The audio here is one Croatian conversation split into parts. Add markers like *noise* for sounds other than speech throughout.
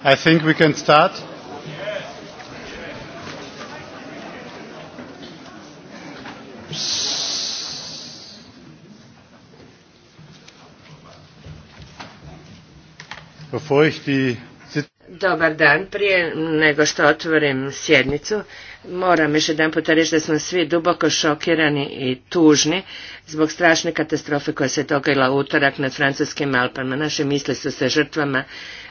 I think we can start. Bevor ich die Dobar dan. Prije nego što otvorim sjednicu, moram još jedan puta reći da smo svi duboko šokirani i tužni zbog strašne katastrofe koja se u utorak nad francuskim Alpama. Naše misli su sa žrtvama,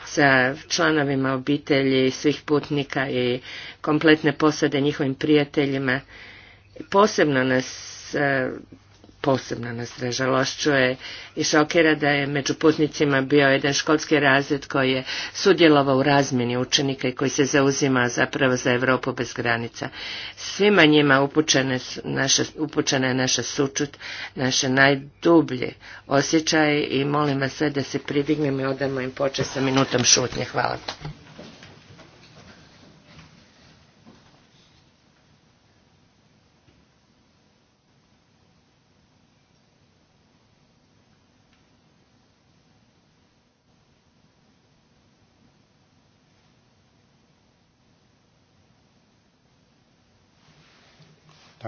sa članovima obitelji, svih putnika i kompletne posade njihovim prijateljima. Posebno nas eh, posebno nas ražalošćuje i šokira da je među putnicima bio jedan školski razred koji je sudjelovao u razmjeni učenika i koji se zauzima zapravo za Europu bez granica. Svima njima upućene, upućena je naša sučut, naše najdublje osjećaje i molim vas sve da se pridignemo i odamo im počet sa minutom šutnje. Hvala.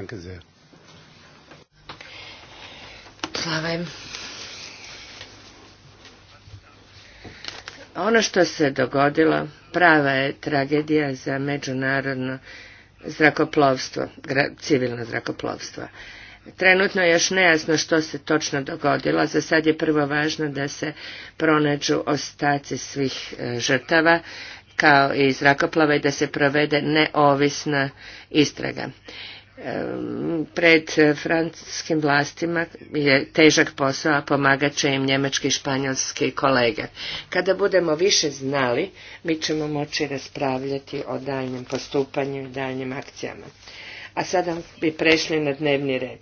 Danke sehr. Ono što se dogodilo prava je tragedija za međunarodno zrakoplovstvo, civilno zrakoplovstvo. Trenutno je još nejasno što se točno dogodilo, za sad je prvo važno da se pronađu ostaci svih e, žrtava kao i zrakoplova i da se provede neovisna istraga pred francuskim vlastima je težak posao, a pomagat će im njemački i španjolski kolege. Kada budemo više znali, mi ćemo moći raspravljati o daljnjem postupanju i daljnjim akcijama. A sada bi prešli na dnevni red.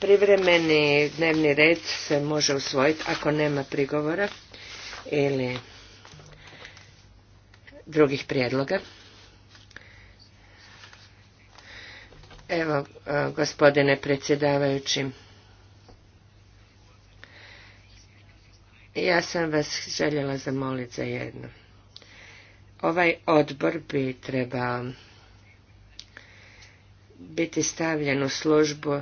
Privremeni dnevni red se može usvojiti ako nema prigovora ili drugih prijedloga. Evo, e, gospodine predsjedavajući, ja sam vas željela zamoliti za jedno. Ovaj odbor bi trebao biti stavljen u službu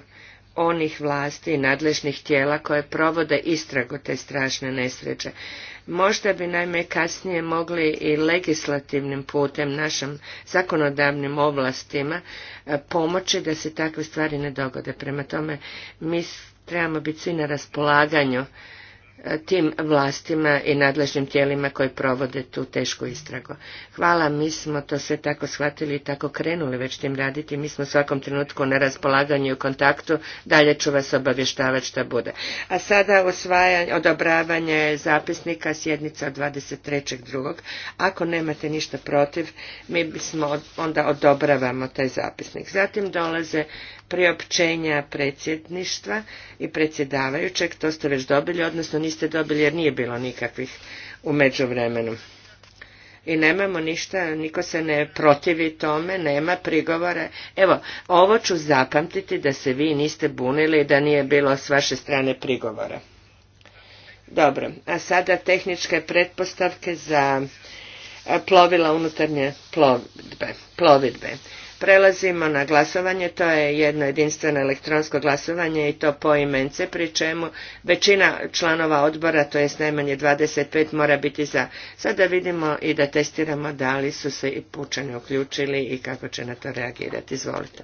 onih vlasti i nadležnih tijela koje provode istragu te strašne nesreće. Možda bi najme kasnije mogli i legislativnim putem našim zakonodavnim ovlastima e, pomoći da se takve stvari ne dogode. Prema tome mi trebamo biti svi na raspolaganju tim vlastima i nadležnim tijelima koji provode tu tešku istragu. Hvala, mi smo to sve tako shvatili i tako krenuli već tim raditi. Mi smo u svakom trenutku na raspolaganju i u kontaktu. Dalje ću vas obavještavati što bude. A sada osvajanje, odobravanje zapisnika sjednica od 23.2. Ako nemate ništa protiv, mi bismo onda odobravamo taj zapisnik. Zatim dolaze priopćenja predsjedništva i predsjedavajućeg, to ste već dobili, odnosno niste dobili jer nije bilo nikakvih u međuvremenu. I nemamo ništa, niko se ne protivi tome, nema prigovora. Evo, ovo ću zapamtiti da se vi niste bunili i da nije bilo s vaše strane prigovora. Dobro, a sada tehničke pretpostavke za plovila unutarnje plovidbe. Prelazimo na glasovanje, to je jedno jedinstveno elektronsko glasovanje i to po imence, pri čemu većina članova odbora, to jest najmanje 25, mora biti za. Sada vidimo i da testiramo da li su se i pučani uključili i kako će na to reagirati. Izvolite.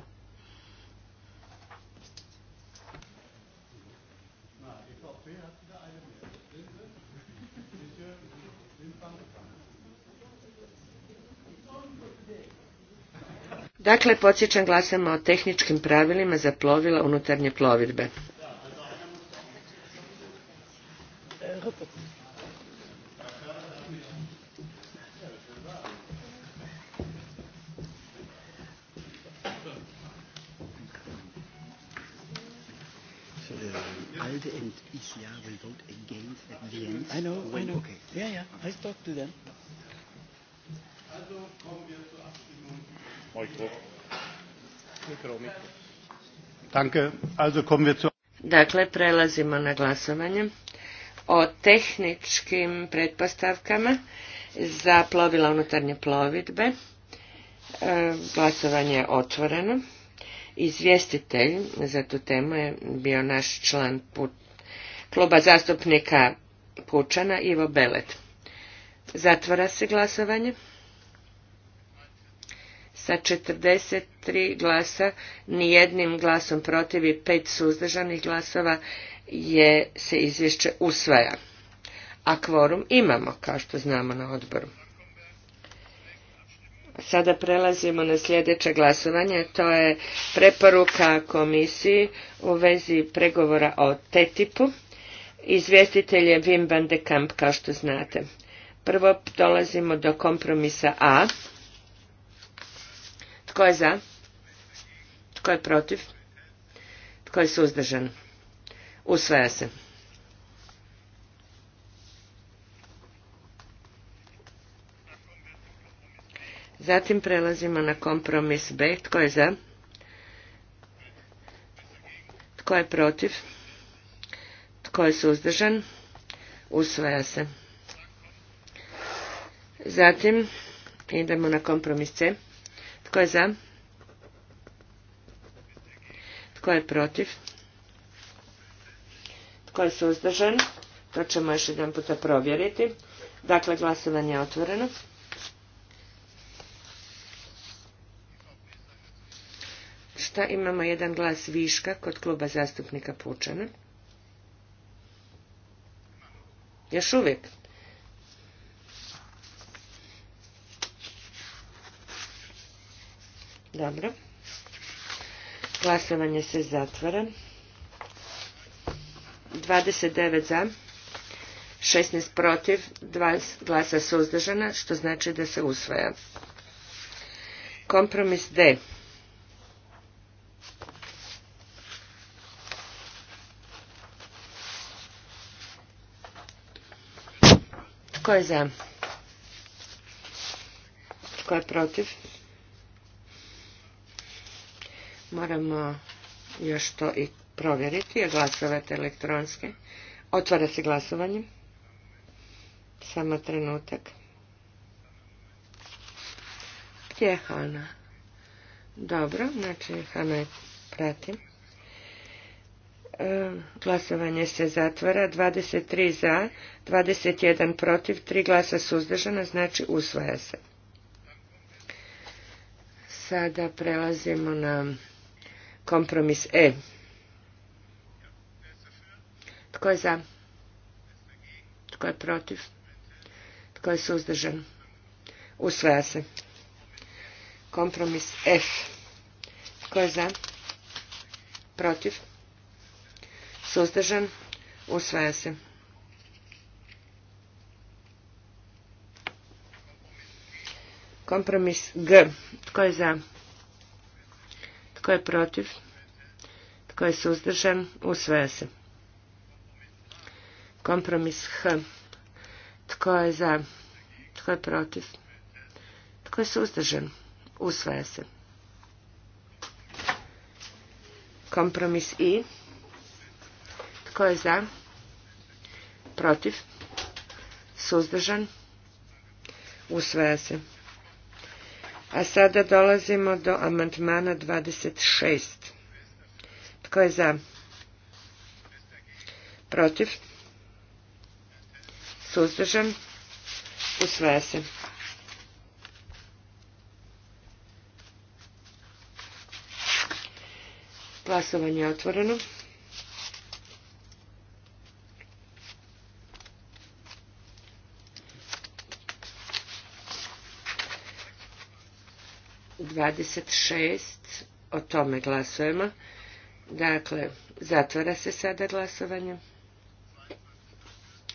Dakle, podsjećam glasama o tehničkim pravilima za plovila unutarnje plovidbe. Dakle, prelazimo na glasovanje o tehničkim pretpostavkama za plovila unutarnje plovidbe. E, glasovanje je otvoreno. Izvjestitelj za tu temu je bio naš član kluba zastupnika Pučana Ivo Belet. Zatvara se glasovanje sa 43 glasa, nijednim glasom protiv i pet suzdržanih glasova je se izvješće usvaja. A kvorum imamo, kao što znamo na odboru. Sada prelazimo na sljedeće glasovanje, to je preporuka komisiji u vezi pregovora o TTIP-u. Izvjestitelj je Wim van de Kamp, kao što znate. Prvo dolazimo do kompromisa A. Tko je za? Tko je protiv? Tko je suzdržan? Usvaja se. Zatim prelazimo na kompromis B. Tko je za? Tko je protiv? Tko je suzdržan? Usvaja se. Zatim idemo na kompromis C. Tko je za? Tko je protiv? Tko je suzdržan? To ćemo još jedan puta provjeriti. Dakle, glasovanje je otvoreno. Šta imamo jedan glas viška kod kluba zastupnika Pučana? Još uvijek. Dobro. Glasovanje se zatvara. 29 za, 16 protiv, 2 glasa suzdržana, što znači da se usvaja. Kompromis D. Tko je za? Tko je protiv? Moramo još to i provjeriti, jer glasovate elektronski. Otvara se glasovanje. Samo trenutak. Gdje je Hana? Dobro, znači Hana je pratim. E, glasovanje se zatvara. 23 za, 21 protiv, 3 glasa suzdržana, znači usvaja se. Sada prelazimo na Kompromis E. Tko je za? Tko je protiv? Tko je suzdržan? Usvaja se. Kompromis F. Tko je za? Protiv? Suzdržan? Usvaja se. Kompromis G. Tko je za? Tko je protiv? Tko je suzdržan? Usvaja se. Kompromis H. Tko je za? Tko je protiv? Tko je suzdržan? Usvaja se. Kompromis I. Tko je za? Protiv? Suzdržan? Usvaja se. A sada dolazimo do amantmana 26. Tko je za? Protiv? Suzdržan? Usvaja se. Glasovanje je otvoreno. 26, o tome glasujemo. Dakle, zatvara se sada glasovanje.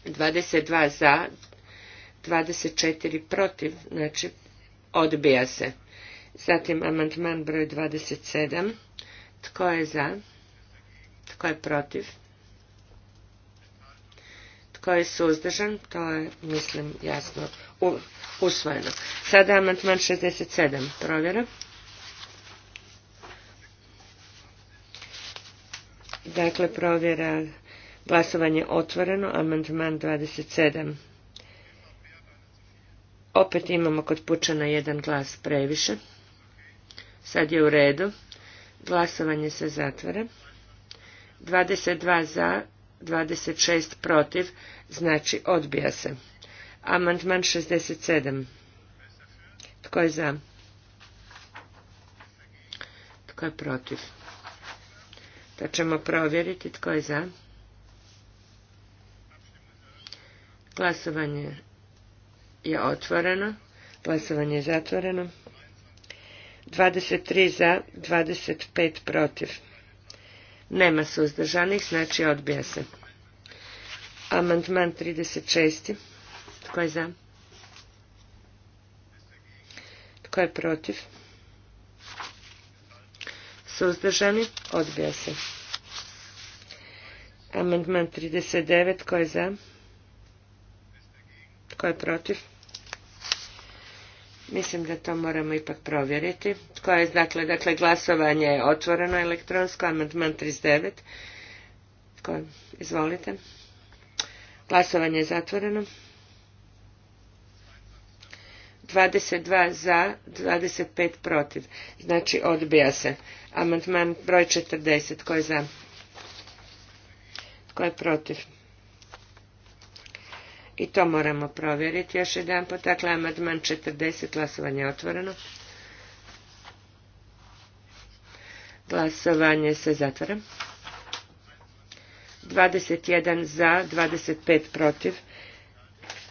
22 za, 24 protiv, znači odbija se. Zatim amandman broj 27. Tko je za? Tko je protiv? Tko je suzdržan? To je, mislim, jasno. U, usvojeno. Sada amantman 67, provjera. Dakle, provjera glasovanje otvoreno, amantman 27. Opet imamo kod pučana jedan glas previše. Sad je u redu. Glasovanje se zatvara. 22 za, 26 protiv, znači odbija se. Amandman 67. Tko je za? Tko je protiv? Da ćemo provjeriti. Tko je za? Glasovanje je otvoreno. Glasovanje je zatvoreno. 23 za, 25 protiv. Nema suzdržanih, znači odbija se. Amandman 36. Tko je za? Tko je protiv? Suzdržani? Odbija se. Amandman 39. Tko je za? Tko je protiv? Mislim da to moramo ipak provjeriti. Tko je, dakle, dakle glasovanje je otvoreno elektronsko, amandman 39. Tko Izvolite. Glasovanje je zatvoreno. 22 za, 25 protiv. Znači odbija se. Amandman broj 40. Ko je za? Ko je protiv? I to moramo provjeriti još jedan pot. Dakle, amandman 40. Glasovanje je otvoreno. Glasovanje se zatvara. 21 za, 25 protiv.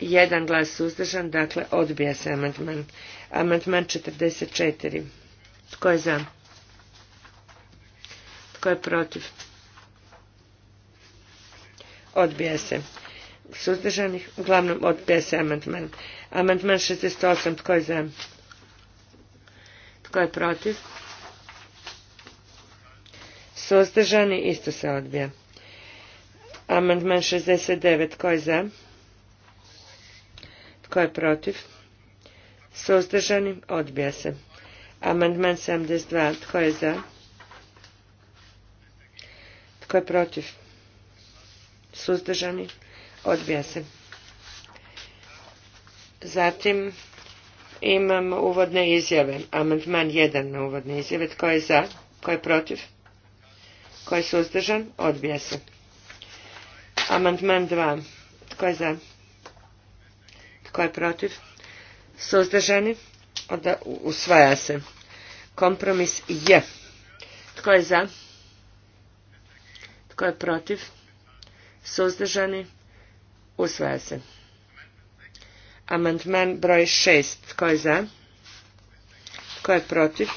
Jedan glas suzdržan, dakle odbija se amandman. Amandman 44. Tko je za? Tko je protiv? Odbija se. Suzdržanih? Uglavnom odbija se amandman. Amandman 68. Tko je za? Tko je protiv? Suzdržani isto se odbija. Amandman 69. Tko je za? Tko je protiv? Suzdržani? Odbija se. Amandman 72. Tko je za? Tko je protiv? Suzdržani? Odbija se. Zatim imam uvodne izjave. Amandman 1 na uvodne izjave. Tko je za? Tko je protiv? Tko je suzdržan? Odbija se. Amandman 2. Tko je za? Tko je protiv? Suzdržani? Onda usvaja se. Kompromis je. Tko je za? Tko je protiv? Suzdržani? Usvaja se. Amandman broj 6. Tko je za? Tko je protiv?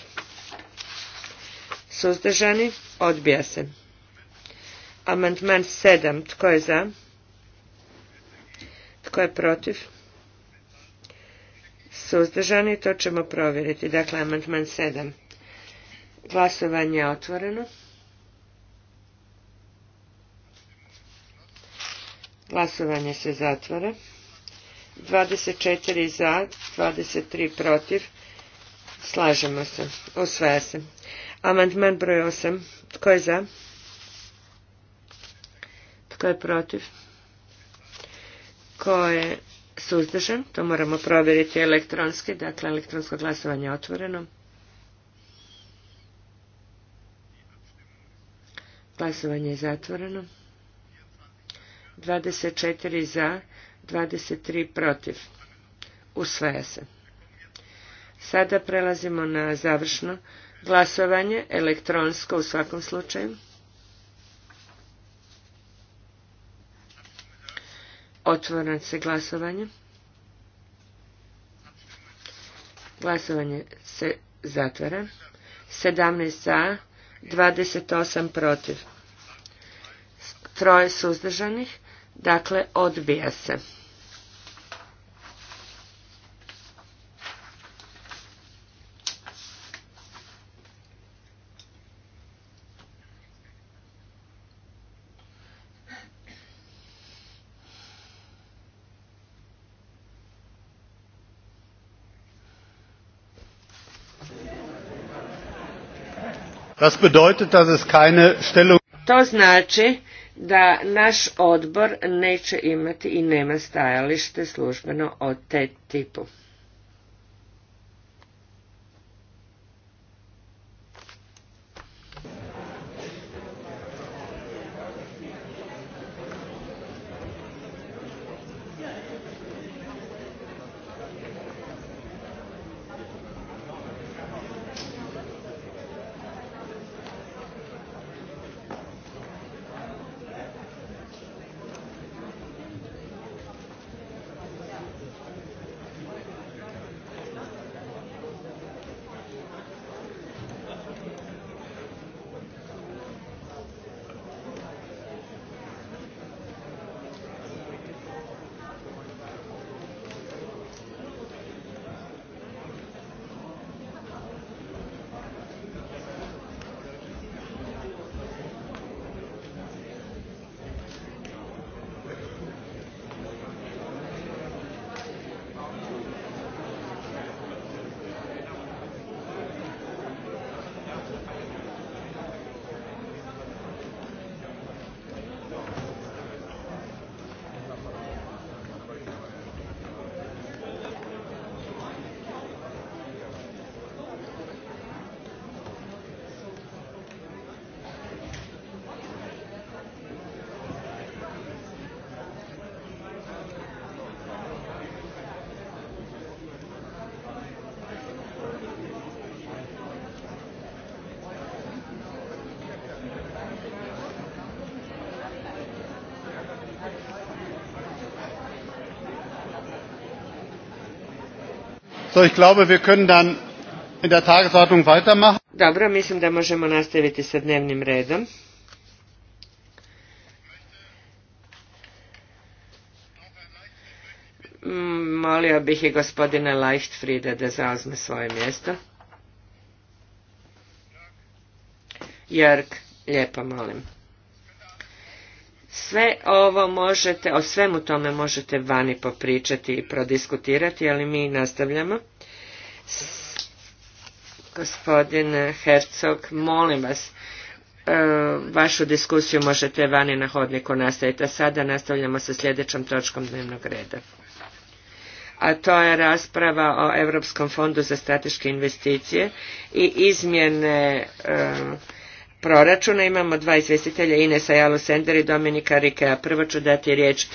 Suzdržani? Odbija se. Amandman 7. Tko je za? Tko je protiv? Suzdržani, to ćemo provjeriti. Dakle, amandman 7. Glasovanje je otvoreno. Glasovanje se zatvara. 24 za, 23 protiv. Slažemo se. Usvaja se. Amandman broj 8. Tko je za? Tko je protiv? Tko je suzdržan, to moramo provjeriti elektronski, dakle elektronsko glasovanje je otvoreno. Glasovanje je zatvoreno. 24 za, 23 protiv. Usvaja se. Sada prelazimo na završno glasovanje, elektronsko u svakom slučaju. otvoran se glasovanje. Glasovanje se zatvara. 17 za, 28 protiv. Troje suzdržanih, dakle odbija se. Das bedeutet, dass es keine Stellung to znači da naš odbor neće imati i nema stajalište službeno o te tipu. ich glaube, wir können dann in der Tagesordnung weitermachen. Dobro, mislim da možemo nastaviti sa dnevnim redom. Mm, molio bih i gospodina Leichtfrieda da zauzme svoje mjesto. Jörg, lijepo molim. Sve ovo možete, o svemu tome možete vani popričati i prodiskutirati, ali mi nastavljamo. Gospodin Hercog, molim vas, e, vašu diskusiju možete vani na hodniku nastaviti, a sada nastavljamo sa sljedećom točkom dnevnog reda. A to je rasprava o Europskom fondu za strateške investicije i izmjene e, proračuna. Imamo dva izvjestitelja, Ines Ayala Sender i Dominika Rikea. Prvo ću dati riječ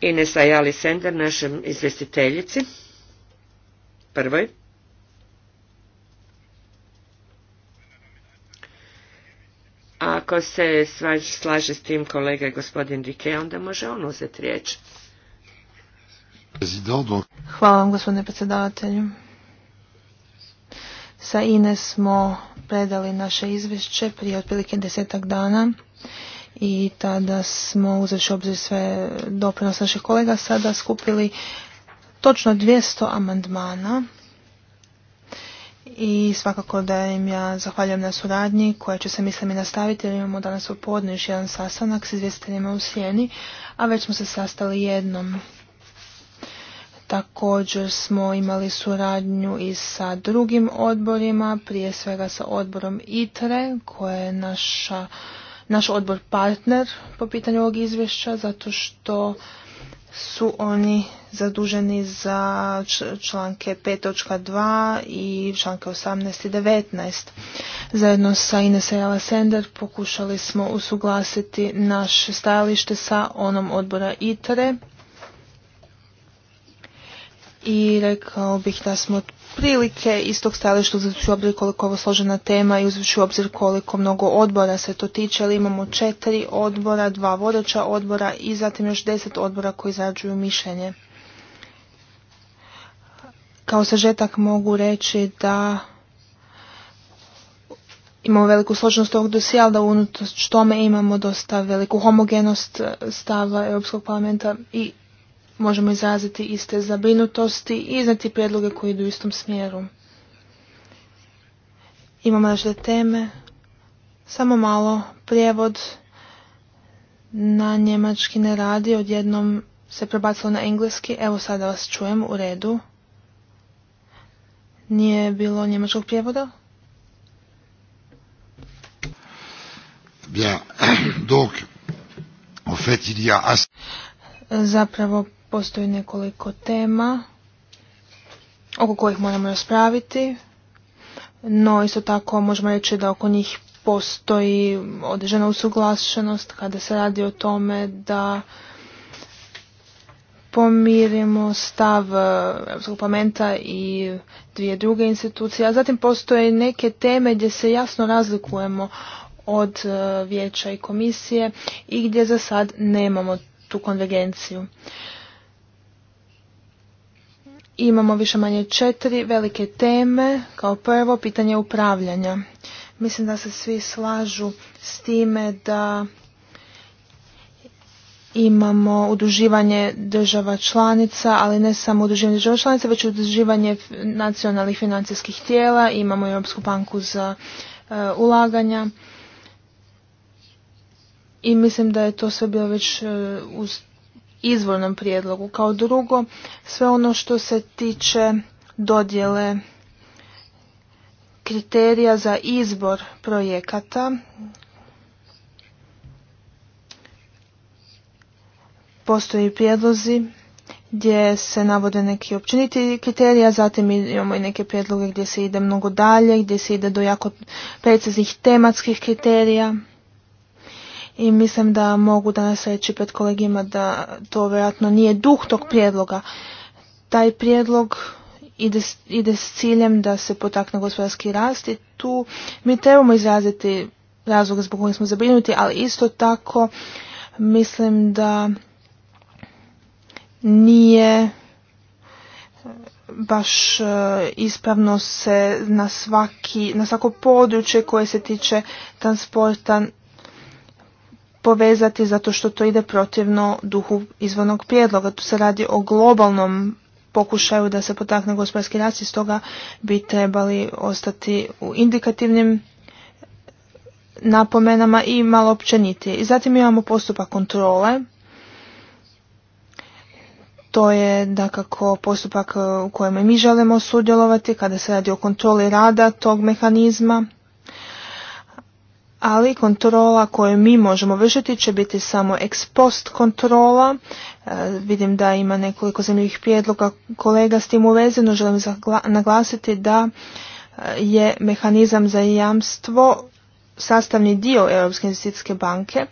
Ines Ayala Sender, našem izvjestiteljici. Prvoj. Ako se slaže s tim kolega gospodin Rike, onda može on uzeti riječ. Hvala vam gospodine predsjedavatelju. Sa INE smo predali naše izvješće prije otprilike desetak dana i tada smo uzevši obzir sve doprinos naših kolega sada skupili točno 200 amandmana i svakako da im ja zahvaljujem na suradnji koja će se mislim i nastaviti jer imamo danas u podne još jedan sastanak s izvjestiteljima u Sjeni, a već smo se sastali jednom. Također smo imali suradnju i sa drugim odborima, prije svega sa odborom ITRE koja je naša, naš odbor partner po pitanju ovog izvješća zato što su oni zaduženi za članke 5.2 i članke 18 i 19. Zajedno sa Inesa Jala pokušali smo usuglasiti naše stajalište sa onom odbora ITRE i rekao bih da smo prilike istog stajališta uzvrću obzir koliko je ovo složena tema i uzvrću obzir koliko mnogo odbora se to tiče, ali imamo četiri odbora, dva vodeća odbora i zatim još deset odbora koji izrađuju mišljenje. Kao sažetak mogu reći da imamo veliku složenost ovog dosija, ali da unatoč tome imamo dosta veliku homogenost e, stava Europskog parlamenta i možemo izraziti iste zabrinutosti i iznati prijedloge koji idu u istom smjeru. Imamo da teme, samo malo prijevod na njemački ne radi, odjednom se prebacilo na engleski, evo sada vas čujem u redu. Nije bilo njemačkog prijevoda? Bien. *clears throat* Donc, en fait, il y a... Zapravo postoji nekoliko tema oko kojih moramo raspraviti, no isto tako možemo reći da oko njih postoji određena usuglašenost kada se radi o tome da pomirimo stav e, Europskog parlamenta i dvije druge institucije, a zatim postoje neke teme gdje se jasno razlikujemo od e, vijeća i komisije i gdje za sad nemamo tu konvergenciju. Imamo više manje četiri velike teme, kao prvo pitanje upravljanja. Mislim da se svi slažu s time da imamo udruživanje država članica, ali ne samo udruživanje država članica, već udruživanje nacionalnih financijskih tijela, imamo Europsku banku za eh, ulaganja i mislim da je to sve bilo već eh, u izvornom prijedlogu. Kao drugo, sve ono što se tiče dodjele kriterija za izbor projekata Postoje prijedlozi gdje se navode neki općeniti kriterija, zatim imamo i neke prijedloge gdje se ide mnogo dalje, gdje se ide do jako preciznih tematskih kriterija. I mislim da mogu danas reći pred kolegima da to vjerojatno nije duh tog prijedloga. Taj prijedlog ide, ide s ciljem da se potakne gospodarski rast i tu mi trebamo izraziti razlog zbog kojih smo zabrinuti, ali isto tako mislim da nije baš e, ispravno se na, svaki, na svako područje koje se tiče transporta povezati zato što to ide protivno duhu izvornog prijedloga. Tu se radi o globalnom pokušaju da se potakne gospodarski rast i stoga bi trebali ostati u indikativnim napomenama i malo općenitije. I zatim imamo postupak kontrole to je kako postupak e, u kojem mi želimo sudjelovati kada se radi o kontroli rada tog mehanizma. Ali kontrola koju mi možemo vršiti će biti samo ex post kontrola. E, vidim da ima nekoliko zanimljivih prijedloga kolega s tim uvezeno. Želim naglasiti da e, je mehanizam za jamstvo sastavni dio Europske investicijske banke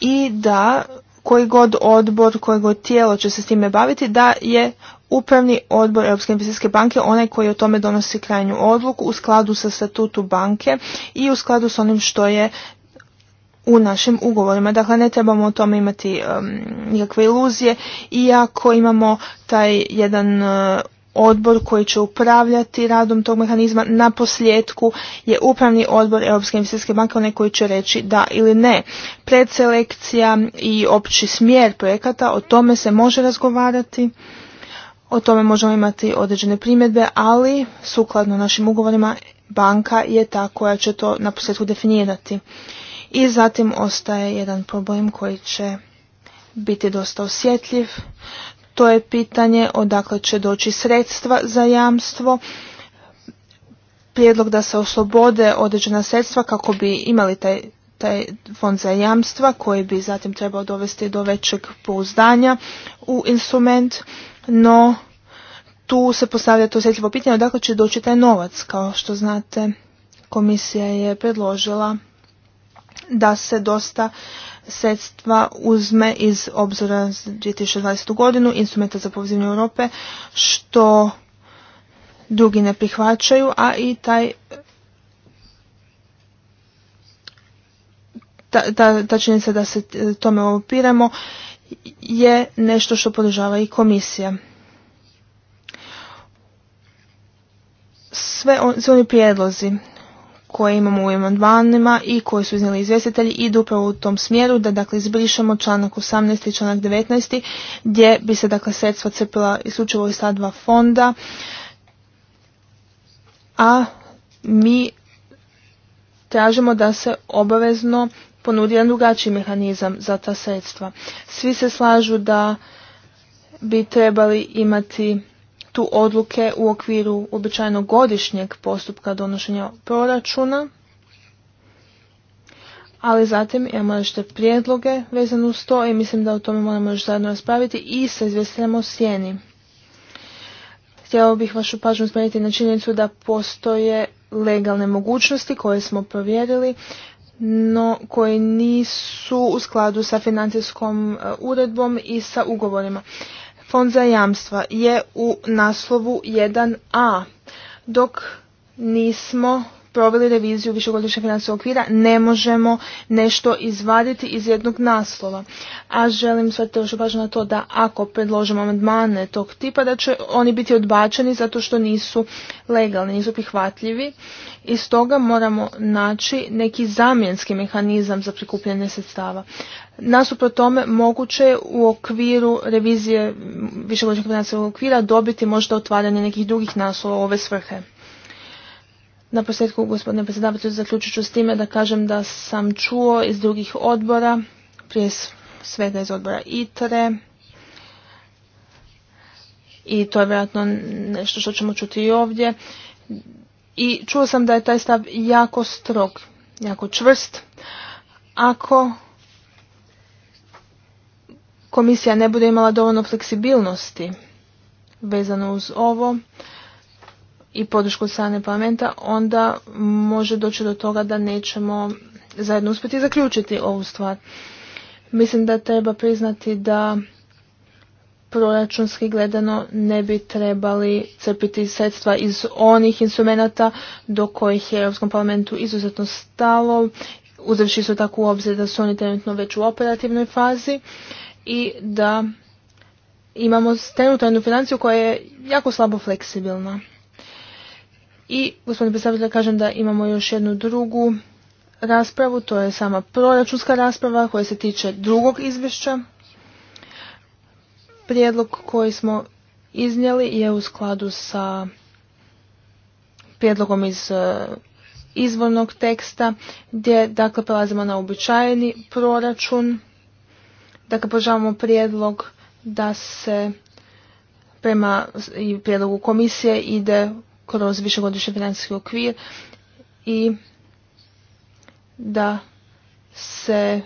i da koji god odbor, koje god tijelo će se s time baviti, da je upravni odbor Europske investicijske banke onaj koji o tome donosi krajnju odluku u skladu sa statutu banke i u skladu s onim što je u našim ugovorima. Dakle, ne trebamo o tome imati nikakve iluzije, iako imamo taj jedan odbor koji će upravljati radom tog mehanizma na posljedku je upravni odbor Europske investicijske banke onaj koji će reći da ili ne. Predselekcija i opći smjer projekata o tome se može razgovarati. O tome možemo imati određene primjedbe, ali sukladno našim ugovorima banka je ta koja će to na posljedku definirati. I zatim ostaje jedan problem koji će biti dosta osjetljiv to je pitanje odakle će doći sredstva za jamstvo, prijedlog da se oslobode određena sredstva kako bi imali taj, taj fond za jamstva koji bi zatim trebao dovesti do većeg pouzdanja u instrument, no tu se postavlja to osjetljivo pitanje odakle će doći taj novac. Kao što znate, komisija je predložila da se dosta sredstva uzme iz obzora za 2020. godinu, instrumenta za povezivanje Europe, što drugi ne prihvaćaju, a i taj ta, činjenica da se tome opiramo je nešto što podržava i komisija. Sve, sve oni prijedlozi koje imamo u amandmanima i koje su iznijeli izvjestitelji idu upravo u tom smjeru da dakle izbrišemo članak 18. i članak 19. gdje bi se dakle sredstva crpila isključivo iz ta dva fonda a mi tražimo da se obavezno ponudi jedan drugačiji mehanizam za ta sredstva. Svi se slažu da bi trebali imati tu odluke u okviru običajnog godišnjeg postupka donošenja proračuna, ali zatim imamo te prijedloge vezane uz to i mislim da o tome moramo još zajedno raspraviti i sa izvjestiteljama o sjeni. Htjela bih vašu pažnju smeniti na činjenicu da postoje legalne mogućnosti koje smo provjerili, no koje nisu u skladu sa financijskom e, uredbom i sa ugovorima fond za jamstva je u naslovu 1a, dok nismo proveli reviziju višegodišnjeg financijskog okvira, ne možemo nešto izvaditi iz jednog naslova. A želim svati još važno na to da ako predložimo amandmane tog tipa, da će oni biti odbačeni zato što nisu legalni, nisu prihvatljivi. I stoga moramo naći neki zamjenski mehanizam za prikupljanje sredstava. Nasuprot tome moguće je u okviru revizije višegodišnjeg financijskog okvira dobiti možda otvaranje nekih drugih naslova ove svrhe. Na posljedku, gospodine predsjedavatelju, zaključit ću s time da kažem da sam čuo iz drugih odbora, prije svega iz odbora ITRE, i to je vjerojatno nešto što ćemo čuti i ovdje. I čuo sam da je taj stav jako strog, jako čvrst. Ako komisija ne bude imala dovoljno fleksibilnosti vezano uz ovo, i podršku od strane parlamenta, onda može doći do toga da nećemo zajedno uspjeti zaključiti ovu stvar. Mislim da treba priznati da proračunski gledano ne bi trebali crpiti sredstva iz onih instrumenata do kojih je Europskom parlamentu izuzetno stalo, uzevši su tako u obzir da su oni trenutno već u operativnoj fazi i da imamo trenutnu financiju koja je jako slabo fleksibilna. I, gospodine predstavitelj, kažem da imamo još jednu drugu raspravu, to je sama proračunska rasprava koja se tiče drugog izvješća. Prijedlog koji smo iznijeli je u skladu sa prijedlogom iz e, izvornog teksta gdje dakle prelazimo na uobičajeni proračun. Dakle, požavamo prijedlog da se prema prijedlogu komisije ide kroz višegodišnji financijski okvir i da se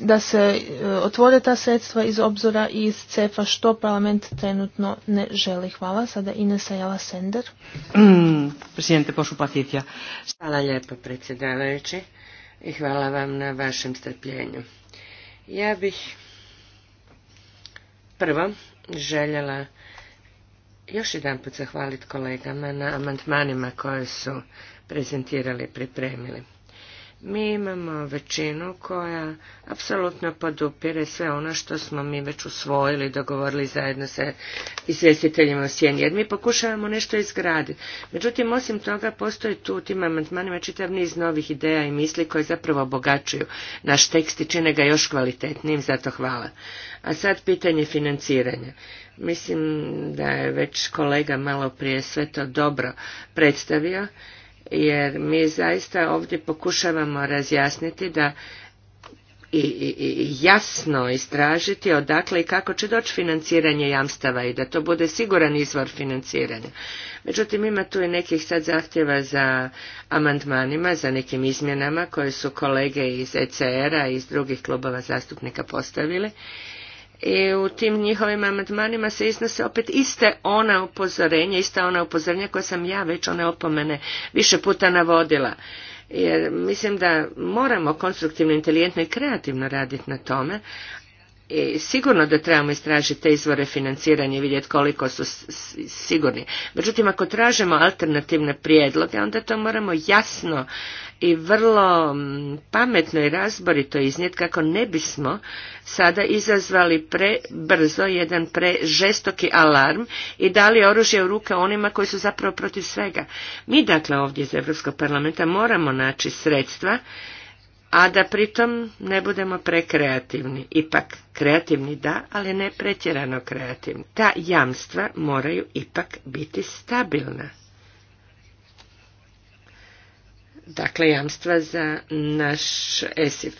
da se e, otvore ta sredstva iz obzora i iz cefa što parlament trenutno ne želi. Hvala. Sada Ines Jala Sender. Mm, presidente, pošu paticija. Hvala lijepo, predsjedavajući. I hvala vam na vašem strpljenju. Ja bih prvo željela još jedan put zahvaliti kolegama na amandmanima koje su prezentirali i pripremili. Mi imamo većinu koja apsolutno podupire sve ono što smo mi već usvojili dogovorili zajedno sa izvjestiteljima u sjeni, jer mi pokušavamo nešto izgraditi. Međutim, osim toga, postoji tu u tim amandmanima čitav niz novih ideja i misli koje zapravo obogačuju naš tekst i čine ga još kvalitetnijim, zato hvala. A sad pitanje financiranja. Mislim da je već kolega malo prije sve to dobro predstavio, jer mi zaista ovdje pokušavamo razjasniti da i, i, i jasno istražiti odakle i kako će doći financiranje jamstava i da to bude siguran izvor financiranja. Međutim, ima tu i nekih sad zahtjeva za amandmanima, za nekim izmjenama koje su kolege iz ECR-a i iz drugih klubova zastupnika postavili i u tim njihovim amandmanima se iznose opet iste ona upozorenja, ista ona upozorenja koja sam ja već one opomene više puta navodila. Jer mislim da moramo konstruktivno, inteligentno i kreativno raditi na tome, i sigurno da trebamo istražiti te izvore financiranja i vidjeti koliko su sigurni. Međutim, ako tražimo alternativne prijedloge, onda to moramo jasno i vrlo mm, pametno i razborito iznijet kako ne bismo sada izazvali prebrzo jedan prežestoki alarm i dali oružje u ruke onima koji su zapravo protiv svega. Mi dakle ovdje iz Europskog parlamenta moramo naći sredstva a da pritom ne budemo prekreativni. Ipak, kreativni da, ali ne pretjerano kreativni. Ta jamstva moraju ipak biti stabilna. dakle jamstva za naš ESIF.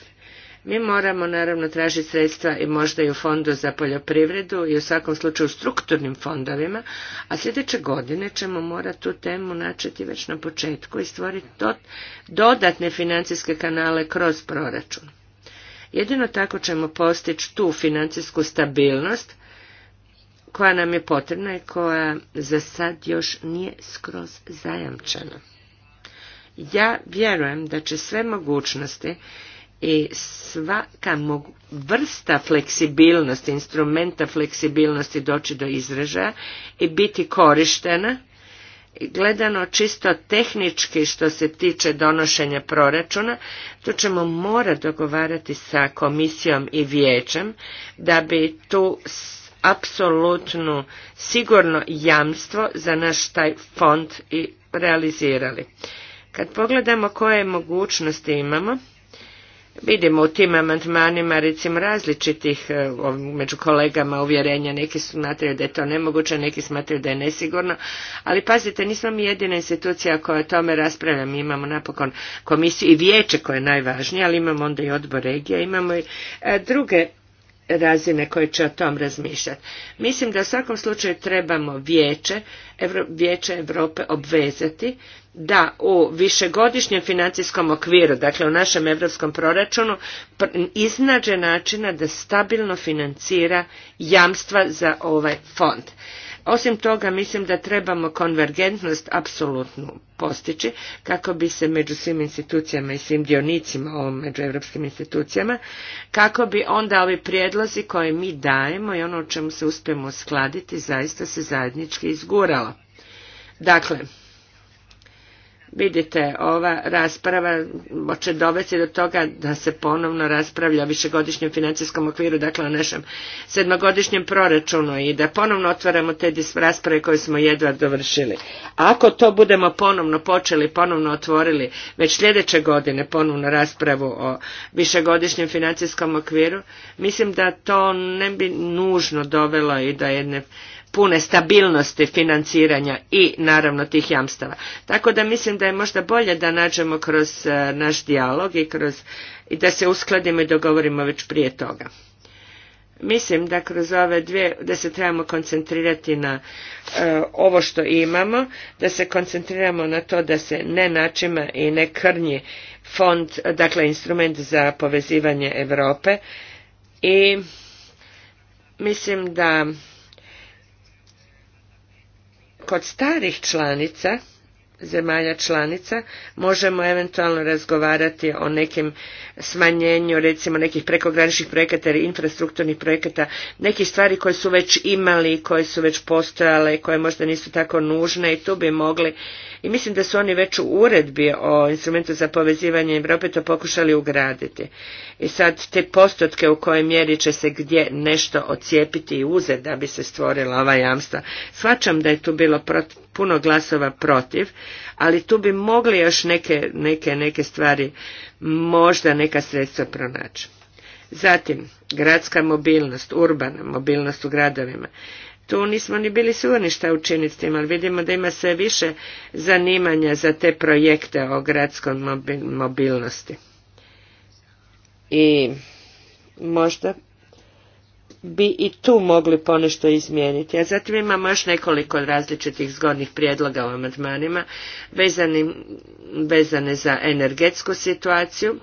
Mi moramo naravno tražiti sredstva i možda i u fondu za poljoprivredu i u svakom slučaju u strukturnim fondovima, a sljedeće godine ćemo morati tu temu načeti već na početku i stvoriti dodatne financijske kanale kroz proračun. Jedino tako ćemo postići tu financijsku stabilnost koja nam je potrebna i koja za sad još nije skroz zajamčena. Ja vjerujem da će sve mogućnosti i svaka vrsta fleksibilnosti, instrumenta fleksibilnosti doći do izražaja i biti korištena gledano čisto tehnički što se tiče donošenja proračuna, to ćemo morati dogovarati sa komisijom i vijećem da bi tu apsolutno sigurno jamstvo za naš taj fond i realizirali. Kad pogledamo koje mogućnosti imamo, vidimo u tim amandmanima recimo različitih e, među kolegama uvjerenja, neki smatraju da je to nemoguće, neki smatraju da je nesigurno, ali pazite, nismo mi jedina institucija koja o tome raspravlja, mi imamo napokon komisiju i vijeće koje je najvažnije, ali imamo onda i odbor regija, imamo i e, druge razine koje će o tom razmišljati. Mislim da u svakom slučaju trebamo vijeće, Evro, vijeće Europe obvezati da u višegodišnjem financijskom okviru, dakle u našem europskom proračunu, iznađe načina da stabilno financira jamstva za ovaj fond. Osim toga, mislim da trebamo konvergentnost apsolutno postići kako bi se među svim institucijama i svim dionicima, ovo među europskim institucijama, kako bi onda ovi prijedlozi koje mi dajemo i ono o čemu se uspijemo skladiti zaista se zajednički izguralo. Dakle, Vidite, ova rasprava će dovesti do toga da se ponovno raspravlja o višegodišnjem financijskom okviru, dakle o našem sedmogodišnjem proračunu i da ponovno otvaramo te rasprave koje smo jedva dovršili. ako to budemo ponovno počeli, ponovno otvorili već sljedeće godine ponovno raspravu o višegodišnjem financijskom okviru, mislim da to ne bi nužno dovelo i do jedne pune stabilnosti financiranja i naravno tih jamstava. Tako da mislim da je možda bolje da nađemo kroz e, naš dijalog i, kroz, i da se uskladimo i dogovorimo već prije toga. Mislim da kroz ove dvije, da se trebamo koncentrirati na e, ovo što imamo, da se koncentriramo na to da se ne načima i ne krnji fond, dakle instrument za povezivanje Europe i mislim da kod starih članica, zemalja članica, možemo eventualno razgovarati o nekim smanjenju, recimo nekih prekograničnih projekata ili infrastrukturnih projekata, nekih stvari koje su već imali, koje su već postojale, koje možda nisu tako nužne i tu bi mogli i mislim da su oni već u uredbi o instrumentu za povezivanje Europe to pokušali ugraditi. I sad te postotke u kojoj mjeri će se gdje nešto ocijepiti i uzeti da bi se stvorila ova jamstva. Svačam da je tu bilo puno glasova protiv, ali tu bi mogli još neke, neke, neke stvari, možda neka sredstva pronaći. Zatim, gradska mobilnost, urbana mobilnost u gradovima tu nismo ni bili sigurni šta učiniti s tim, ali vidimo da ima sve više zanimanja za te projekte o gradskoj mobilnosti. I možda bi i tu mogli ponešto izmijeniti. A zatim imamo još nekoliko različitih zgodnih prijedloga u amandmanima vezane za energetsku situaciju,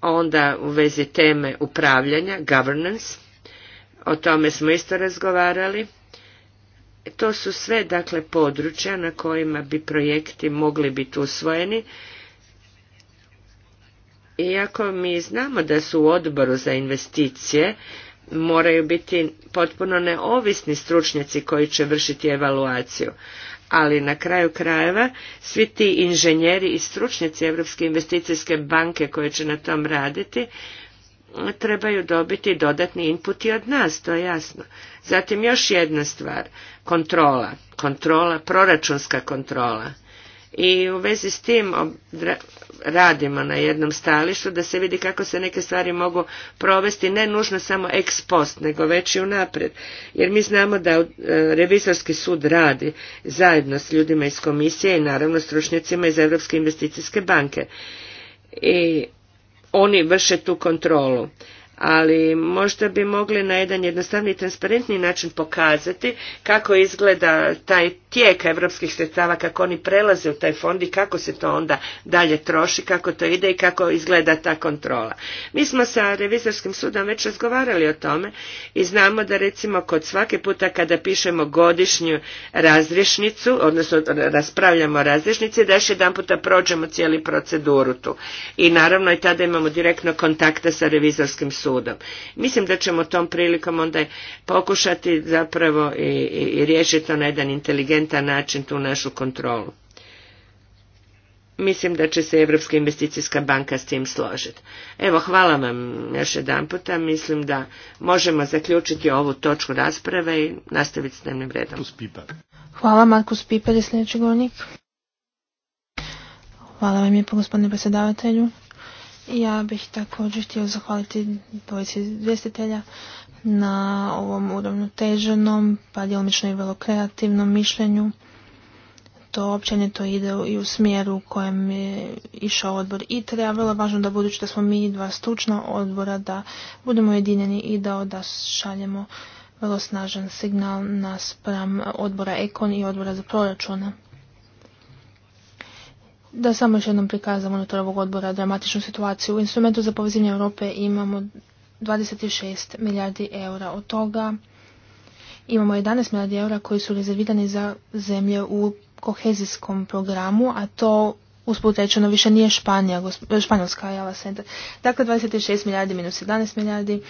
onda u vezi teme upravljanja, governance, o tome smo isto razgovarali. To su sve dakle područja na kojima bi projekti mogli biti usvojeni. Iako mi znamo da su u odboru za investicije moraju biti potpuno neovisni stručnjaci koji će vršiti evaluaciju. Ali na kraju krajeva svi ti inženjeri i stručnjaci Europske investicijske banke koji će na tom raditi trebaju dobiti dodatni input i od nas, to je jasno. Zatim još jedna stvar, kontrola, kontrola, proračunska kontrola. I u vezi s tim radimo na jednom stalištu da se vidi kako se neke stvari mogu provesti, ne nužno samo ex post, nego već i unaprijed. Jer mi znamo da e, revizorski sud radi zajedno s ljudima iz komisije i naravno stručnjacima iz Europske investicijske banke. I oni vrše tu kontrolu ali možda bi mogli na jedan jednostavni i transparentni način pokazati kako izgleda taj tijek evropskih sredstava, kako oni prelaze u taj fond i kako se to onda dalje troši, kako to ide i kako izgleda ta kontrola. Mi smo sa revizorskim sudom već razgovarali o tome i znamo da recimo kod svake puta kada pišemo godišnju razrješnicu, odnosno raspravljamo o da još jedan puta prođemo cijeli proceduru tu. I naravno i tada imamo direktno kontakta sa revizorskim sudom sudom. Mislim da ćemo tom prilikom onda pokušati zapravo i, i, riješiti to na jedan inteligentan način tu našu kontrolu. Mislim da će se Europska investicijska banka s tim složiti. Evo, hvala vam još jedan puta. Mislim da možemo zaključiti ovu točku rasprave i nastaviti s dnevnim redom. Hvala Markus je sljedeći govornik. Hvala vam lijepo gospodine predsjedavatelju. Ja bih također htio zahvaliti dvojici izvjestitelja na ovom uravnoteženom, pa djelomično i vrlo kreativnom mišljenju. To općenito ide i u smjeru u kojem je išao odbor i treba vrlo važno da budući da smo mi dva stručna odbora, da budemo jedinjeni i da, da šaljemo vrlo snažan signal naspram odbora EKON i odbora za proračuna da samo još jednom prikazamo unutar ovog odbora dramatičnu situaciju. U instrumentu za povezivanje Europe imamo 26 milijardi eura. Od toga imamo 11 milijardi eura koji su rezervirani za zemlje u kohezijskom programu, a to usput rečeno više nije Španija, e, Španjolska Java Center. Dakle, 26 milijardi minus 11 milijardi.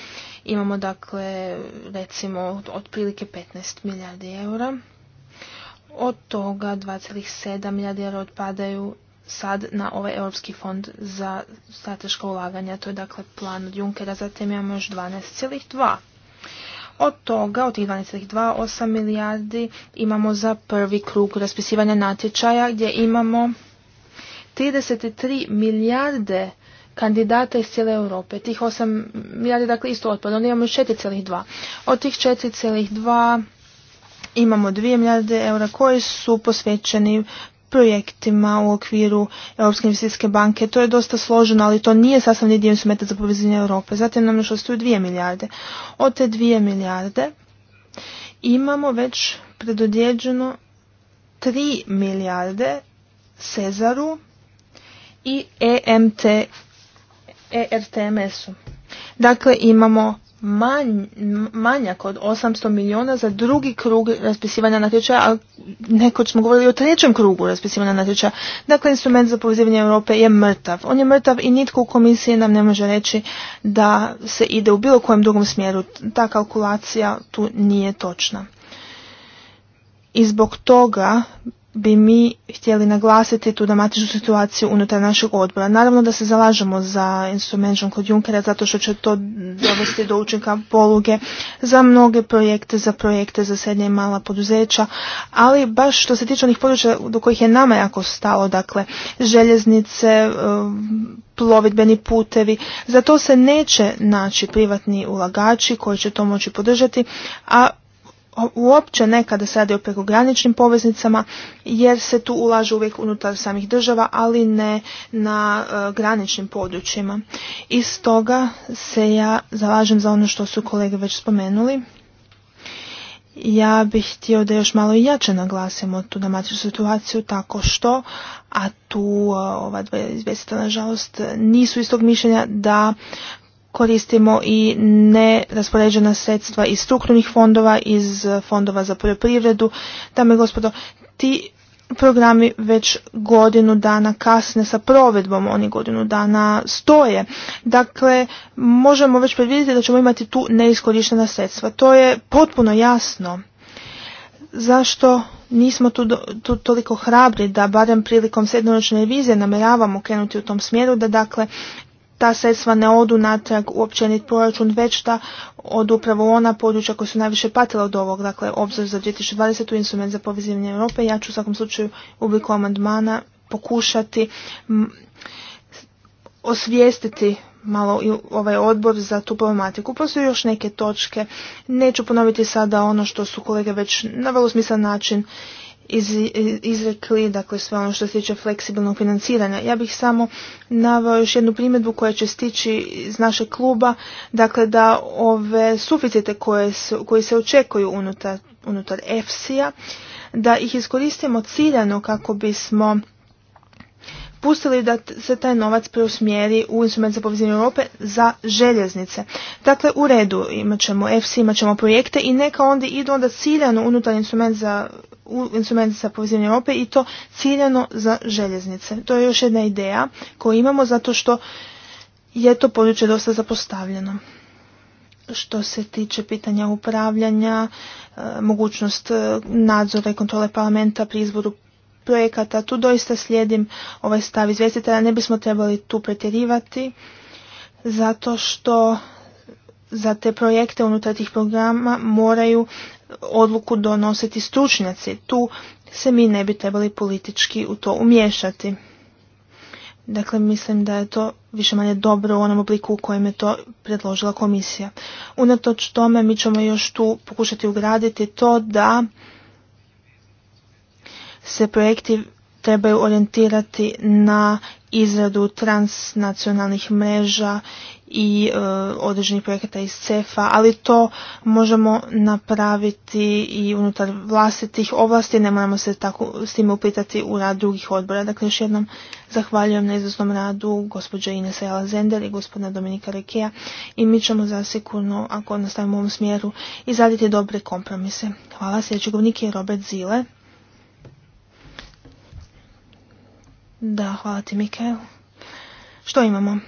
Imamo dakle, recimo, otprilike 15 milijardi eura. Od toga 2,7 milijardi eura otpadaju sad na ovaj Europski fond za strateško ulaganja. To je dakle plan od Junkera, zatim imamo još 12,2. Od toga, od tih 12,2, 8 milijardi imamo za prvi krug raspisivanja natječaja gdje imamo 33 milijarde kandidata iz cijele Europe. Tih 8 milijardi dakle isto otpada. Onda imamo 4,2. Od tih 4,2 imamo 2 milijarde eura koji su posvećeni projektima u okviru Europske investicijske banke. To je dosta složeno, ali to nije sastavni dio instrumenta za povezanje Europe. Zatim nam još ostaju 2 milijarde. Od te 2 milijarde imamo već predodjeđeno tri milijarde Cezaru i EMT, ERTMS-u. Dakle, imamo manj, manjak od 800 milijuna za drugi krug raspisivanja natječaja, a nekoć smo govorili o trećem krugu raspisivanja natječaja. Dakle, instrument za povezivanje Europe je mrtav. On je mrtav i nitko u komisiji nam ne može reći da se ide u bilo kojem drugom smjeru. Ta kalkulacija tu nije točna. I zbog toga bi mi htjeli naglasiti tu dramatičnu situaciju unutar našeg odbora. Naravno da se zalažemo za instrumentom kod Junkera, zato što će to dovesti do učinka poluge za mnoge projekte, za projekte za srednje i mala poduzeća, ali baš što se tiče onih područja do kojih je nama jako stalo, dakle željeznice, e, plovidbeni putevi, za to se neće naći privatni ulagači koji će to moći podržati, a uopće ne kada se radi o prekograničnim poveznicama jer se tu ulaže uvijek unutar samih država, ali ne na e, graničnim područjima. I stoga se ja zalažem za ono što su kolege već spomenuli. Ja bih htio da još malo i jače naglasimo tu domaću situaciju tako što, a tu e, ova dva nažalost nisu istog mišljenja da koristimo i neraspoređena sredstva iz strukturnih fondova, iz e, fondova za poljoprivredu. Dame i gospodo, ti programi već godinu dana kasne sa provedbom, oni godinu dana stoje. Dakle, možemo već predvidjeti da ćemo imati tu neiskorištena sredstva. To je potpuno jasno. Zašto nismo tu, toliko hrabri da barem prilikom sedmoročne revizije namjeravamo krenuti u tom smjeru da dakle ta sredstva ne odu natrag u općenit proračun, već da od upravo ona područja koja su najviše patila od ovog, dakle obzor za 2020. instrument za povezivanje Europe. Ja ću u svakom slučaju u obliku amandmana pokušati osvijestiti malo i ovaj odbor za tu problematiku. Postoje još neke točke. Neću ponoviti sada ono što su kolege već na vrlo smislan način iz, izrekli, dakle sve ono što se tiče fleksibilnog financiranja. Ja bih samo navao još jednu primjedbu koja će stići iz našeg kluba, dakle da ove suficite koje su, koji se očekuju unutar, unutar a da ih iskoristimo ciljano kako bismo pustili da se taj novac preusmjeri u instrument za povezanje Europe za željeznice. Dakle, u redu imat ćemo EFSI, imat ćemo projekte i neka onda idu onda ciljano unutar instrument za u za povezivanje Europe i to ciljano za željeznice. To je još jedna ideja koju imamo zato što je to područje dosta zapostavljeno. Što se tiče pitanja upravljanja, e, mogućnost e, nadzora i kontrole parlamenta pri izboru projekata. Tu doista slijedim ovaj stav izvjestitelja. Ne bismo trebali tu pretjerivati zato što za te projekte unutar tih programa moraju odluku donositi stručnjaci. Tu se mi ne bi trebali politički u to umiješati. Dakle, mislim da je to više manje dobro u onom obliku u kojem je to predložila komisija. Unatoč tome mi ćemo još tu pokušati ugraditi to da se projekti trebaju orijentirati na izradu transnacionalnih mreža i e, određenih projekata iz CEFA, ali to možemo napraviti i unutar vlastitih ovlasti, ne moramo se tako s time upitati u rad drugih odbora. Dakle, još jednom zahvaljujem na izvrsnom radu gospođe Inesa Jalazender i gospodina Dominika Rekeja i mi ćemo zasigurno, ako nastavimo u ovom smjeru, izraditi dobre kompromise. Hvala, sljedeći govornik je Robert Zile. Da, hvala ti Mikael. Što imamo?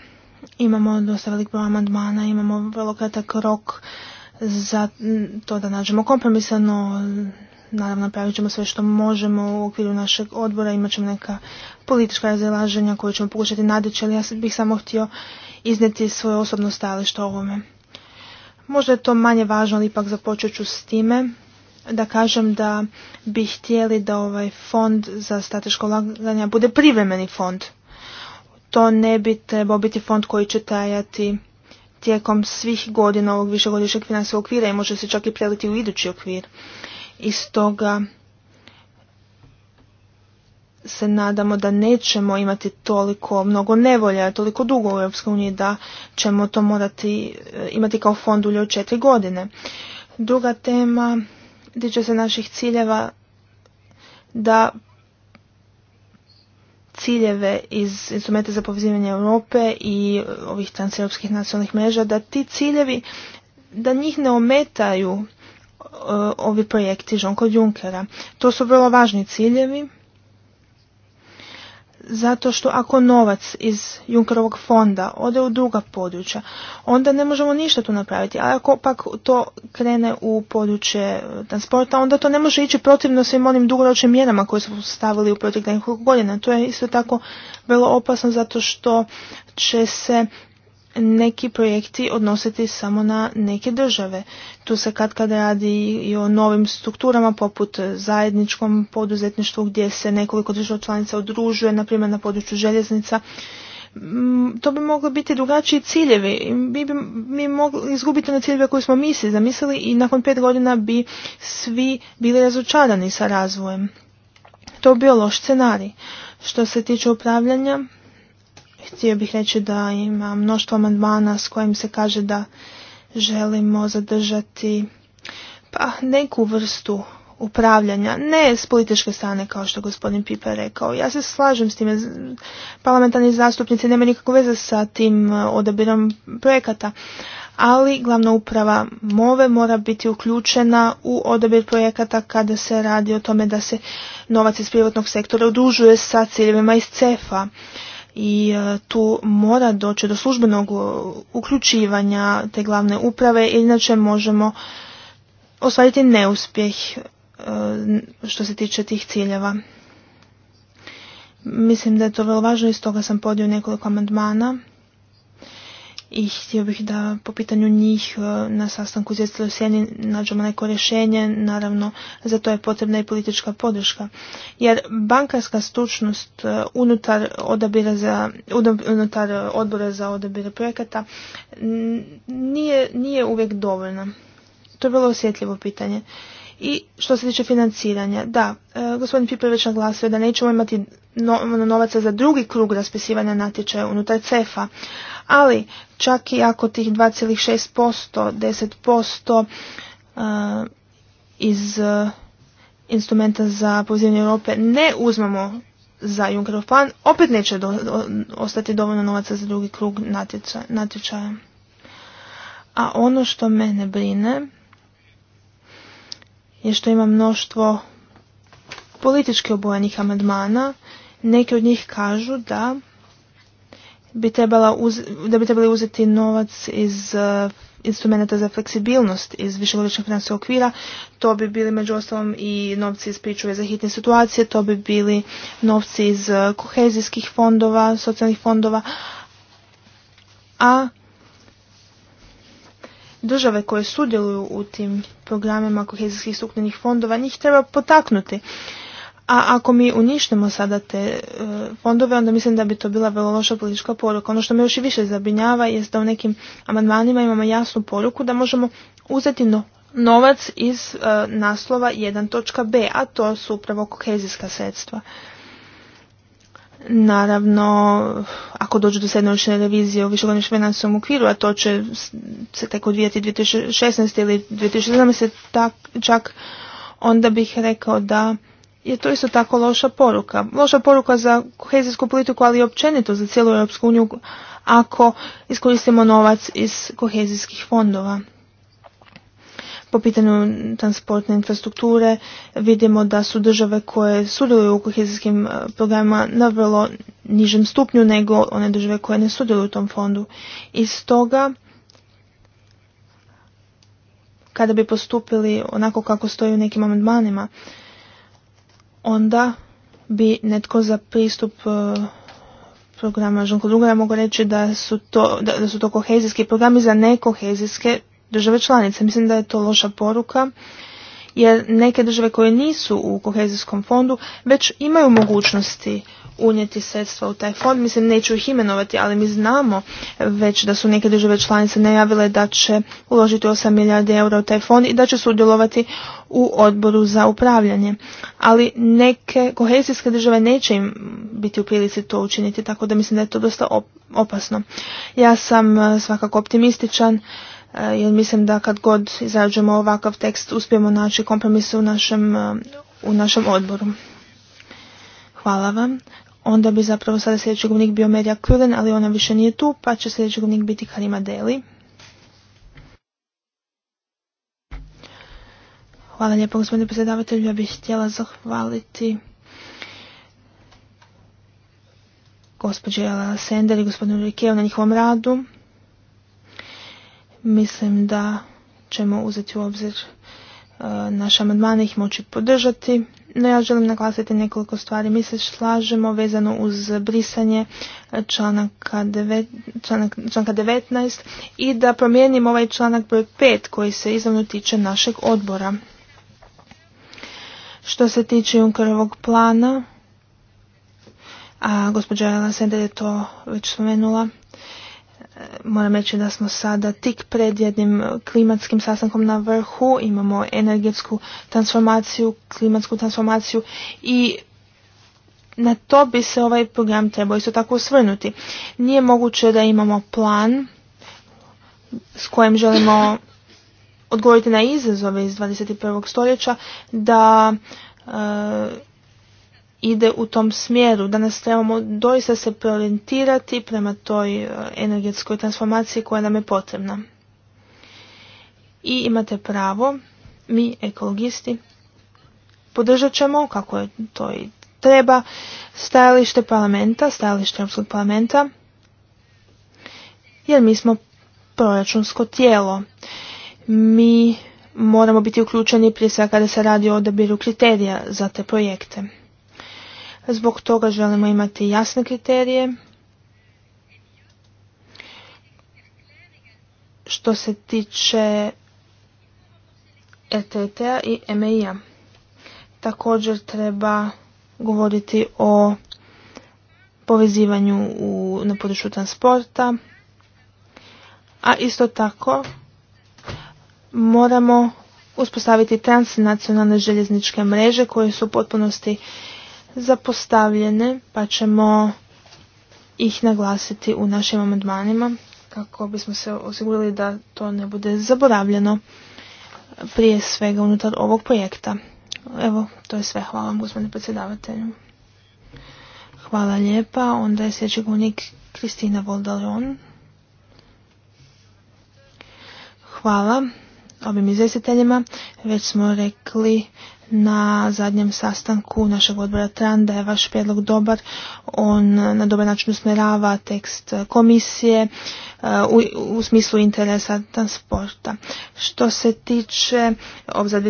Imamo dosta velik amandmana, imamo vrlo kratak rok za to da nađemo kompromisano naravno napravit ćemo sve što možemo u okviru našeg odbora, imat ćemo neka politička razilaženja koje ćemo pokušati nadići, ali ja bih samo htio izneti svoje osobno stajalište o ovome. Možda je to manje važno, ali ipak započet ću s time da kažem da bi htjeli da ovaj fond za strateško ulaganje bude privremeni fond. To ne bi trebao biti fond koji će trajati tijekom svih godina ovog višegodišnjeg financijskog okvira i može se čak i preliti u idući okvir. I stoga se nadamo da nećemo imati toliko mnogo nevolja, toliko dugo u EU da ćemo to morati e, imati kao fond ulje od četiri godine. Druga tema tiče se naših ciljeva da ciljeve iz instrumenta za povezivanje Europe i ovih transeuropskih nacionalnih mreža, da ti ciljevi, da njih ne ometaju e, ovi projekti Jean-Claude Junckera. To su vrlo važni ciljevi zato što ako novac iz Junkerovog fonda ode u druga područja, onda ne možemo ništa tu napraviti. A ako pak to krene u područje transporta, onda to ne može ići protivno svim onim dugoročnim mjerama koje su stavili u proteklih godina. To je isto tako vrlo opasno zato što će se neki projekti odnositi samo na neke države. Tu se kad kad radi i o novim strukturama poput zajedničkom poduzetništvu gdje se nekoliko država članica odružuje, na primjer na području željeznica. Mm, to bi mogli biti drugačiji ciljevi. Mi bi mi mogli izgubiti na ciljeve koje smo mi zamislili i nakon pet godina bi svi bili razočarani sa razvojem. To bi bio loš scenarij. Što se tiče upravljanja, Htio bih reći da ima mnoštvo amandmana s kojim se kaže da želimo zadržati pa neku vrstu upravljanja, ne s političke strane kao što gospodin Piper rekao. Ja se slažem s time, parlamentarni zastupnici nema nikakve veze sa tim e, odabirom projekata, ali glavna uprava MOVE mora biti uključena u odabir projekata kada se radi o tome da se novac iz privatnog sektora odužuje sa ciljevima iz CEFA i e, tu mora doći do službenog e, uključivanja te glavne uprave, inače možemo ostvariti neuspjeh e, što se tiče tih ciljeva. Mislim da je to vrlo važno i stoga sam podio nekoliko amandmana i htio bih da po pitanju njih e, na sastanku izvjestila u Sjeni nađemo neko rješenje. Naravno, za to je potrebna i politička podrška. Jer bankarska stručnost e, unutar, odabira za, unutar odbora za odabire projekata nije, nije uvijek dovoljna. To je bilo osjetljivo pitanje. I što se tiče financiranja, da, e, gospodin Piper već naglasio da nećemo imati ono, novaca za drugi krug raspisivanja natječaja unutar CEFA, ali čak i ako tih 2,6%, 10% e, iz e, instrumenta za pozivanje Europe ne uzmemo za Junckerov plan, opet neće ostati dovoljno novaca za drugi krug natječaja. natječaja. A ono što mene brine je što ima mnoštvo politički obojenih amandmana. Neki od njih kažu da bi, trebala da bi trebali uzeti novac iz uh, instrumenta za fleksibilnost iz višegodišnjeg financijskog okvira. To bi bili među ostalom i novci iz pričuve za hitne situacije, to bi bili novci iz uh, kohezijskih fondova, socijalnih fondova, a države koje sudjeluju u tim programima kohezijskih strukturnih fondova, njih treba potaknuti. A ako mi uništimo sada te e, fondove, onda mislim da bi to bila vrlo loša politička poruka. Ono što me još i više zabrinjava je da u nekim amandmanima imamo jasnu poruku da možemo uzeti novac iz e, naslova 1.b, a to su upravo kohezijska sredstva. Naravno, ako dođu do sedmoročne revizije u višegodišnjem financijskom okviru, a to će se tek odvijati 2016. ili 2017. Tak, čak onda bih rekao da je to isto tako loša poruka. Loša poruka za kohezijsku politiku, ali i općenito za cijelu Europsku uniju ako iskoristimo novac iz kohezijskih fondova. Po pitanju transportne infrastrukture vidimo da su države koje sudjeluju u kohezijskim e, programima na vrlo nižem stupnju nego one države koje ne sudjeluju u tom fondu. I stoga kada bi postupili onako kako stoji u nekim amandmanima, onda bi netko za pristup e, programa Žunko Drugara mogu reći da su to, da su to kohezijski programi za nekohezijske države članice. Mislim da je to loša poruka jer neke države koje nisu u kohezijskom fondu već imaju mogućnosti unijeti sredstva u taj fond. Mislim, neću ih imenovati, ali mi znamo već da su neke države članice najavile da će uložiti 8 milijardi eura u taj fond i da će sudjelovati u odboru za upravljanje. Ali neke kohezijske države neće im biti u prilici to učiniti, tako da mislim da je to dosta opasno. Ja sam eh, svakako optimističan E, jer mislim da kad god izrađujemo ovakav tekst uspijemo naći kompromis u našem, e, u odboru. Hvala vam. Onda bi zapravo sada sljedeći govornik bio Merja Krulen, ali ona više nije tu, pa će sljedeći govornik biti Karima Deli. Hvala lijepo gospodine predsjedavatelju, ja bih htjela zahvaliti gospođe Sender i gospodinu Rikeo na njihovom radu. Mislim da ćemo uzeti u obzir e, naše amandmane ih moći podržati. No ja želim naglasiti nekoliko stvari. Mi se slažemo vezano uz brisanje e, članaka članka 19 i da promijenimo ovaj članak broj 5 koji se izravno tiče našeg odbora. Što se tiče Junkerovog plana, a gospođa Jelena Sender je to već spomenula, E, moram reći da smo sada tik pred jednim klimatskim sastankom na vrhu, imamo energetsku transformaciju, klimatsku transformaciju i na to bi se ovaj program trebao isto tako osvrnuti. Nije moguće da imamo plan s kojim želimo odgovoriti na izazove iz 21. stoljeća, da e, ide u tom smjeru, da nas trebamo doista se preorijentirati prema toj e, energetskoj transformaciji koja nam je potrebna. I imate pravo, mi ekologisti podržat ćemo, kako je to i treba, stajalište parlamenta, stajalište Europskog parlamenta, jer mi smo proračunsko tijelo. Mi moramo biti uključeni prije svega kada se radi o odabiru kriterija za te projekte. Zbog toga želimo imati jasne kriterije. Što se tiče rtt a i MEI-a. Također treba govoriti o povezivanju u, na području transporta, a isto tako moramo uspostaviti transnacionalne željezničke mreže koje su u potpunosti zapostavljene, pa ćemo ih naglasiti u našim amandmanima kako bismo se osigurali da to ne bude zaboravljeno prije svega unutar ovog projekta. Evo, to je sve. Hvala vam, gospodine predsjedavatelju. Hvala lijepa. Onda je sljedeći govornik Kristina Voldalon. Hvala ovim izvjestiteljima. Već smo rekli na zadnjem sastanku našeg odbora TRAN da je vaš prijedlog dobar. On na dobar način usmjerava tekst komisije e, u, smislu interesa transporta. Što se tiče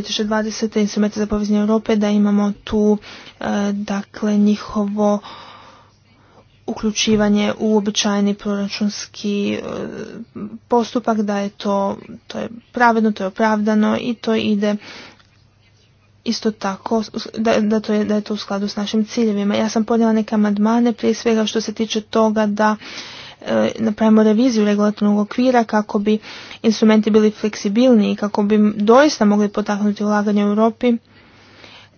tisuće 2020. instrumenta za povezanje Europe, da imamo tu e, dakle njihovo uključivanje u običajni proračunski e, postupak, da je to, to je pravedno, to je opravdano i to ide isto tako, da, da, to je, da je to u skladu s našim ciljevima. Ja sam podjela neke amandmane, prije svega što se tiče toga da e, napravimo reviziju regulatornog okvira kako bi instrumenti bili fleksibilniji, kako bi doista mogli potaknuti ulaganje u Europi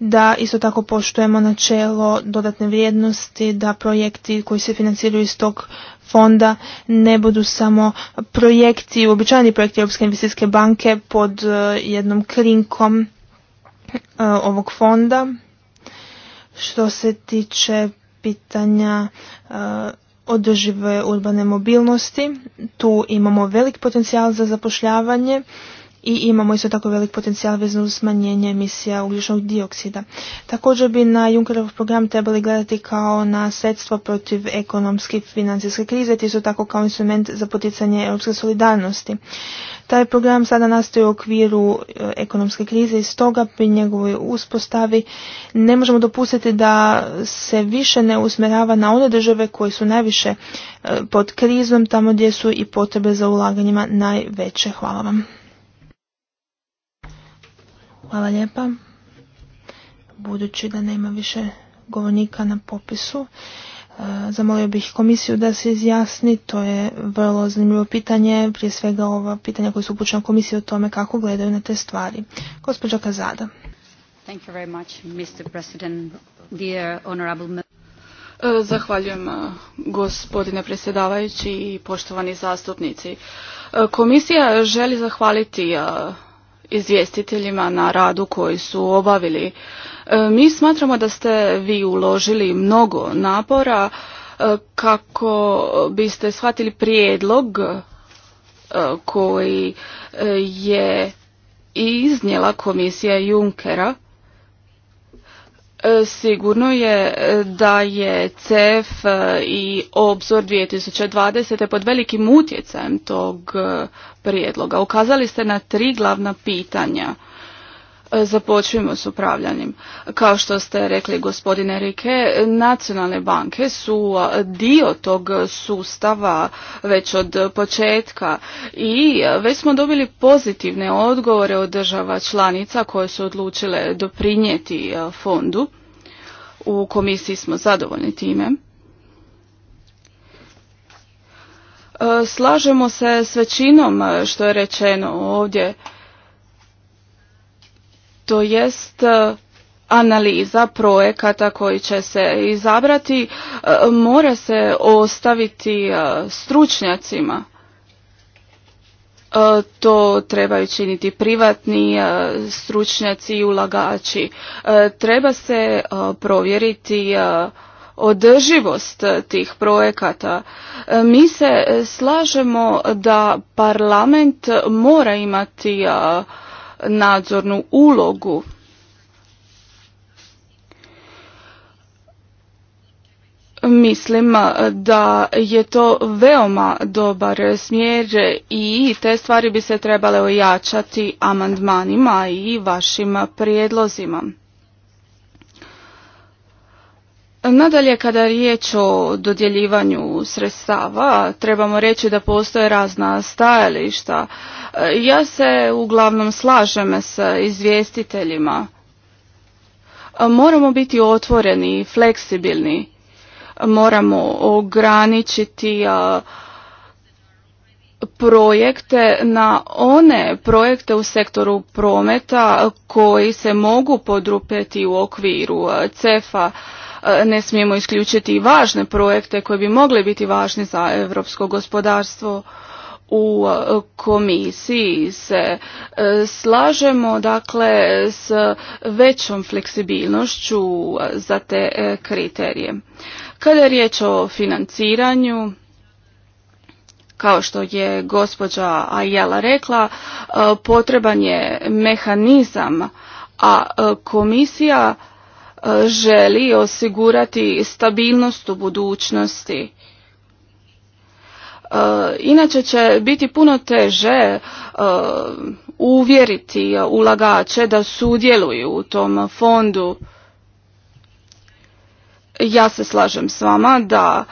da isto tako poštujemo načelo dodatne vrijednosti, da projekti koji se financiraju iz tog fonda ne budu samo projekti, uobičajeni projekti Europske investicijske banke pod e, jednom krinkom e, ovog fonda. Što se tiče pitanja e, održive urbane mobilnosti, tu imamo velik potencijal za zapošljavanje i imamo isto tako velik potencijal vezan uz smanjenje emisija ugljičnog dioksida. Također bi na Junckerov program trebali gledati kao na sredstvo protiv ekonomske i financijske krize, isto tako kao instrument za poticanje europske solidarnosti. Taj program sada nastoji u okviru e, ekonomske krize i stoga pri njegovoj uspostavi ne možemo dopustiti da se više ne usmerava na one države koje su najviše e, pod krizom, tamo gdje su i potrebe za ulaganjima najveće. Hvala vam. Hvala lijepa. Budući da nema više govornika na popisu, e, zamolio bih komisiju da se izjasni. To je vrlo zanimljivo pitanje, prije svega ova pitanja koja su upućena komisiji o tome kako gledaju na te stvari. Gospođa Kazada. Thank you very much, Mr. President, dear honorable... E, zahvaljujem e, gospodine predsjedavajući i poštovani zastupnici. Komisija želi zahvaliti izvjestiteljima na radu koji su obavili. E, mi smatramo da ste vi uložili mnogo napora e, kako biste shvatili prijedlog e, koji je iznijela komisija Junkera E, sigurno je e, da je CEF e, i obzor 2020. pod velikim utjecajem tog prijedloga. Ukazali ste na tri glavna pitanja E, Započujemo s upravljanjem. Kao što ste rekli gospodine Rike, nacionalne banke su dio tog sustava već od početka i već smo dobili pozitivne odgovore od država članica koje su odlučile doprinijeti fondu. U komisiji smo zadovoljni time. E, slažemo se s većinom što je rečeno ovdje to jest e, analiza projekata koji će se izabrati e, mora se ostaviti e, stručnjacima. To trebaju činiti privatni stručnjaci i ulagači. Treba se provjeriti održivost tih projekata. Mi se slažemo da parlament mora imati nadzornu ulogu. Mislim da je to veoma dobar smjer i te stvari bi se trebale ojačati amandmanima i vašim prijedlozima. Nadalje, kada je riječ o dodjeljivanju sredstava, trebamo reći da postoje razna stajališta E, ja se uglavnom slažem sa izvjestiteljima. E, moramo biti otvoreni i fleksibilni. E, moramo ograničiti projekte na one projekte u sektoru prometa koji se mogu podrupeti u okviru CEFA. Ne smijemo isključiti i važne projekte koji bi mogli biti važni za europsko gospodarstvo u e, komisiji se e, slažemo dakle s većom fleksibilnošću za te e, kriterije. Kada je riječ o financiranju, kao što je gospođa Ajela rekla, potreban je mehanizam, a komisija želi osigurati stabilnost u budućnosti Eh, inače će biti puno teže eh, uvjeriti eh, ulagače da sudjeluju u tom fondu. Ja se slažem s vama da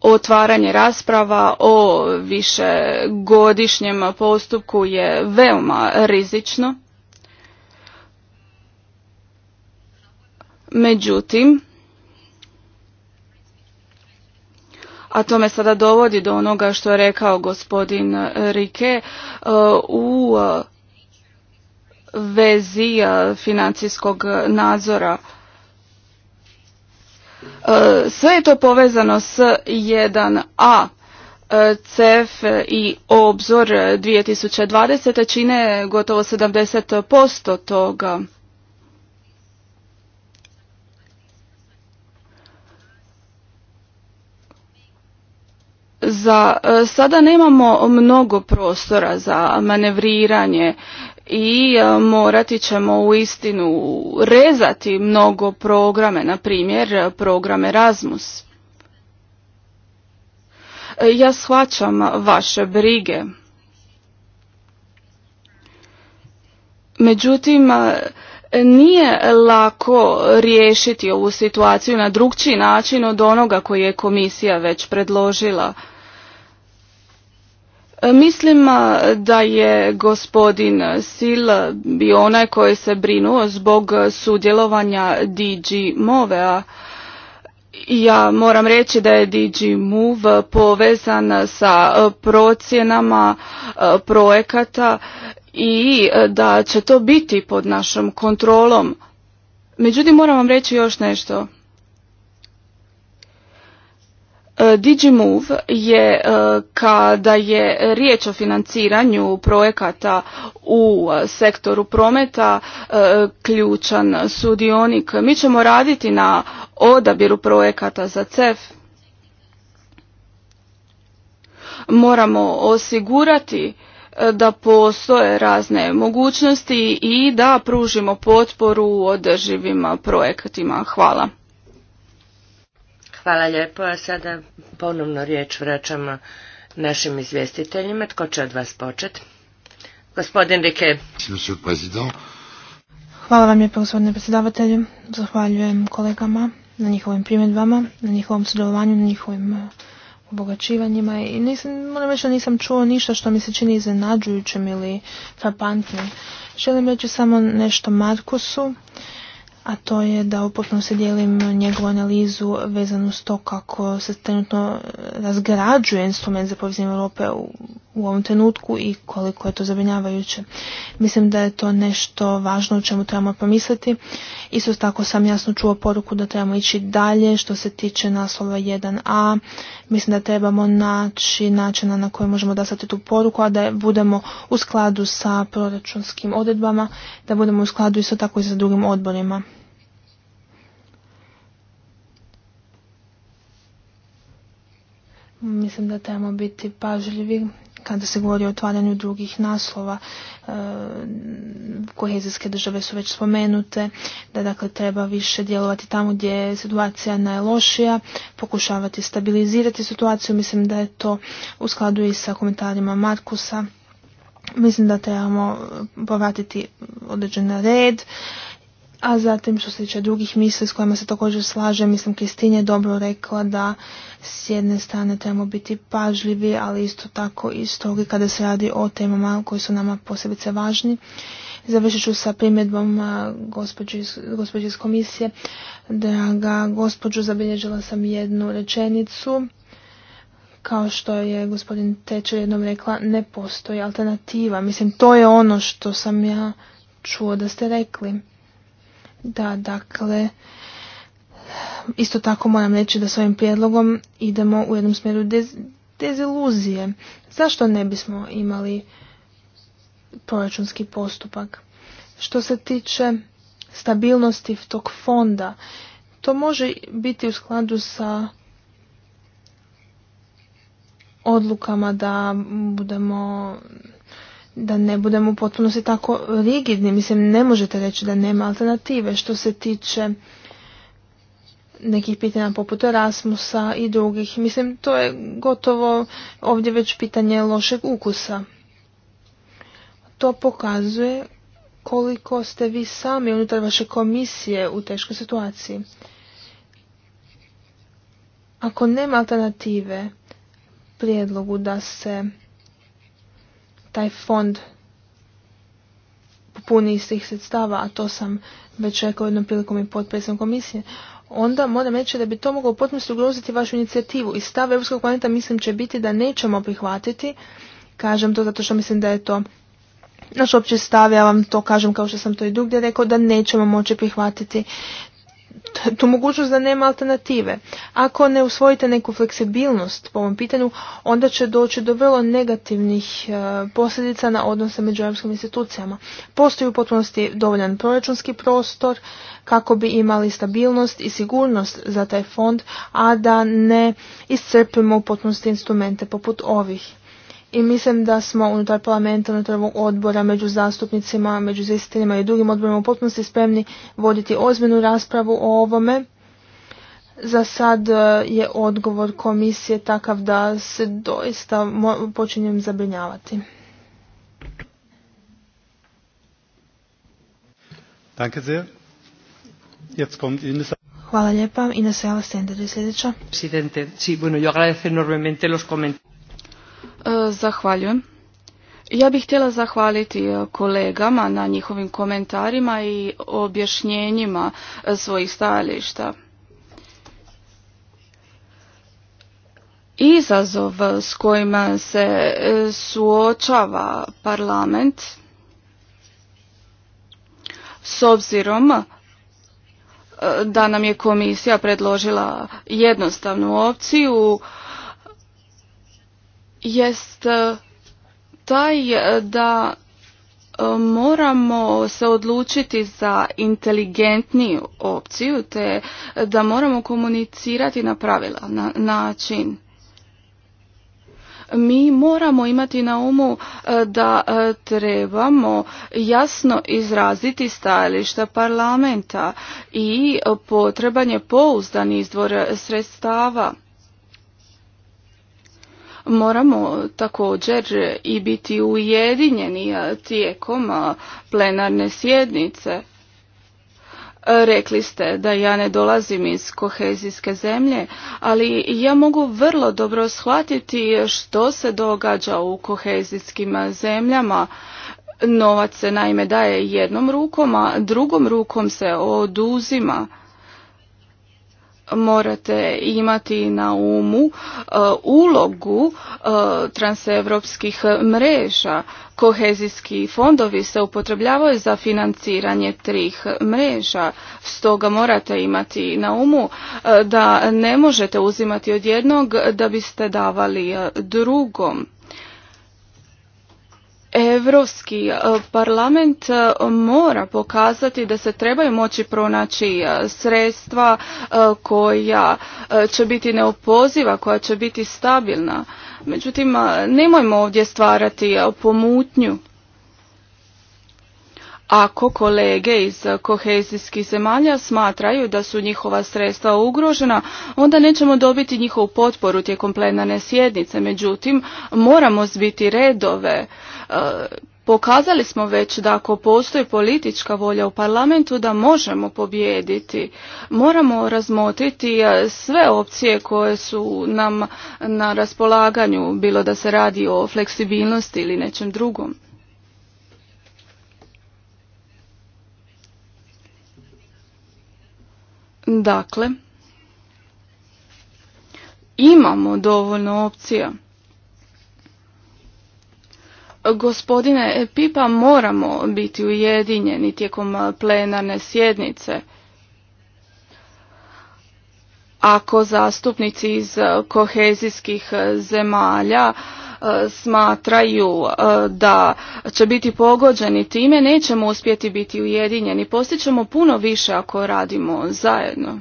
otvaranje rasprava o višegodišnjem postupku je veoma rizično. Međutim, a to me sada dovodi do onoga što je rekao gospodin Rike e, u e, vezi e, financijskog nadzora. Sve je to povezano s 1a. CEF i obzor 2020. čine gotovo 70% toga. za e, sada nemamo mnogo prostora za manevriranje i e, morati ćemo u istinu rezati mnogo programe, na primjer e, program Erasmus. Ja shvaćam vaše brige. Međutim, nije lako riješiti ovu situaciju na drugčiji način od onoga koji je komisija već predložila. E, mislim da je gospodin Sil bio onaj koji se brinuo zbog sudjelovanja DG Movea. Ja moram reći da je DG Move povezan sa procjenama e, projekata i e, da će to biti pod našom kontrolom. Međutim, moram vam reći još nešto. E, Digimove je e, kada je riječ o financiranju projekata u sektoru prometa ključan sudionik. Mi ćemo raditi na odabiru projekata za CEF. Moramo osigurati da postoje razne mogućnosti i da pružimo potporu održivim projektima. Hvala. Hvala lijepo, a sada ponovno riječ vraćamo našim izvjestiteljima. Tko će od vas početi? Gospodin Rike. Hvala vam lijepo gospodine predsjedavatelju. Zahvaljujem kolegama na njihovim primjedbama, na njihovom sudjelovanju, na njihovim obogaćivanjima i nisam, moram reći da nisam čuo ništa što mi se čini iznenađujućim ili frapantnim. Želim reći samo nešto Markusu, a to je da upotno se dijelim njegovu analizu vezanu s to kako se trenutno eh, razgrađuje instrument za povezanje Europe u u ovom trenutku i koliko je to zabrinjavajuće. Mislim da je to nešto važno o čemu trebamo pomisliti. Isto tako sam jasno čuo poruku da trebamo ići dalje što se tiče naslova 1a. Mislim da trebamo naći načina na koji možemo dasati tu poruku, a da budemo u skladu sa proračunskim odredbama, da budemo u skladu isto tako i sa drugim odborima. Mislim da trebamo biti pažljivi kada se govori o otvaranju drugih naslova e, kohezijske države su već spomenute da dakle treba više djelovati tamo gdje je situacija najlošija pokušavati stabilizirati situaciju mislim da je to u skladu i sa komentarima Markusa mislim da trebamo povratiti određen red a zatim što se tiče drugih misli s kojima se također slažem, mislim Kristin je dobro rekla da s jedne strane trebamo biti pažljivi, ali isto tako i strogi kada se radi o temama koji su nama posebice važni. Završit ću sa primjedbom gospođe iz komisije. ga gospođu, zabilježila sam jednu rečenicu. Kao što je gospodin Tečer jednom rekla, ne postoji alternativa. Mislim, to je ono što sam ja čuo da ste rekli da dakle isto tako moram reći da s ovim prijedlogom idemo u jednom smjeru dez, deziluzije. Zašto ne bismo imali proračunski postupak? Što se tiče stabilnosti tog fonda, to može biti u skladu sa odlukama da budemo da ne budemo potpuno se tako rigidni. Mislim, ne možete reći da nema alternative što se tiče nekih pitanja poput Erasmusa i drugih. Mislim, to je gotovo ovdje već pitanje lošeg ukusa. To pokazuje koliko ste vi sami unutar vaše komisije u teškoj situaciji. Ako nema alternative prijedlogu da se taj fond puni iz tih sredstava, a to sam već rekao jednom prilikom i potpredsjednik komisije, onda moram reći da bi to moglo potpunosti ugroziti vašu inicijativu. I stav Europskog planeta mislim će biti da nećemo prihvatiti, kažem to zato što mislim da je to naš opći stav, ja vam to kažem kao što sam to i drugdje rekao, da nećemo moći prihvatiti tu mogućnost da nema alternative. Ako ne usvojite neku fleksibilnost po ovom pitanju, onda će doći do vrlo negativnih e, posljedica na odnose među europskim institucijama. Postoji u potpunosti dovoljan proračunski prostor kako bi imali stabilnost i sigurnost za taj fond, a da ne iscrpimo u potpunosti instrumente poput ovih i mislim da smo unutar parlamenta, unutar ovog odbora, među zastupnicima, među zistinima i drugim odborima u potpunosti spremni voditi ozbiljnu raspravu o ovome. Za sad e, je odgovor komisije takav da se doista počinjem zabrinjavati. Danke sehr. Jetzt kommt Hvala lijepa. Ines Presidente, bueno, enormemente los E, zahvaljujem. Ja bih htjela zahvaliti e, kolegama na njihovim komentarima i objašnjenjima e, svojih stajališta. Izazov s kojima se suočava parlament s obzirom da nam je komisija predložila jednostavnu opciju jest e, taj e, da e, moramo se odlučiti za inteligentniju opciju te da moramo komunicirati na na način mi moramo imati na umu da trebamo jasno izraziti stajališta parlamenta i potreban je pouzdan izvor sredstava moramo također i biti ujedinjeni tijekom plenarne sjednice. E, rekli ste da ja ne dolazim iz kohezijske zemlje, ali ja mogu vrlo dobro shvatiti što se događa u kohezijskim zemljama. Novac se naime daje jednom rukom, a drugom rukom se oduzima morate imati na umu e, ulogu e, transeuropskih mreža. Kohezijski fondovi se upotrebljavaju za financiranje trih mreža, stoga morate imati na umu e, da ne možete uzimati od jednog da biste davali drugom. Europski e, parlament e, mora pokazati da se trebaju moći pronaći e, sredstva koja će biti neopoziva, koja će biti stabilna. Međutim, nemojmo ovdje stvarati pomutnju. Ako kolege iz kohezijskih zemalja smatraju da su njihova sredstva ugrožena, onda nećemo dobiti njihovu potporu tijekom plenarne sjednice. Međutim, moramo zbiti redove E, pokazali smo već da ako postoji politička volja u parlamentu da možemo pobijediti. Moramo razmotriti e, sve opcije koje su nam na raspolaganju, bilo da se radi o fleksibilnosti ili nečem drugom. Dakle, imamo dovoljno opcija. Gospodine Pipa, moramo biti ujedinjeni tijekom plenarne sjednice. Ako zastupnici iz kohezijskih zemalja smatraju da će biti pogođeni time, nećemo uspjeti biti ujedinjeni. Postićemo puno više ako radimo zajedno.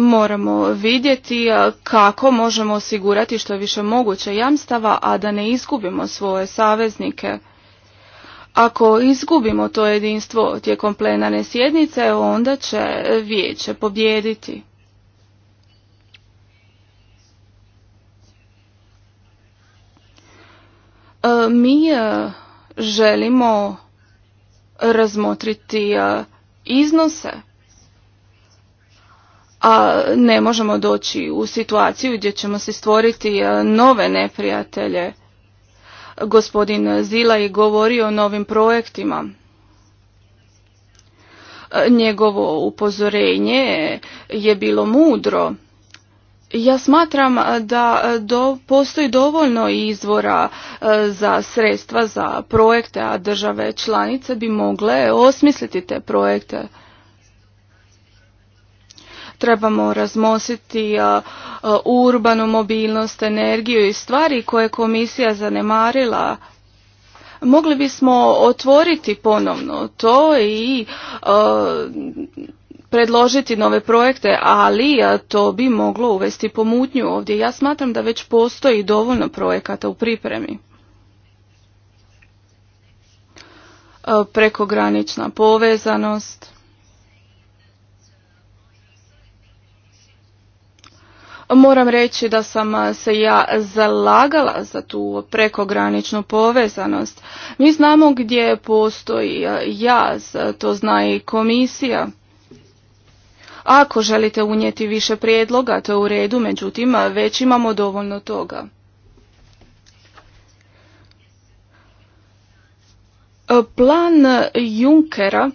moramo vidjeti e, kako možemo osigurati što više moguće jamstava, a da ne izgubimo svoje saveznike. Ako izgubimo to jedinstvo tijekom plenarne sjednice, onda će vijeće pobjediti. E, mi e, želimo razmotriti iznose a ne možemo doći u situaciju gdje ćemo se stvoriti e, nove neprijatelje. Gospodin Zila je govorio o novim projektima. E, njegovo upozorenje je bilo mudro. Ja smatram e, da postoji dovoljno izvora za sredstva za projekte, a države članice bi mogle osmisliti te projekte trebamo razmositi urbanu mobilnost, energiju i stvari koje je komisija zanemarila. Mogli bismo otvoriti ponovno to i predložiti nove projekte, ali to bi moglo uvesti pomutnju ovdje. Ja smatram da već postoji dovoljno projekata u pripremi. Prekogranična povezanost, Moram reći da sam eh, se ja zalagala za tu prekograničnu povezanost. Mi znamo gdje postoji eh, jaz, eh, to zna i komisija. Ako želite unijeti više prijedloga, to je u redu, međutim, već imamo dovoljno toga. Plan Junkera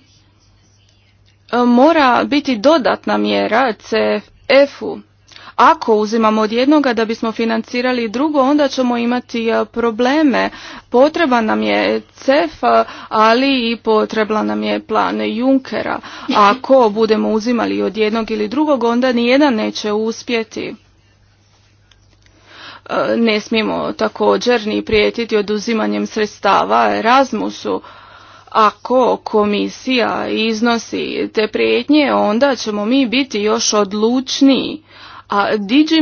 mora biti dodatna mjera cf ako uzimamo od jednoga da bismo financirali drugo, onda ćemo imati e, probleme. Potreba nam je CEF, e, ali i potreban nam je plan Junkera. *laughs* Ako budemo uzimali od jednog ili drugog, onda nijedan neće uspjeti e, ne smijemo također ni prijetiti oduzimanjem sredstava Erasmusu. Ako komisija iznosi te prijetnje, onda ćemo mi biti još odlučniji a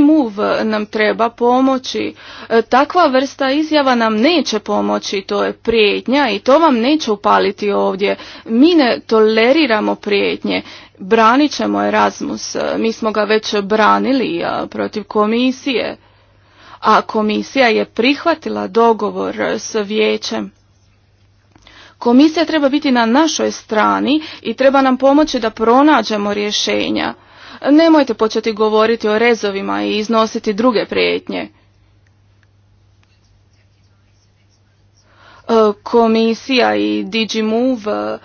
Move nam treba pomoći. E, takva vrsta izjava nam neće pomoći, to je prijetnja i to vam neće upaliti ovdje. Mi ne toleriramo prijetnje, branit ćemo Erasmus, e, mi smo ga već branili e, protiv komisije, a komisija je prihvatila dogovor s vijećem. Komisija treba biti na našoj strani i treba nam pomoći da pronađemo rješenja. Nemojte početi govoriti o rezovima i iznositi druge prijetnje. E, komisija i DigiMove e,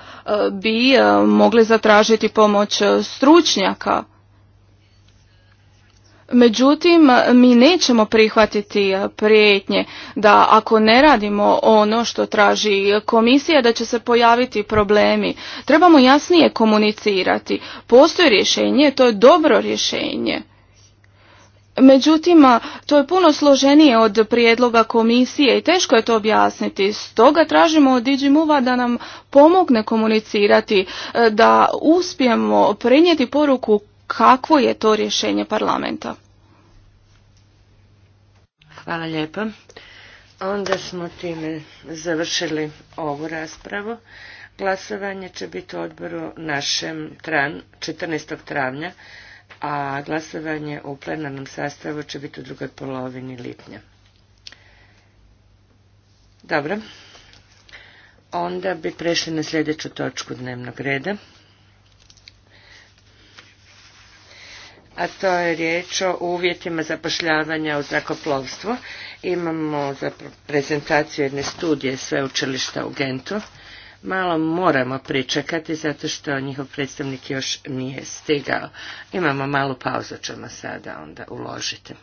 bi e, mogli zatražiti pomoć stručnjaka Međutim, mi nećemo prihvatiti prijetnje da ako ne radimo ono što traži komisija da će se pojaviti problemi. Trebamo jasnije komunicirati. Postoji rješenje, to je dobro rješenje. Međutim, to je puno složenije od prijedloga komisije i teško je to objasniti. Stoga tražimo od Digimuva da nam pomogne komunicirati, da uspijemo prenijeti poruku kakvo je to rješenje parlamenta. Hvala lijepa. Onda smo time završili ovu raspravu. Glasovanje će biti u odboru našem 14. travnja, a glasovanje u plenarnom sastavu će biti u drugoj polovini lipnja. Dobro. Onda bi prešli na sljedeću točku dnevnog reda. a to je riječ o uvjetima zapošljavanja u zrakoplovstvu. Imamo za prezentaciju jedne studije sveučilišta u Gentu. Malo moramo pričekati zato što njihov predstavnik još nije stigao. Imamo malu pauzu ćemo sada onda uložiti.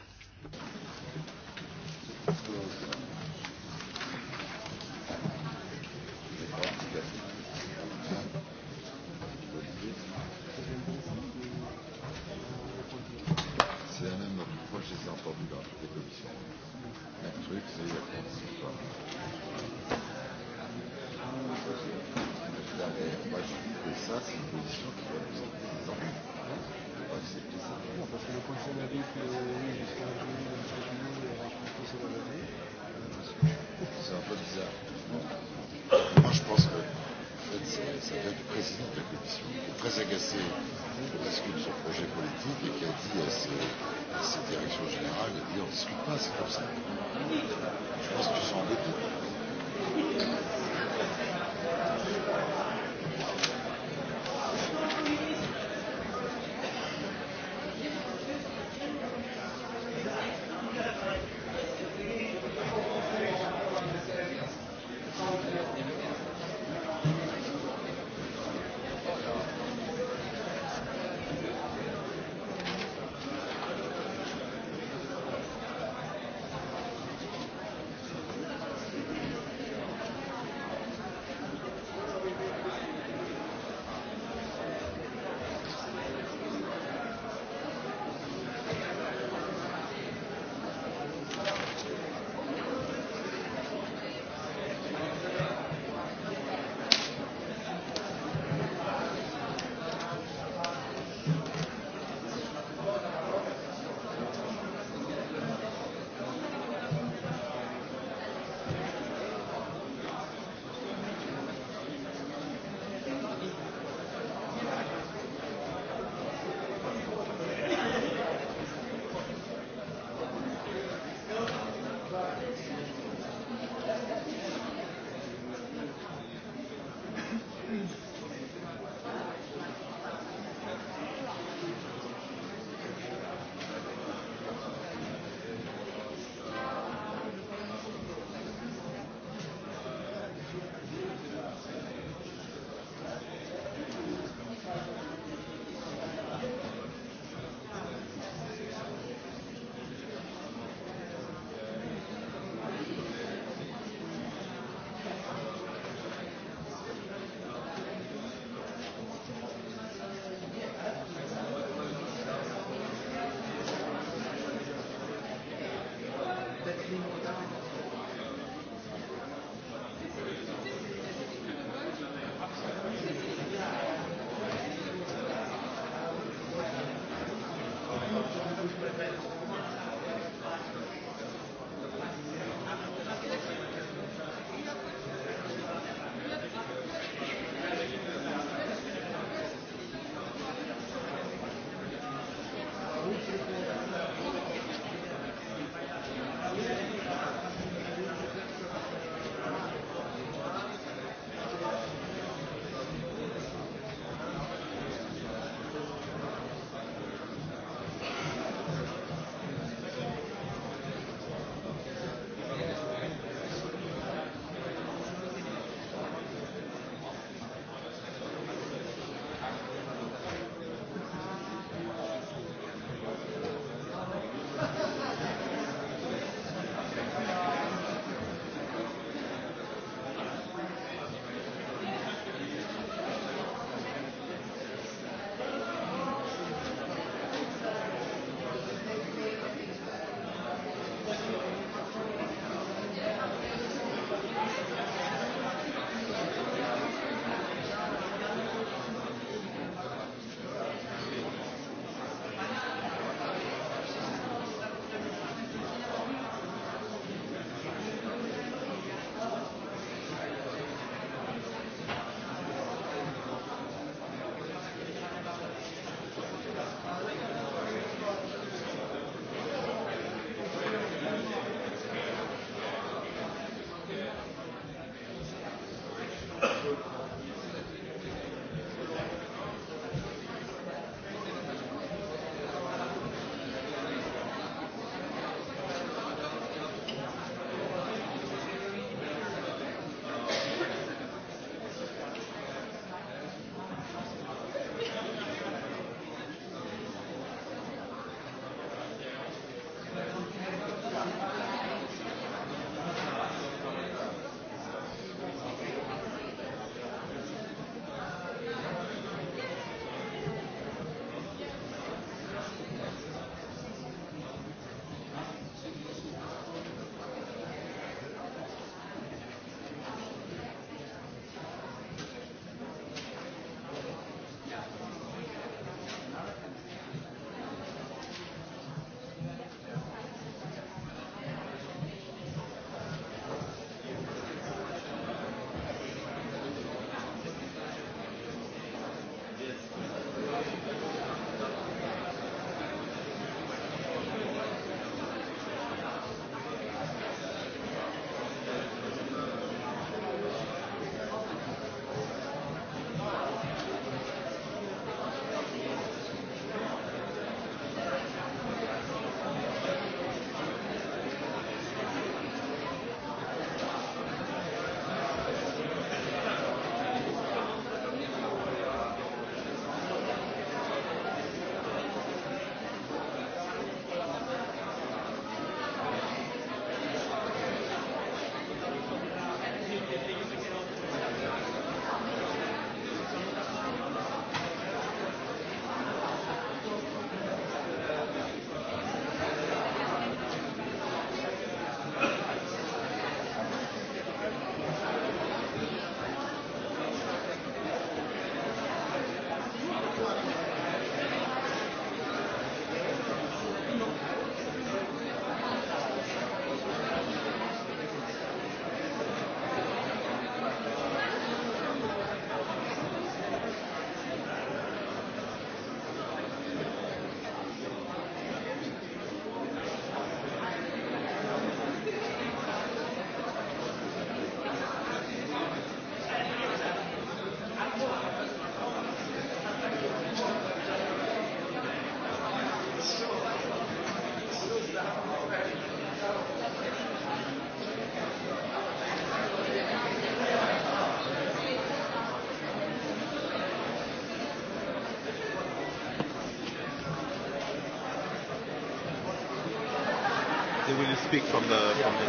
speak from the from the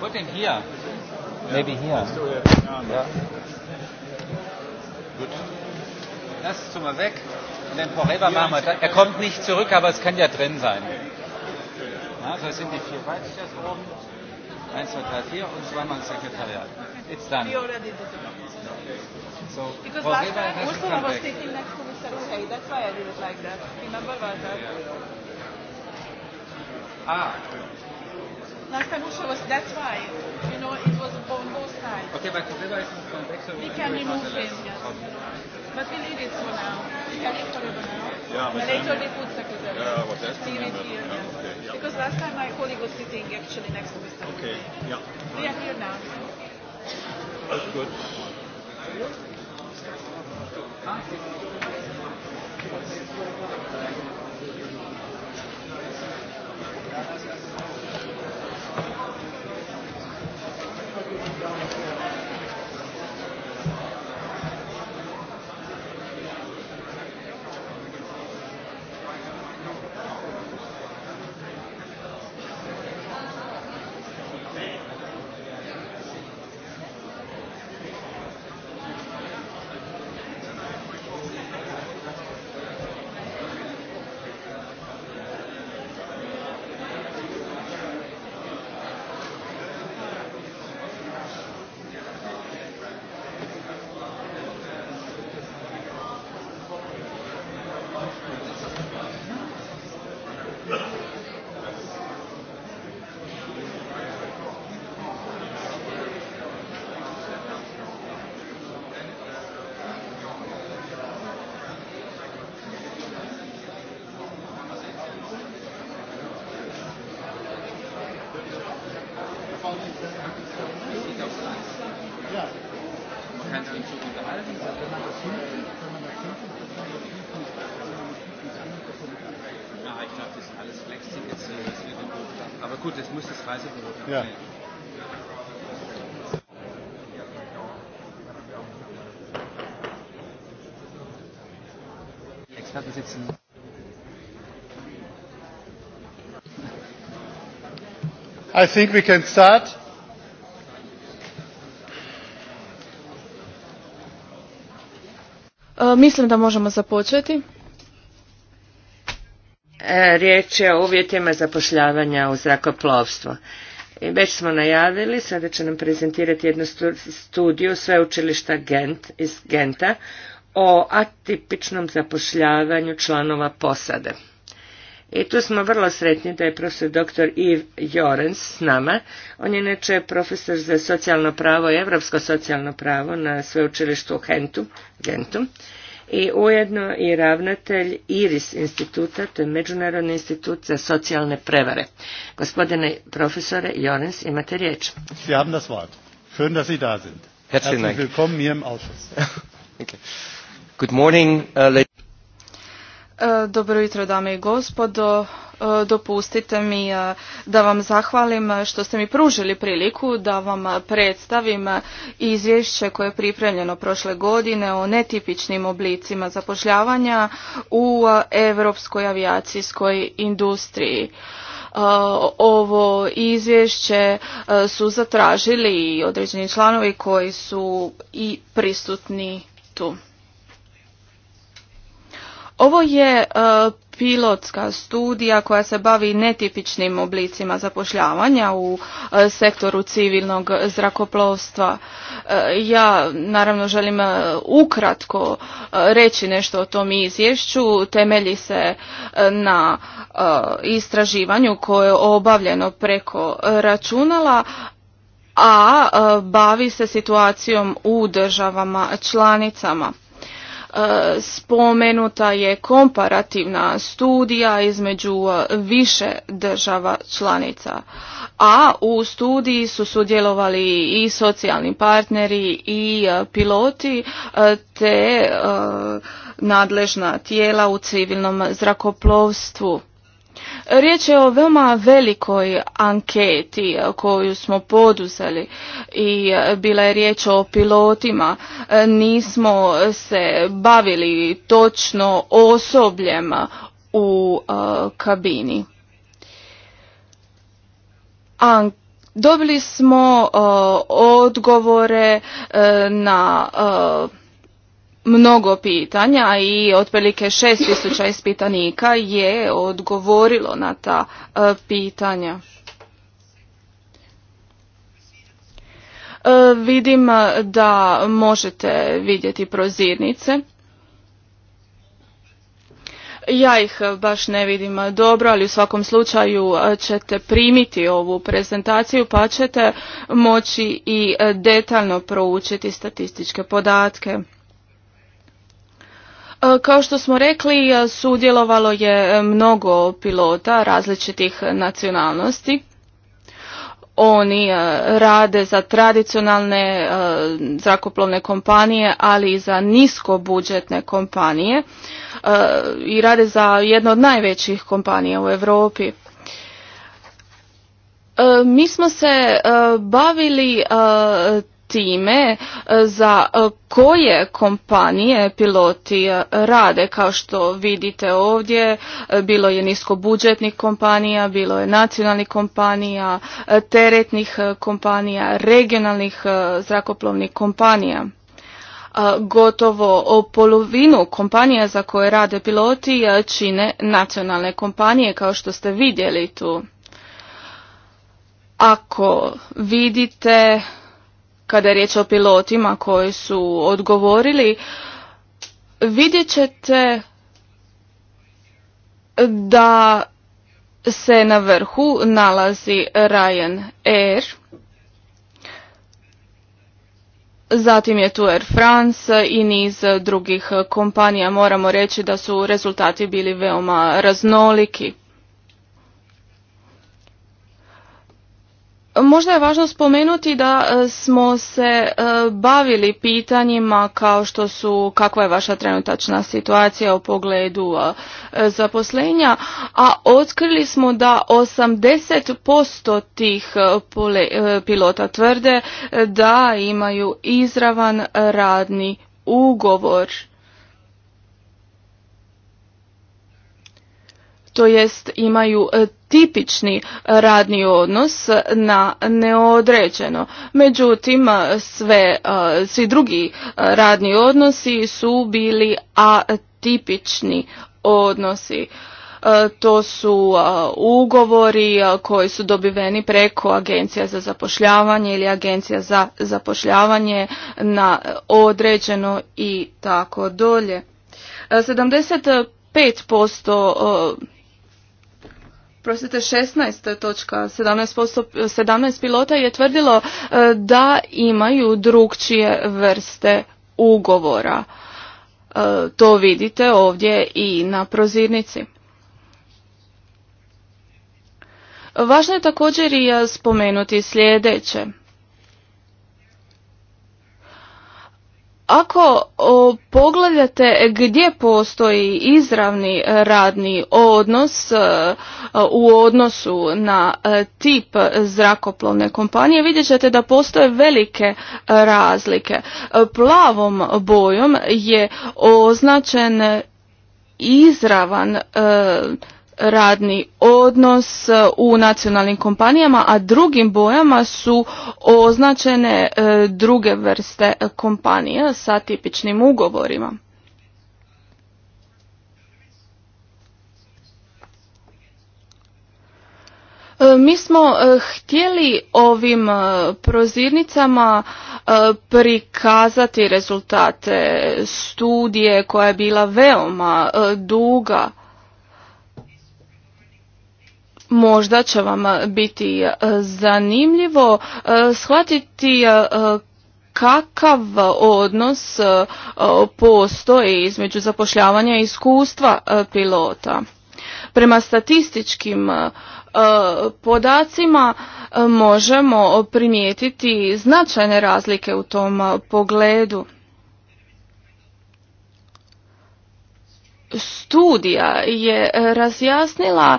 Put him here. Yeah. Maybe here. Yeah. Gut. Lass es mal weg den Forever machen wir dann. Er kommt nicht zurück, aber es kann ja drin sein. Also es sind die vier Weitsichers oben. Eins, zwei, drei, vier und zweimal ein Sekretariat. It's done. So, Because last time Ursula was sitting next to Mr. Okay, that's why I did it like that. Remember that? yeah. Ah. Last time Ursula was, that's why. You know, it was on both sides. Okay, but Kureva is from back, so we can remove him. Yes. Okay. But we it for now. can now. but Because last time my colleague was sitting actually next to Okay, yeah. are That's good. kannst ihn schon unterhalten. Ah, ich glaube, das ist alles Flexing, das, das wird im Buch. Aber gut, das muss das Reisebüro dann ja. Experten sitzen. I think we can start. E, mislim da možemo započeti. E, riječ je o uvjetima zapošljavanja u zrakoplovstvo. već smo najavili, sada će nam prezentirati jednu studiju sveučilišta Gent, iz Genta o atipičnom zapošljavanju članova posade. I tu smo vrlo sretni da je profesor dr. Iv Jorens s nama. On je inače profesor za socijalno pravo i europsko socijalno pravo na sveučilištu u Gentu i ujedno i ravnatelj IRIS instituta, to je Međunarodni institut za socijalne prevare. Gospodine profesore Jorens, imate riječ. Sie haben das Wort. Schön, dass Sie da sind. Herzlich willkommen hier im Ausschuss. *laughs* Good morning, uh, E, dobro jutro dame i gospodo. E, dopustite mi e, da vam zahvalim što ste mi pružili priliku da vam predstavim izvješće koje je pripremljeno prošle godine o netipičnim oblicima zapošljavanja u europskoj avijacijskoj industriji ovo izvješće su zatražili i određeni članovi koji su i prisutni tu. Ovo je e, pilotska studija koja se bavi netipičnim oblicima zapošljavanja u e, sektoru civilnog zrakoplovstva. E, ja naravno želim ukratko reći nešto o tom izvješću. Temelji se na istraživanju koje je obavljeno preko računala a bavi se situacijom u državama članicama. E, spomenuta je komparativna studija između e, više država članica, a u studiji su sudjelovali i socijalni partneri i e, piloti te nadležna tijela u civilnom zrakoplovstvu. Riječ je o veoma velikoj anketi eh, koju smo poduzeli i eh, bila je riječ o pilotima. Eh, nismo se bavili točno osobljem u kabini. dobili smo odgovore na mnogo pitanja i otprilike 6000 ispitanika je odgovorilo na ta e, pitanja. E, vidim e, da možete vidjeti prozirnice. Ja ih baš ne vidim dobro, ali u svakom slučaju ćete primiti ovu prezentaciju pa ćete moći i detaljno proučiti statističke podatke. E, kao što smo rekli, e, sudjelovalo je e, mnogo pilota različitih nacionalnosti. Oni rade za tradicionalne zrakoplovne kompanije, ali i za budžetne kompanije i rade za jednu od najvećih kompanija u Europi. Mi smo se bavili time e, za e, koje kompanije piloti e, rade. Kao što vidite ovdje, bilo je niskobudžetnih kompanija, bilo je nacionalnih kompanija, teretnih kompanija, regionalnih zrakoplovnih kompanija gotovo polovinu kompanija za koje rade piloti čine nacionalne kompanije kao što ste vidjeli tu. Ako vidite kada je riječ o pilotima koji su odgovorili, vidjet ćete da se na vrhu nalazi Ryan Air, zatim je tu Air France i niz drugih kompanija. Moramo reći da su rezultati bili veoma raznoliki. Možda je važno spomenuti da e, smo se e, bavili pitanjima kao što su kakva je vaša trenutačna situacija u pogledu e, zaposlenja, a otkrili smo da 80% tih pilota tvrde da imaju izravan radni ugovor to jest imaju e, tipični radni odnos na neodređeno. Međutim, e, sve, e, svi drugi radni odnosi su bili atipični odnosi. To su ugovori koji su dobiveni preko agencija za zapošljavanje ili agencija za zapošljavanje na određeno i tako dolje. 75% prostite 16 točka 17%, pilota je tvrdilo e, da imaju drukčije vrste ugovora. E, to vidite ovdje i na prozirnici. Važno je također i spomenuti sljedeće. Ako pogledate gdje postoji izravni radni odnos e, u odnosu na e, tip zrakoplovne kompanije, vidjet ćete da postoje velike razlike. E, plavom bojom je označen izravan radni odnos e, u nacionalnim kompanijama, a drugim bojama su označene e, druge vrste e, kompanija sa tipičnim ugovorima. Mi smo htjeli ovim prozirnicama prikazati rezultate studije koja je bila veoma duga Možda će vam e, biti e, zanimljivo e, shvatiti kakav odnos postoji između zapošljavanja i iskustva pilota. Prema statističkim podacima možemo primijetiti značajne razlike u tom pogledu. studija je razjasnila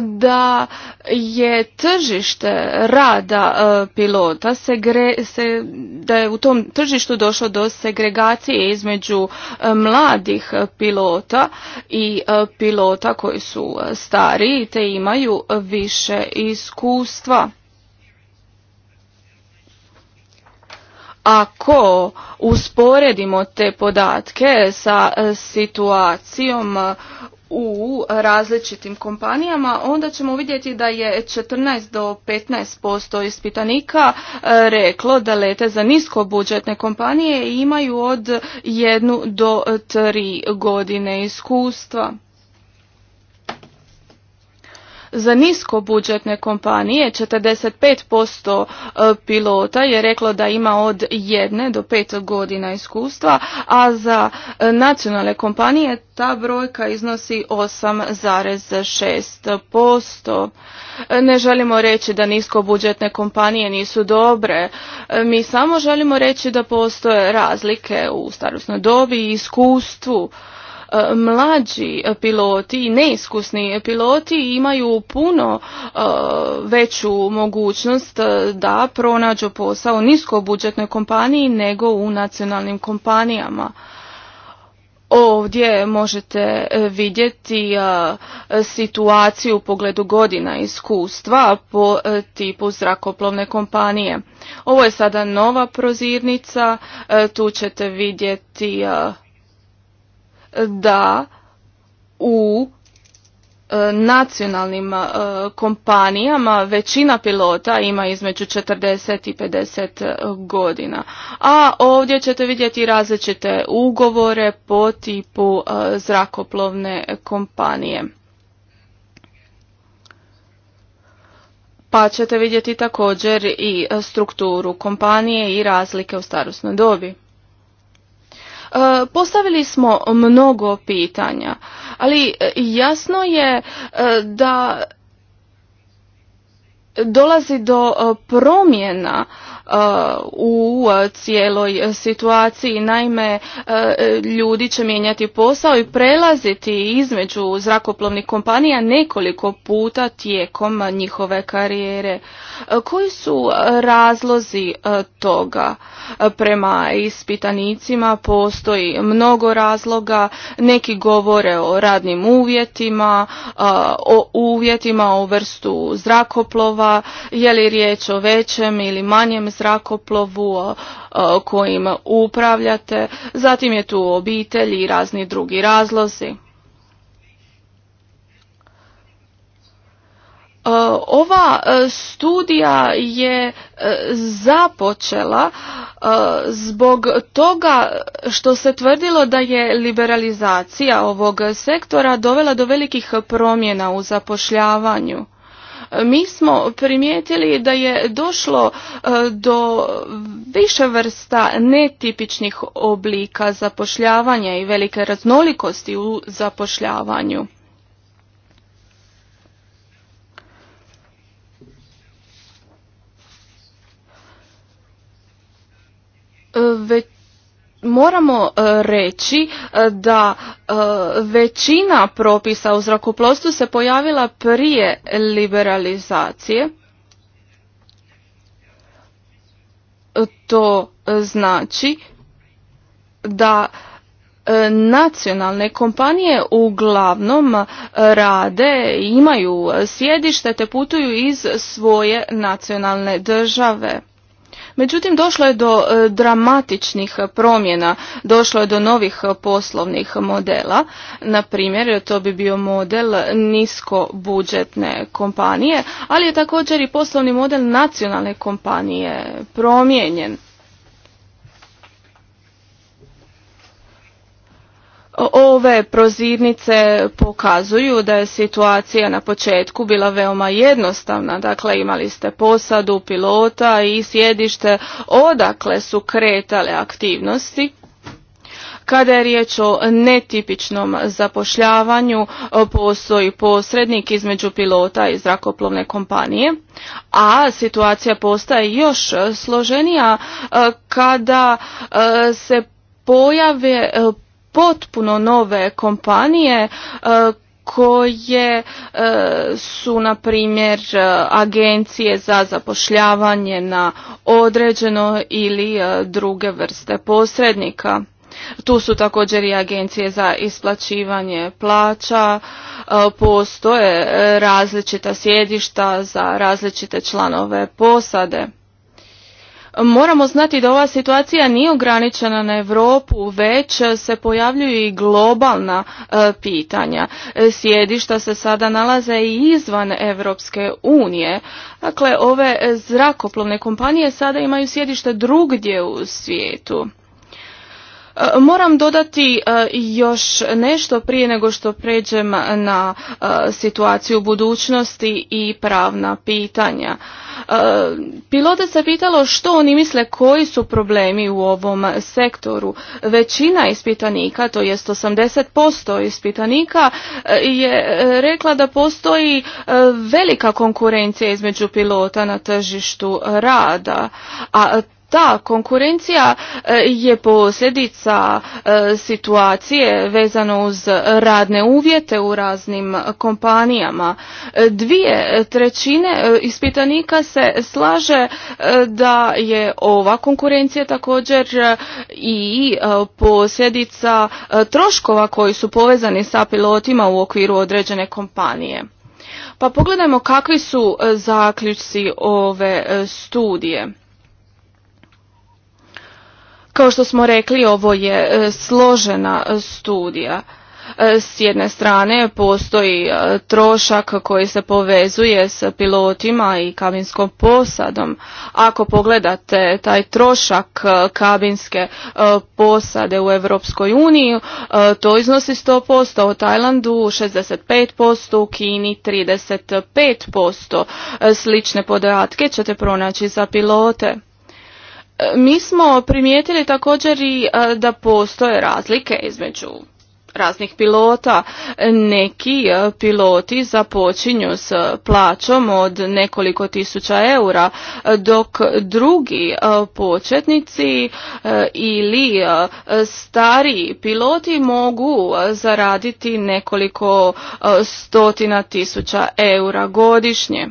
da je tržište rada e, pilota se, da je u tom tržištu došlo do segregacije između e, mladih pilota i e, pilota koji su stariji te imaju više iskustva Ako usporedimo te podatke sa e, situacijom e, u različitim kompanijama, onda ćemo vidjeti da je 14 do 15% ispitanika e, reklo da lete za nisko budžetne kompanije i imaju od 1 do 3 godine iskustva. Za nisko budžetne kompanije 45% e, pilota je reklo da ima od jedne do pet godina iskustva, a za e, nacionalne kompanije ta brojka iznosi 8,6%. E, ne želimo reći da nisko budžetne kompanije nisu dobre. Mi samo želimo reći da postoje razlike u starosnoj dobi i iskustvu E, mlađi piloti i neiskusni piloti imaju puno e, veću mogućnost e, da pronađu posao u budžetnoj kompaniji nego u nacionalnim kompanijama. Ovdje možete vidjeti situaciju u pogledu godina iskustva po tipu zrakoplovne kompanije. Ovo je sada nova prozirnica, tu ćete vidjeti da u e, nacionalnim e, kompanijama većina pilota ima između 40 i 50 e, godina. A ovdje ćete vidjeti različite ugovore po tipu zrakoplovne kompanije. Pa ćete vidjeti također i strukturu kompanije i razlike u starosnoj dobi. E, postavili smo mnogo pitanja, ali e, jasno je e, da dolazi do promjena u cijeloj situaciji. Naime, e, ljudi će mijenjati posao i prelaziti između zrakoplovnih kompanija nekoliko puta tijekom njihove karijere. E, koji su razlozi e, toga? Prema ispitanicima postoji mnogo razloga. Neki govore o radnim uvjetima, o uvjetima o vrstu zrakoplova, je li riječ o većem ili manjem zrakoplovu kojim upravljate, zatim je tu obitelj i razni drugi razlozi. E, ova e, studija je e, započela zbog toga što se tvrdilo da je liberalizacija ovog sektora dovela do velikih promjena u zapošljavanju mi smo primijetili da je došlo e, do više vrsta netipičnih oblika zapošljavanja i velike raznolikosti u zapošljavanju. Već moramo e, reći e, da e, većina propisa u zrakoplovstvu se pojavila prije liberalizacije. To znači da nacionalne kompanije uglavnom rade, imaju sjedište te putuju iz svoje nacionalne države. Međutim, došlo je do e, dramatičnih promjena, došlo je do novih e, poslovnih modela. Na primjer, to bi bio model nisko budžetne kompanije, ali je također i poslovni model nacionalne kompanije promijenjen. Ove prozirnice pokazuju da je situacija na početku bila veoma jednostavna. Dakle, imali ste posadu, pilota i sjedište odakle su kretale aktivnosti. Kada je riječ o netipičnom zapošljavanju, postoji posrednik između pilota i zrakoplovne kompanije, a situacija postaje još složenija e, kada e, se pojave e, potpuno nove kompanije e, koje e, su na primjer e, agencije za zapošljavanje na određeno ili druge vrste posrednika. Tu su također i agencije za isplaćivanje plaća, postoje različita sjedišta za različite članove posade. Moramo znati da ova situacija nije ograničena na Europu, već se pojavljuju i globalna e, pitanja. E, sjedišta se sada nalaze i izvan Europske unije. Dakle, ove e, zrakoplovne kompanije sada imaju sjedište drugdje u svijetu. E, moram dodati e, još nešto prije nego što pređem na e, situaciju budućnosti i pravna pitanja. Pilota se pitalo što oni misle koji su problemi u ovom sektoru. Većina ispitanika, to jest 80% ispitanika, je rekla da postoji velika konkurencija između pilota na tržištu rada, a da, konkurencija e, je posljedica e, situacije vezano uz radne uvjete u raznim kompanijama. E, dvije trećine ispitanika se slaže da je ova konkurencija također i posljedica troškova koji su povezani sa pilotima u okviru određene kompanije. Pa pogledajmo kakvi su zaključci ove studije. Kao što smo rekli, ovo je e, složena e, studija. E, s jedne strane postoji trošak koji se povezuje s pilotima i kabinskom posadom. Ako pogledate taj trošak kabinske posade u Europskoj uniji, to iznosi 100%, u Tajlandu 65%, u Kini 35%. Slične podatke ćete pronaći za pilote. Mi smo primijetili također i e, da postoje razlike između raznih pilota. Neki e, piloti započinju s plaćom od nekoliko tisuća eura, e, dok drugi početnici ili stariji piloti mogu zaraditi nekoliko stotina tisuća eura godišnje.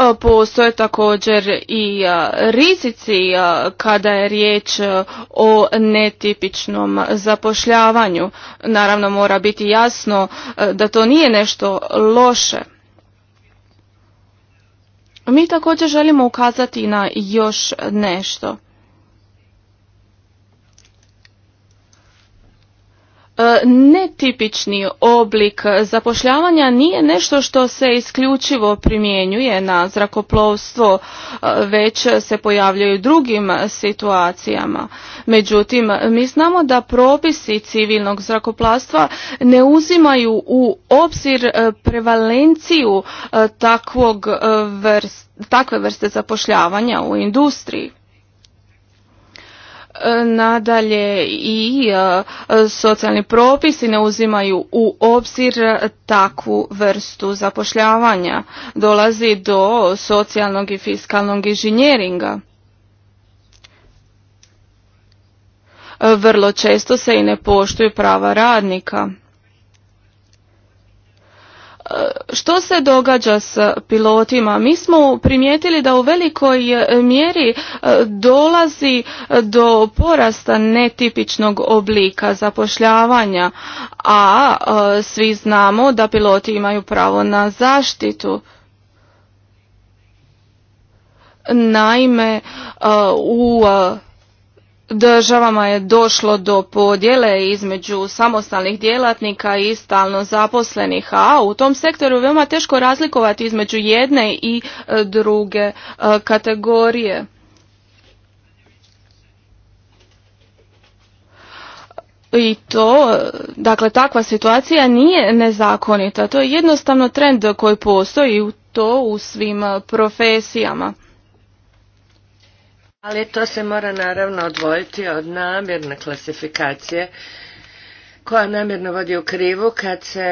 E, postoje također i rizici kada je riječ e, o netipičnom zapošljavanju. Naravno mora biti jasno e, da to nije nešto loše. Mi također želimo ukazati na još nešto. E, netipični oblik zapošljavanja nije nešto što se isključivo primjenjuje na zrakoplovstvo, e, već se pojavljaju drugim situacijama. Međutim, mi znamo da propisi civilnog zrakoplovstva ne uzimaju u obzir e, prevalenciju takve vrste zapošljavanja u industriji. Nadalje i e, socijalni propisi ne uzimaju u obzir takvu vrstu zapošljavanja. Dolazi do socijalnog i fiskalnog inženjeringa. Vrlo često se i ne poštuju prava radnika što se događa s pilotima? Mi smo primijetili da u velikoj e, mjeri e, dolazi e, do porasta netipičnog oblika zapošljavanja, a svi znamo da piloti imaju pravo na zaštitu. Naime, u državama je došlo do podjele između samostalnih djelatnika i stalno zaposlenih, a u tom sektoru je veoma teško razlikovati između jedne i e, druge e, kategorije. I to, dakle, takva situacija nije nezakonita. To je jednostavno trend koji postoji u to u svim profesijama. Ali to se mora naravno odvojiti od namjerne klasifikacije koja namjerno vodi u krivu kad se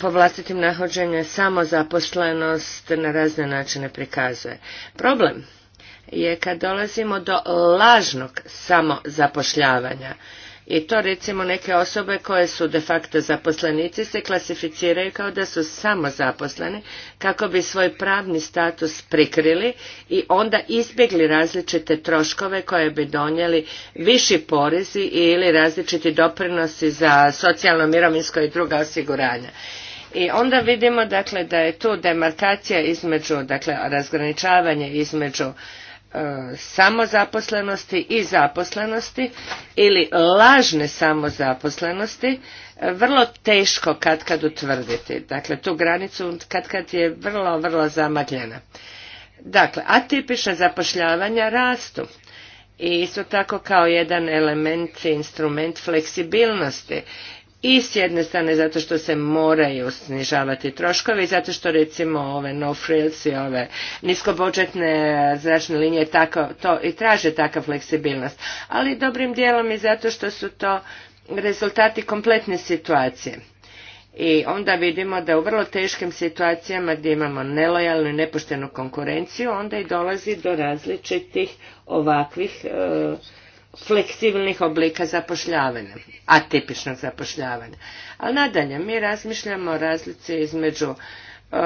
po vlastitim nahođenju samozaposlenost na razne načine prikazuje. Problem je kad dolazimo do lažnog samozapošljavanja i to recimo neke osobe koje su de facto zaposlenici se klasificiraju kao da su samo kako bi svoj pravni status prikrili i onda izbjegli različite troškove koje bi donijeli viši porezi ili različiti doprinosi za socijalno, mirovinsko i druga osiguranja. I onda vidimo dakle da je tu demarkacija između, dakle razgraničavanje između E, samozaposlenosti i zaposlenosti ili lažne samozaposlenosti e, vrlo teško kad kad utvrditi. Dakle, tu granicu kad kad je vrlo, vrlo zamagljena. Dakle, atipična zapošljavanja rastu i isto tako kao jedan element, instrument fleksibilnosti i s jedne strane zato što se moraju snižavati troškovi, zato što recimo ove no frills i ove niskobudžetne zračne linije tako, to i traže takav fleksibilnost, ali dobrim dijelom i zato što su to rezultati kompletne situacije. I onda vidimo da u vrlo teškim situacijama gdje imamo nelojalnu i nepoštenu konkurenciju, onda i dolazi do različitih ovakvih e, fleksibilnih oblika zapošljavanja, atipičnog zapošljavanja. Ali nadalje, mi razmišljamo o razlici između e,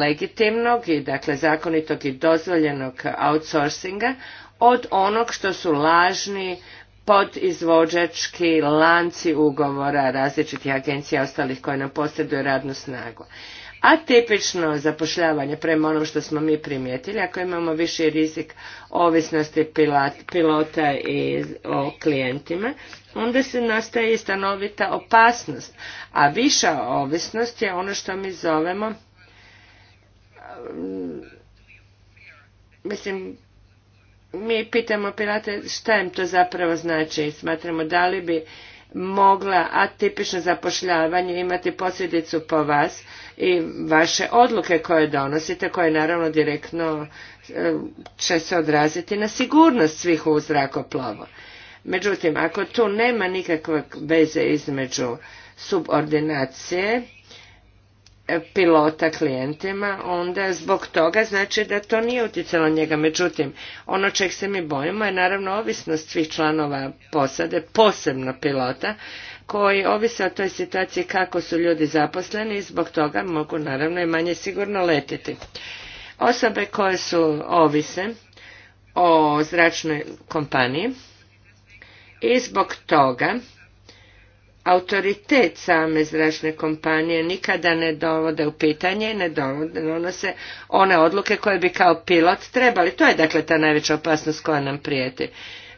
legitimnog i dakle zakonitog i dozvoljenog outsourcinga od onog što su lažni podizvođački lanci ugovora različitih agencija ostalih koje nam posjeduju radnu snagu atipično zapošljavanje prema onom što smo mi primijetili, ako imamo viši rizik ovisnosti pilota i o klijentima, onda se nastaje i stanovita opasnost. A viša ovisnost je ono što mi zovemo mislim mi pitamo pilate šta im to zapravo znači i smatramo da li bi mogla atipično zapošljavanje imati posljedicu po vas i vaše odluke koje donosite, koje naravno direktno e, će se odraziti na sigurnost svih u zrakoplovu. Međutim, ako tu nema nikakve veze između subordinacije e, pilota klijentima, onda zbog toga znači da to nije utjecalo njega. Međutim, ono čeg se mi bojimo je naravno ovisnost svih članova posade, posebno pilota, koji ovise o toj situaciji kako su ljudi zaposleni i zbog toga mogu naravno i manje sigurno letiti. Osobe koje su ovise o zračnoj kompaniji i zbog toga autoritet same zračne kompanije nikada ne dovode u pitanje i ne donose one odluke koje bi kao pilot trebali. To je dakle ta najveća opasnost koja nam prijeti.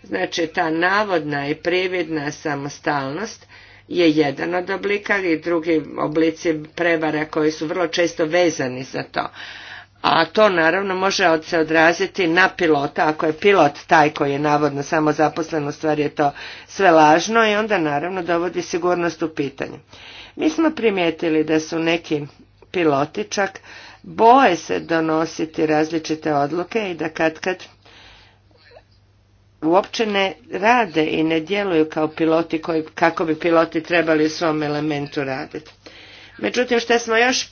Znači ta navodna i prividna samostalnost je jedan od oblika i drugi oblici prevara koji su vrlo često vezani za to. A to naravno može se odraziti na pilota, ako je pilot taj koji je navodno samo zaposlen, u stvari je to sve lažno i onda naravno dovodi sigurnost u pitanje. Mi smo primijetili da su neki piloti čak boje se donositi različite odluke i da kad kad uopće ne rade i ne djeluju kao piloti koji, kako bi piloti trebali u svom elementu raditi. Međutim, što smo još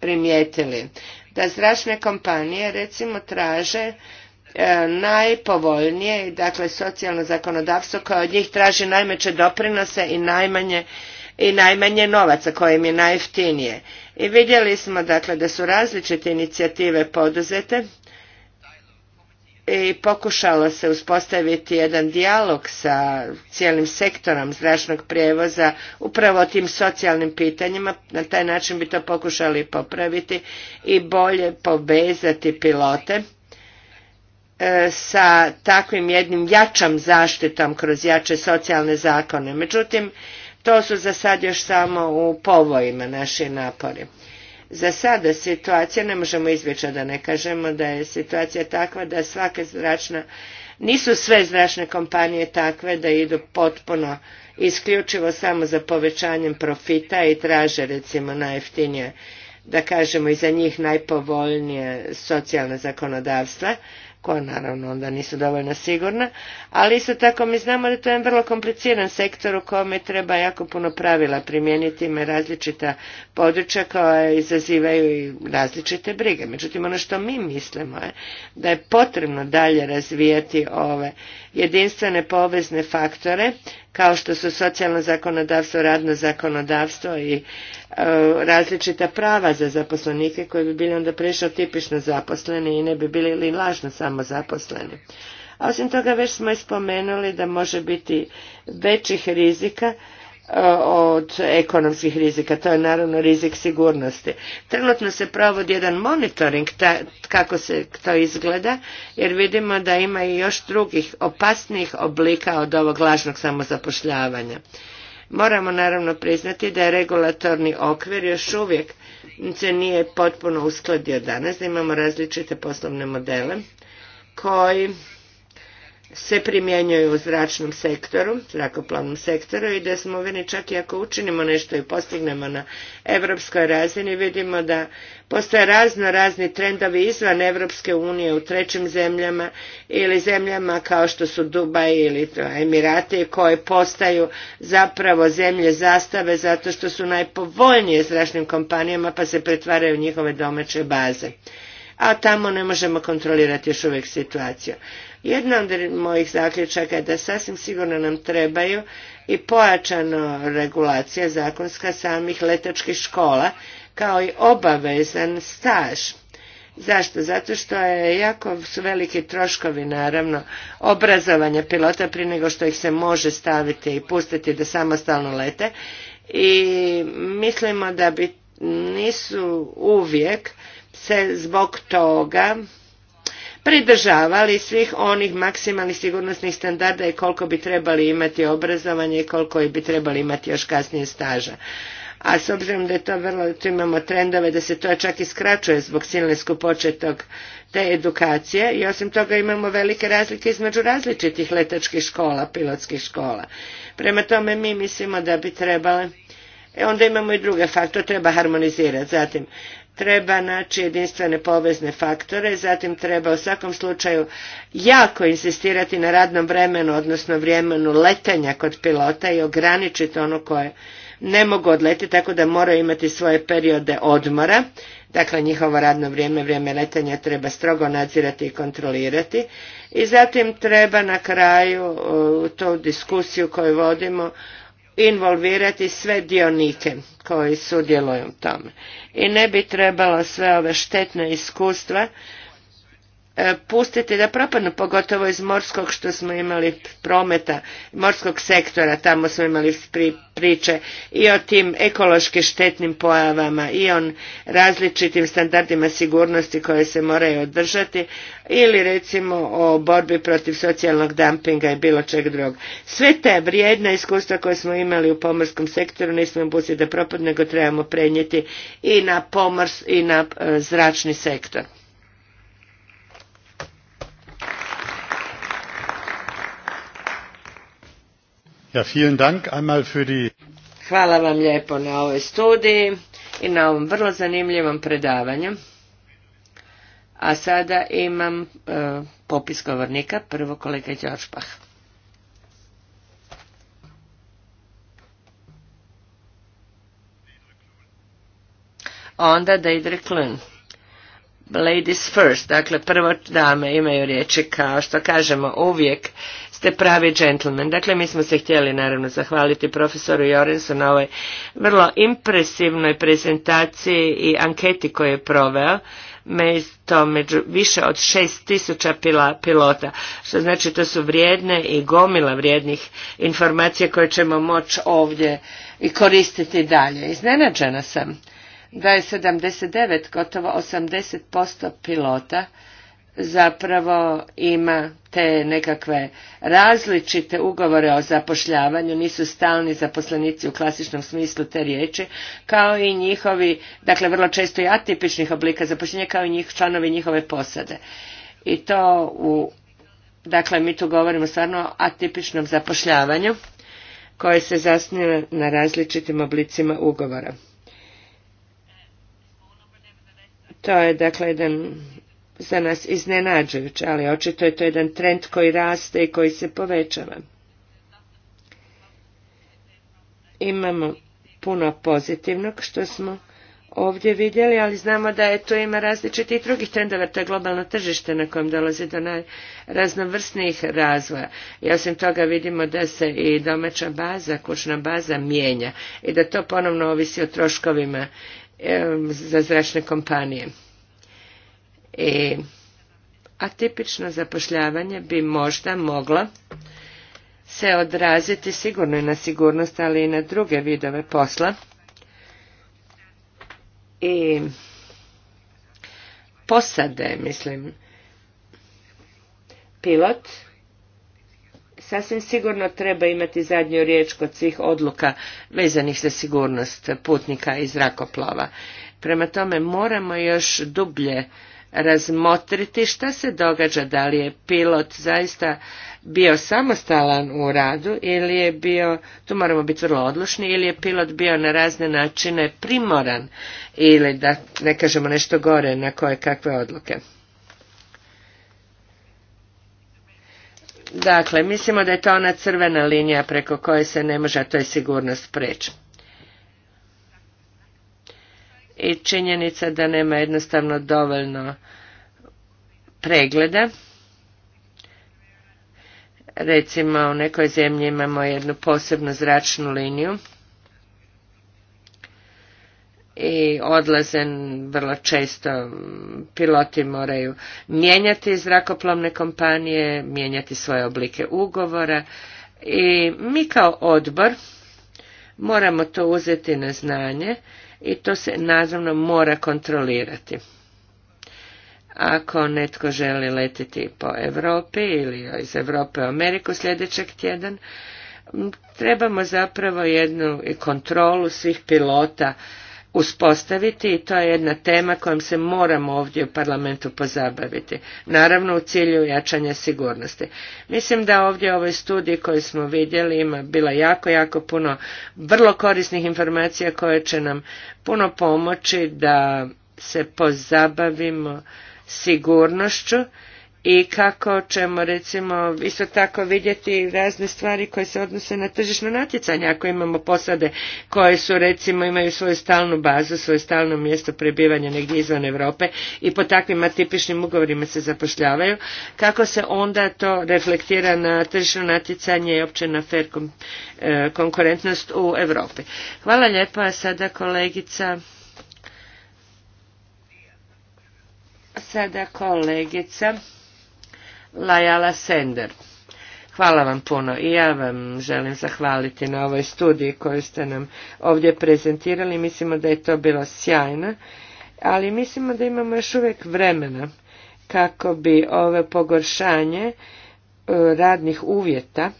primijetili? Da zračne kompanije recimo traže e, najpovoljnije, dakle socijalno zakonodavstvo koje od njih traži najmeće doprinose i najmanje i najmanje novaca koje im je najjeftinije. I vidjeli smo dakle da su različite inicijative poduzete i pokušalo se uspostaviti jedan dijalog sa cijelim sektorom zračnog prijevoza upravo o tim socijalnim pitanjima. Na taj način bi to pokušali popraviti i bolje povezati pilote e, sa takvim jednim jačom zaštitom kroz jače socijalne zakone. Međutim, to su za sad još samo u povojima naše napori. Za sada situacija, ne možemo izbjeći da ne kažemo da je situacija takva da svaka zračna, nisu sve zračne kompanije takve da idu potpuno isključivo samo za povećanjem profita i traže recimo najjeftinije da kažemo i za njih najpovoljnije socijalne zakonodavstva, koja naravno onda nisu dovoljno sigurna, ali isto tako mi znamo da to je jedan vrlo kompliciran sektor u kome treba jako puno pravila primijeniti, ima različita područja koja izazivaju i različite brige. Međutim, ono što mi mislimo je da je potrebno dalje razvijati ove jedinstvene povezne faktore kao što su socijalno zakonodavstvo, radno zakonodavstvo i e, različita prava za zaposlenike koji bi bili onda prešao tipično zaposleni i ne bi bili ili lažno samo zaposleni. osim toga već smo i spomenuli da može biti većih rizika Eh, od ekonomskih rizika, to je naravno rizik sigurnosti. Trenutno se provodi jedan monitoring kako se to izgleda, jer vidimo da ima i još drugih opasnijih oblika od ovog lažnog samozapošljavanja. Moramo naravno priznati da je regulatorni okvir još uvijek se nije potpuno uskladio danas, da imamo različite poslovne modele koji se primjenjuju u zračnom sektoru, zrakoplovnom sektoru i da smo uvjereni čak i ako učinimo nešto i postignemo na europskoj razini, vidimo da postoje razno razni trendovi izvan Evropske unije u trećim zemljama ili zemljama kao što su Dubaj ili Emirati koje postaju zapravo zemlje zastave zato što su najpovoljnije zračnim kompanijama pa se pretvaraju njihove domaće baze a tamo ne možemo kontrolirati još uvijek situaciju. Jedna od mojih zaključaka je da sasvim sigurno nam trebaju i pojačano regulacija zakonska samih letačkih škola kao i obavezan staž. Zašto? Zato što je jako su veliki troškovi naravno obrazovanja pilota prije nego što ih se može staviti i pustiti da samostalno lete i mislimo da bi nisu uvijek se zbog toga pridržavali svih onih maksimalnih sigurnosnih standarda i koliko bi trebali imati obrazovanje i koliko bi trebali imati još kasnije staža a s obzirom da je to vrlo, tu imamo trendove da se to čak i skraćuje zbog silne skupoće te edukacije i osim toga imamo velike razlike između različitih letačkih škola, pilotskih škola. Prema tome mi mislimo da bi trebale, e onda imamo i druge faktor, treba harmonizirati. Zatim, treba naći jedinstvene povezne faktore, zatim treba u svakom slučaju jako insistirati na radnom vremenu, odnosno vremenu letenja kod pilota i ograničiti ono koje ne mogu odletiti, tako da moraju imati svoje periode odmora, dakle njihovo radno vrijeme, vrijeme letanja treba strogo nadzirati i kontrolirati i zatim treba na kraju uh, u tu diskusiju koju vodimo involvirati sve dionike koji sudjeluju u tome. I ne bi trebalo sve ove štetne iskustva E, pustiti da propadnu, pogotovo iz morskog što smo imali prometa, morskog sektora, tamo smo imali priče i o tim ekološki štetnim pojavama i o različitim standardima sigurnosti koje se moraju održati ili recimo o borbi protiv socijalnog dumpinga i bilo čeg drugog. Sve te vrijedna iskustva koje smo imali u pomorskom sektoru nismo im pustiti da propadnu, nego trebamo prenijeti i na pomors i na e, zračni sektor. Hvala vam lijepo na ovoj studiji i na ovom vrlo zanimljivom predavanju. A sada imam e, popis govornika, prvo kolega Đoršpah. Onda Deidre Klun. Ladies first, dakle prvo dame imaju riječi kao što kažemo uvijek ste pravi džentlmen. Dakle, mi smo se htjeli naravno zahvaliti profesoru Jorensu na ovoj vrlo impresivnoj prezentaciji i anketi koju je proveo mesto među više od šest tisuća pilota, što znači to su vrijedne i gomila vrijednih informacija koje ćemo moći ovdje i koristiti dalje. Iznenađena sam da je 79, gotovo 80% pilota zapravo ima te nekakve različite ugovore o zapošljavanju, nisu stalni zaposlenici u klasičnom smislu te riječi, kao i njihovi, dakle vrlo često i atipičnih oblika zapošljenja, kao i njih, članovi njihove posade. I to u, dakle mi tu govorimo stvarno o atipičnom zapošljavanju koje se zasniva na različitim oblicima ugovora. To je dakle jedan za nas iznenađujuće, ali očito je to jedan trend koji raste i koji se povećava. Imamo puno pozitivnog što smo ovdje vidjeli, ali znamo da je tu ima različitih drugih trendova, to je globalno tržište na kojem dolazi do najraznovrsnijih razvoja. I osim toga vidimo da se i domaća baza, kućna baza mijenja i da to ponovno ovisi o troškovima za zračne kompanije. A atipično zapošljavanje bi možda mogla se odraziti sigurno i na sigurnost, ali i na druge vidove posla. I posade, mislim, pilot sasvim sigurno treba imati zadnju riječ kod svih odluka vezanih za sigurnost putnika i zrakoplova. Prema tome moramo još dublje razmotriti šta se događa, da li je pilot zaista bio samostalan u radu ili je bio, tu moramo biti vrlo odlučni, ili je pilot bio na razne načine primoran ili da ne kažemo nešto gore na koje kakve odluke. Dakle, mislimo da je to ona crvena linija preko koje se ne može, a to je sigurnost preći i činjenica da nema jednostavno dovoljno pregleda. Recimo u nekoj zemlji imamo jednu posebnu zračnu liniju i odlaze vrlo često piloti moraju mijenjati zrakoplovne kompanije, mijenjati svoje oblike ugovora i mi kao odbor moramo to uzeti na znanje i to se nazavno mora kontrolirati. Ako netko želi letiti po Europi ili iz Europe u Ameriku sljedećeg tjedan, trebamo zapravo jednu kontrolu svih pilota uspostaviti i to je jedna tema kojom se moramo ovdje u parlamentu pozabaviti. Naravno u cilju jačanja sigurnosti. Mislim da ovdje u ovoj studiji koju smo vidjeli ima bila jako, jako puno vrlo korisnih informacija koje će nam puno pomoći da se pozabavimo sigurnošću i kako ćemo recimo isto tako vidjeti razne stvari koje se odnose na tržišno natjecanje ako imamo posade koje su recimo imaju svoju stalnu bazu, svoje stalno mjesto prebivanja negdje izvan Europe i po takvim atipičnim ugovorima se zapošljavaju, kako se onda to reflektira na tržišno natjecanje i opće na ferkom e, konkurentnost u Europi. Hvala lijepa, sada kolegica sada kolegica Lajala Sender. Hvala vam puno i ja vam želim zahvaliti na ovoj studiji koju ste nam ovdje prezentirali. Mislimo da je to bilo sjajno, ali mislimo da imamo još uvijek vremena kako bi ove pogoršanje e, radnih uvjeta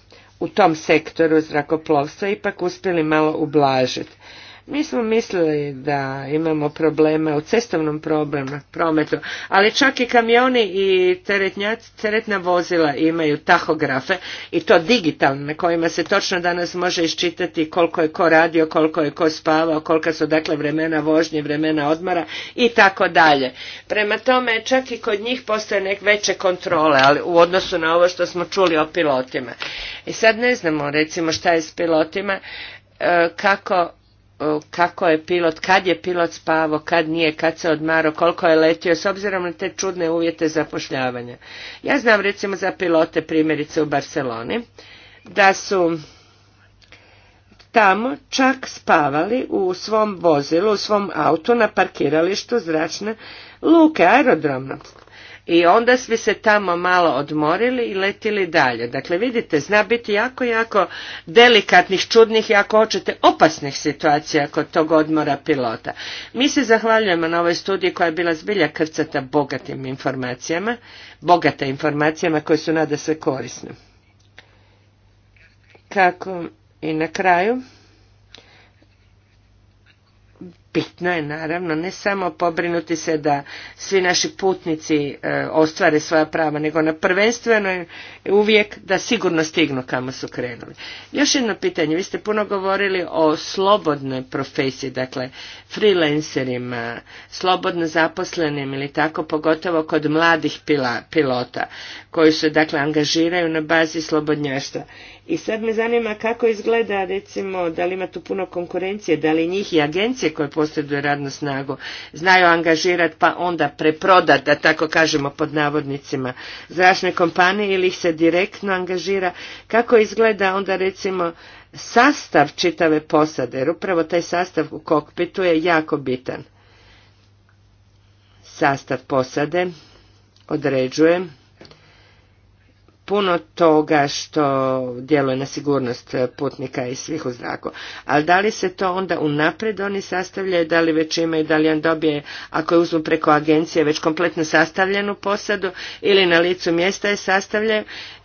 u tom sektoru zrakoplovstva ipak uspjeli malo ublažiti. Mi smo mislili da imamo probleme u cestovnom prometu, ali čak i kamioni i teretna vozila imaju tahografe i to digitalne na kojima se točno danas može iščitati koliko je ko radio, koliko je ko spavao, kolika su dakle vremena vožnje, vremena odmora i tako dalje. Prema tome čak i kod njih postoje nek veće kontrole, ali u odnosu na ovo što smo čuli o pilotima. I sad ne znamo recimo šta je s pilotima, e, kako kako je pilot, kad je pilot spavao, kad nije, kad se odmaro, koliko je letio, s obzirom na te čudne uvjete zapošljavanja. Ja znam recimo za pilote primjerice u Barceloni, da su tamo čak spavali u svom vozilu, u svom autu na parkiralištu zračne luke, aerodromno i onda svi se tamo malo odmorili i letili dalje. Dakle, vidite, zna biti jako, jako delikatnih, čudnih i ako hoćete opasnih situacija kod tog odmora pilota. Mi se zahvaljujemo na ovoj studiji koja je bila zbilja krcata bogatim informacijama, bogata informacijama koje su nada sve korisne. Kako i na kraju bitno je naravno ne samo pobrinuti se da svi naši putnici e, ostvare svoja prava, nego na prvenstveno uvijek da sigurno stignu kamo su krenuli. Još jedno pitanje, vi ste puno govorili o slobodnoj profesiji, dakle freelancerima, slobodno zaposlenim ili tako, pogotovo kod mladih pilota koji se dakle angažiraju na bazi slobodnjaštva. I sad me zanima kako izgleda, recimo, da li ima tu puno konkurencije, da li njih i agencije koje posjeduju radnu snagu znaju angažirati pa onda preprodati, da tako kažemo pod navodnicima, zračne kompanije ili ih se direktno angažira. Kako izgleda onda recimo sastav čitave posade, jer upravo taj sastav u kokpitu je jako bitan. Sastav posade određuje puno toga što djeluje na sigurnost putnika i svih u zraku. Ali da li se to onda unaprijed oni sastavljaju, da li već imaju, da li on dobije, ako je uzmu preko agencije, već kompletno sastavljenu posadu ili na licu mjesta je sastavljaju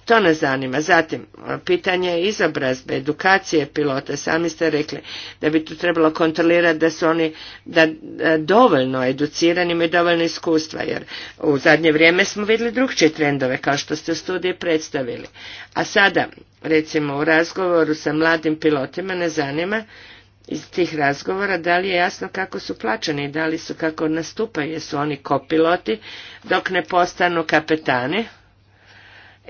to nas zanima. Zatim, pitanje izobrazbe, edukacije pilota. Sami ste rekli da bi tu trebalo kontrolirati da su oni da, dovoljno educirani imaju dovoljno iskustva, jer u zadnje vrijeme smo vidjeli drugčije trendove, kao što ste u studiji predstavili. A sada, recimo, u razgovoru sa mladim pilotima ne zanima iz tih razgovora da li je jasno kako su plaćeni, da li su kako nastupaju, jesu oni kopiloti dok ne postanu kapetani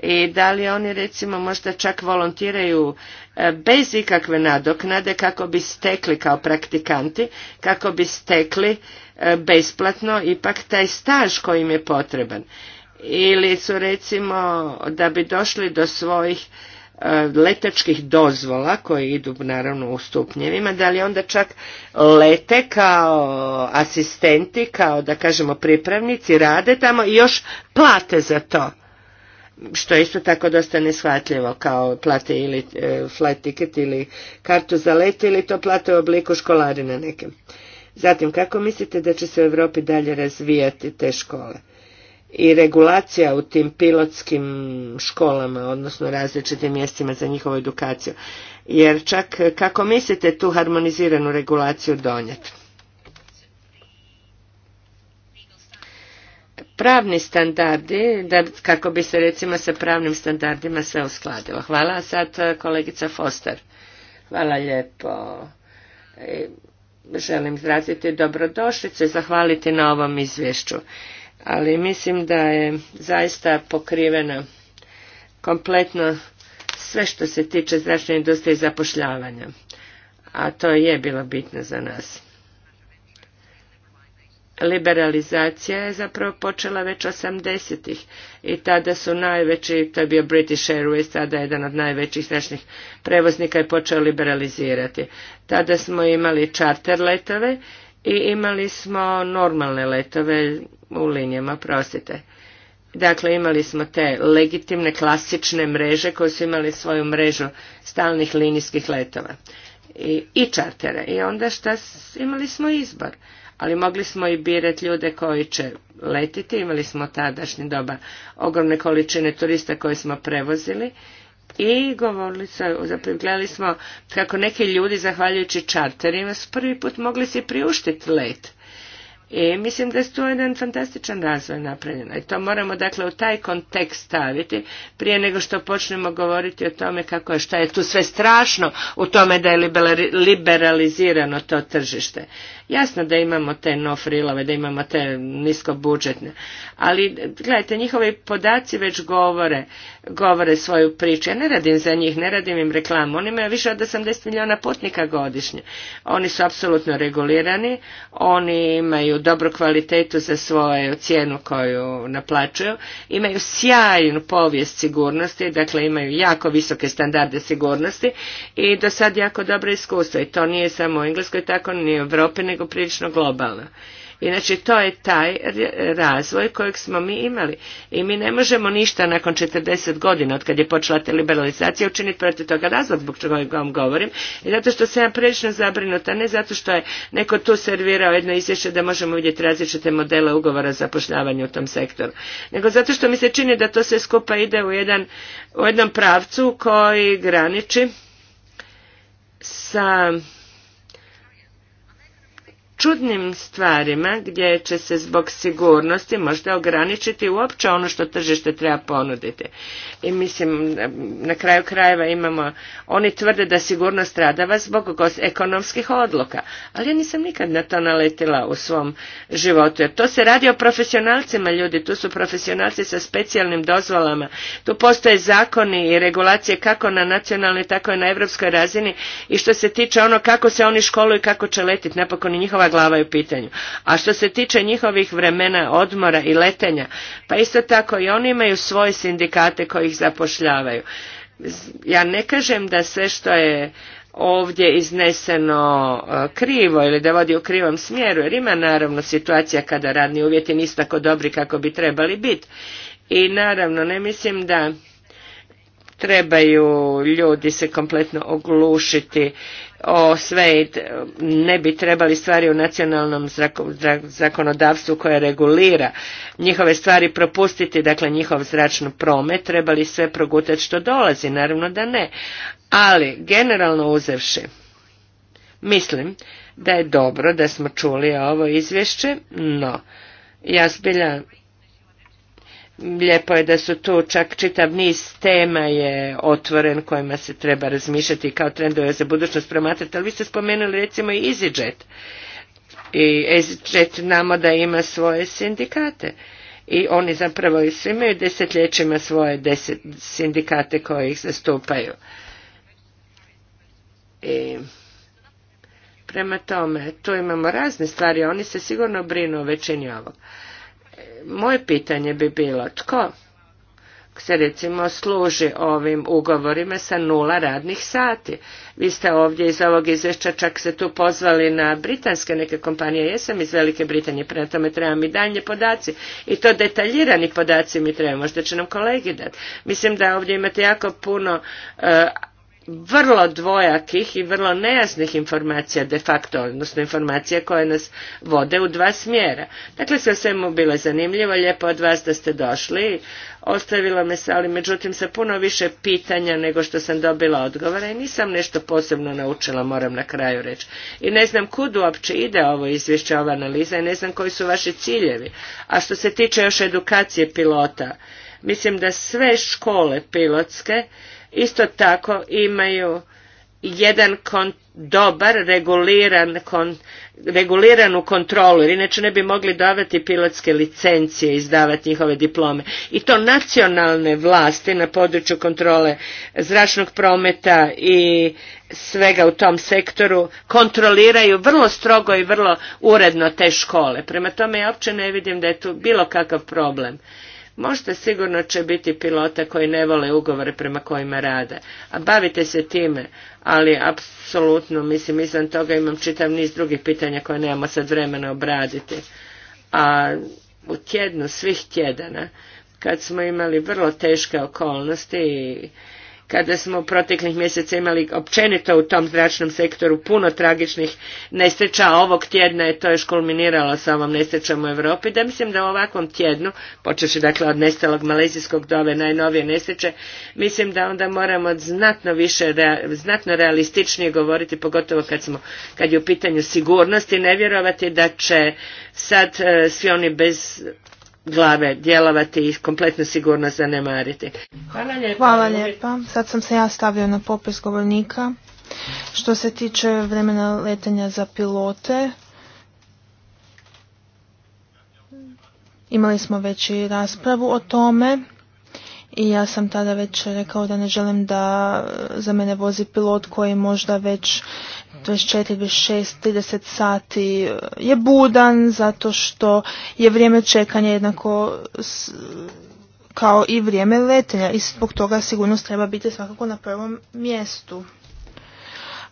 i da li oni recimo možda čak volontiraju e, bez ikakve nadoknade kako bi stekli kao praktikanti, kako bi stekli e, besplatno ipak taj staž koji im je potreban. Ili su recimo da bi došli do svojih e, letačkih dozvola koji idu naravno u stupnjevima, da li onda čak lete kao asistenti, kao da kažemo pripravnici, rade tamo i još plate za to što je isto tako dosta neshvatljivo kao plate ili e, flight ticket ili kartu za let ili to plate u obliku školarine neke. Zatim, kako mislite da će se u Europi dalje razvijati te škole? I regulacija u tim pilotskim školama, odnosno različitim mjestima za njihovu edukaciju. Jer čak kako mislite tu harmoniziranu regulaciju donijeti? pravni standardi, da, kako bi se recimo sa pravnim standardima sve uskladilo. Hvala, a sad e, kolegica Foster. Hvala lijepo. E, želim izraziti dobrodošlicu i zahvaliti na ovom izvješću. Ali mislim da je zaista pokriveno kompletno sve što se tiče zračne industrije i zapošljavanja. A to je bilo bitno za nas liberalizacija je zapravo počela već 80-ih i tada su najveći, to je bio British Airways, tada je jedan od najvećih strašnih prevoznika je počeo liberalizirati. Tada smo imali charter letove i imali smo normalne letove u linijama, prosite. Dakle, imali smo te legitimne, klasične mreže koje su imali svoju mrežu stalnih linijskih letova i, i I onda šta, imali smo izbor ali mogli smo i birati ljude koji će letiti, imali smo tadašnji doba ogromne količine turista koje smo prevozili i govorili smo, zapravo gledali smo kako neki ljudi zahvaljujući čarterima su prvi put mogli si priuštiti let. I mislim da je tu jedan fantastičan razvoj napravljen. I to moramo dakle u taj kontekst staviti prije nego što počnemo govoriti o tome kako je, šta je tu sve strašno u tome da je liberalizirano to tržište. Jasno da imamo te no frilove, da imamo te nisko budžetne, ali gledajte, njihovi podaci već govore, govore svoju priču. Ja ne radim za njih, ne radim im reklamu. Oni imaju više od 80 milijuna putnika godišnje. Oni su apsolutno regulirani, oni imaju dobru kvalitetu za svoju cijenu koju naplaćuju, imaju sjajnu povijest sigurnosti, dakle imaju jako visoke standarde sigurnosti i do sad jako dobro iskustvo. I to nije samo u Engleskoj tako, ni u Europi, nego prilično globalna. Inače, to je taj razvoj kojeg smo mi imali. I mi ne možemo ništa nakon 40 godina od kad je počela te liberalizacija učiniti protiv toga razvoj zbog čega vam govorim. I zato što sam prilično zabrinuta, ne zato što je neko tu servirao jedno izvješće da možemo vidjeti različite modele ugovora za pošljavanje u tom sektoru. Nego zato što mi se čini da to sve skupa ide u, jedan, u jednom pravcu koji graniči sa čudnim stvarima gdje će se zbog sigurnosti možda ograničiti uopće ono što tržište treba ponuditi. I mislim, na kraju krajeva imamo, oni tvrde da sigurnost stradava zbog ekonomskih odluka, ali ja nisam nikad na to naletila u svom životu, jer to se radi o profesionalcima ljudi, tu su profesionalci sa specijalnim dozvolama, tu postoje zakoni i regulacije kako na nacionalnoj, tako i na europskoj razini i što se tiče ono kako se oni školuju i kako će letiti, napokon i njihova glava je u pitanju. A što se tiče njihovih vremena odmora i letenja, pa isto tako i oni imaju svoje sindikate koji ih zapošljavaju. Ja ne kažem da sve što je ovdje izneseno e, krivo ili da vodi u krivom smjeru, jer ima naravno situacija kada radni uvjeti nisu tako dobri kako bi trebali biti. I naravno ne mislim da trebaju ljudi se kompletno oglušiti o sve ne bi trebali stvari u nacionalnom zakonodavstvu koje regulira njihove stvari propustiti, dakle njihov zračni promet, trebali sve progutati što dolazi, naravno da ne. Ali, generalno uzevši, mislim da je dobro da smo čuli ovo izvješće, no ja zbilja lijepo je da su tu čak čitav niz tema je otvoren kojima se treba razmišljati kao trendove za budućnost promatrati, ali vi ste spomenuli recimo i EasyJet. I EasyJet znamo da ima svoje sindikate i oni zapravo i svi imaju desetljećima svoje deset sindikate koji ih zastupaju. I prema tome, tu imamo razne stvari, oni se sigurno brinu o većini ovog. Moje pitanje bi bilo tko se recimo služi ovim ugovorima sa nula radnih sati. Vi ste ovdje iz ovog izvješća čak se tu pozvali na britanske neke kompanije, jesam iz Velike Britanije, prema tome treba mi dalje podaci i to detaljirani podaci mi trebamo, možda će nam kolegi dati. Mislim da ovdje imate jako puno e, vrlo dvojakih i vrlo nejasnih informacija de facto, odnosno informacija koje nas vode u dva smjera. Dakle, sve svemu bilo zanimljiva, zanimljivo, lijepo od vas da ste došli, ostavilo me se, ali međutim sa puno više pitanja nego što sam dobila odgovore i nisam nešto posebno naučila, moram na kraju reći. I ne znam kud uopće ide ovo izvješće, ova analiza i ne znam koji su vaši ciljevi. A što se tiče još edukacije pilota, mislim da sve škole pilotske, isto tako imaju jedan dobar reguliran kon, reguliranu kontrolu jer inače ne bi mogli davati pilotske licencije izdavati njihove diplome i to nacionalne vlasti na području kontrole zračnog prometa i svega u tom sektoru kontroliraju vrlo strogo i vrlo uredno te škole prema tome ja uopće ne vidim da je tu bilo kakav problem Možda sigurno će biti pilota koji ne vole ugovore prema kojima rade, a bavite se time, ali apsolutno, mislim, izvan toga imam čitav niz drugih pitanja koje nemamo sad vremena obraditi. A u tjednu svih tjedana, kad smo imali vrlo teške okolnosti i kada smo u proteklih mjeseca imali općenito u tom zračnom sektoru puno tragičnih nesreća, a ovog tjedna je to još kulminiralo sa ovom nesrećom u Europi, da mislim da u ovakvom tjednu, počeši dakle od nestalog malezijskog do ove najnovije nesreće, mislim da onda moramo znatno više, znatno realističnije govoriti, pogotovo kad, smo, kad je u pitanju sigurnosti, ne vjerovati da će sad e, svi oni bez glave djelovati i kompletno sigurnost zanemariti. Hvala lijepa. Hvala lijepa. Sad sam se ja stavio na popis govornika. Što se tiče vremena letenja za pilote, imali smo već i raspravu o tome i ja sam tada već rekao da ne želim da za mene vozi pilot koji možda već 24 26, 6, 30 sati uh, je budan zato što je vrijeme čekanja jednako kao i vrijeme letenja i zbog toga sigurnost treba biti svakako na prvom mjestu.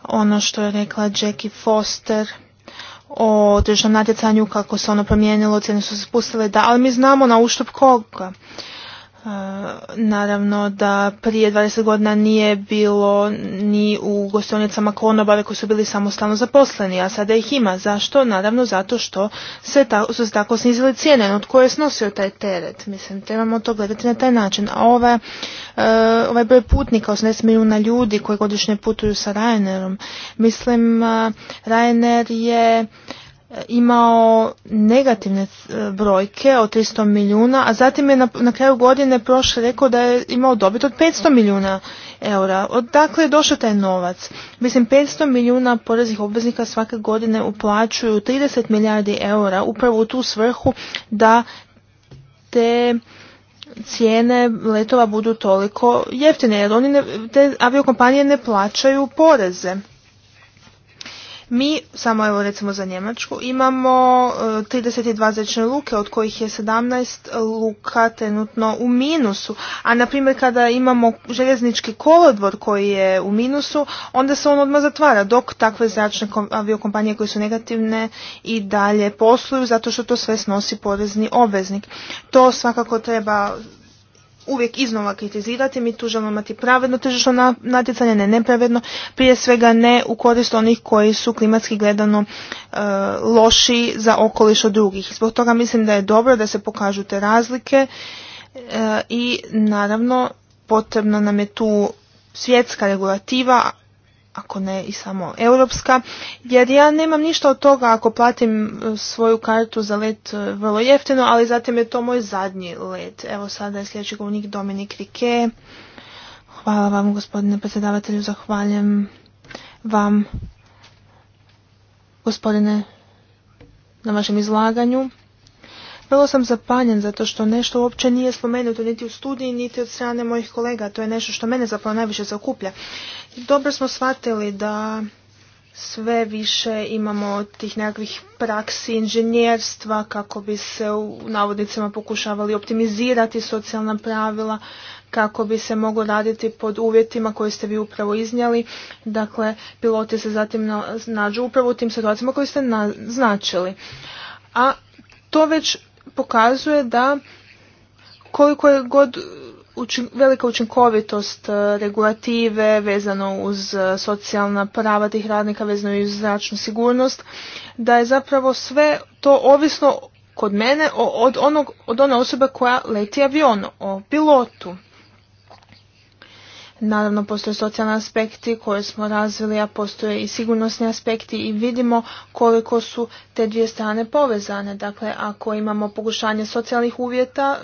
Ono što je rekla Jackie Foster o tržišnom natjecanju, kako se ono promijenilo, cijene su se spustile, da, ali mi znamo na uštup koga. Naravno da prije 20 godina nije bilo ni u gostionicama konobave koji su bili samostalno zaposleni, a sada ih ima. Zašto? Naravno zato što se su se tako snizile cijene, od koje je snosio taj teret. Mislim, trebamo to gledati na taj način. A e, ovaj broj putnika, 80 milijuna ljudi koji godišnje putuju sa Ryanairom, mislim, e, Ryanair je E, imao negativne e, brojke od 300 milijuna, a zatim je na, kraju godine prošle rekao da je imao dobit od 500 milijuna eura. Odakle je došao taj novac? Mislim, 500 milijuna poreznih obveznika svake godine uplaćuju 30 milijardi eura upravo u tu svrhu da te cijene letova budu toliko jeftine, jer oni te aviokompanije ne plaćaju poreze. Mi, samo evo recimo za Njemačku, imamo 32 e, zračne luke, od kojih je 17 luka trenutno u minusu. A na primjer kada imamo željeznički kolodvor koji je u minusu, onda se on odmah zatvara, dok takve zračne aviokompanije koje su negativne i dalje posluju, zato što to sve snosi porezni obveznik. To svakako treba uvijek iznova kritizirati, mi tu želimo imati pravedno tržišno natjecanje, ne nepravedno, prije svega ne u korist onih koji su klimatski gledano e, loši za okoliš od drugih. Zbog toga mislim da je dobro da se pokažu te razlike e, i naravno potrebno nam je tu svjetska regulativa, ako ne i samo europska, jer ja nemam ništa od toga ako platim e, svoju kartu za let e, vrlo jeftino, ali zatim je to moj zadnji let. Evo sada je sljedeći govornik Dominik Rike. Hvala vam gospodine predsjedavatelju, zahvaljujem vam gospodine na vašem izlaganju. Vrlo sam zapanjen zato što nešto uopće nije spomenuto niti u studiji, niti od strane mojih kolega. To je nešto što mene zapravo najviše zakuplja. Dobro smo shvatili da sve više imamo tih nekakvih praksi inženjerstva kako bi se u navodnicima pokušavali optimizirati socijalna pravila, kako bi se moglo raditi pod uvjetima koje ste vi upravo iznijeli. Dakle, piloti se zatim nađu upravo u tim situacijama koje ste naznačili. A to već pokazuje da koliko je god velika učinkovitost e, regulative vezano uz e, socijalna prava tih radnika, vezano i uz zračnu sigurnost, da je zapravo sve to ovisno kod mene od, onog, od one osobe koja leti avion, o pilotu. Naravno, postoje socijalni aspekti koje smo razvili, a postoje i sigurnosni aspekti i vidimo koliko su te dvije strane povezane. Dakle, ako imamo pogušanje socijalnih uvjeta,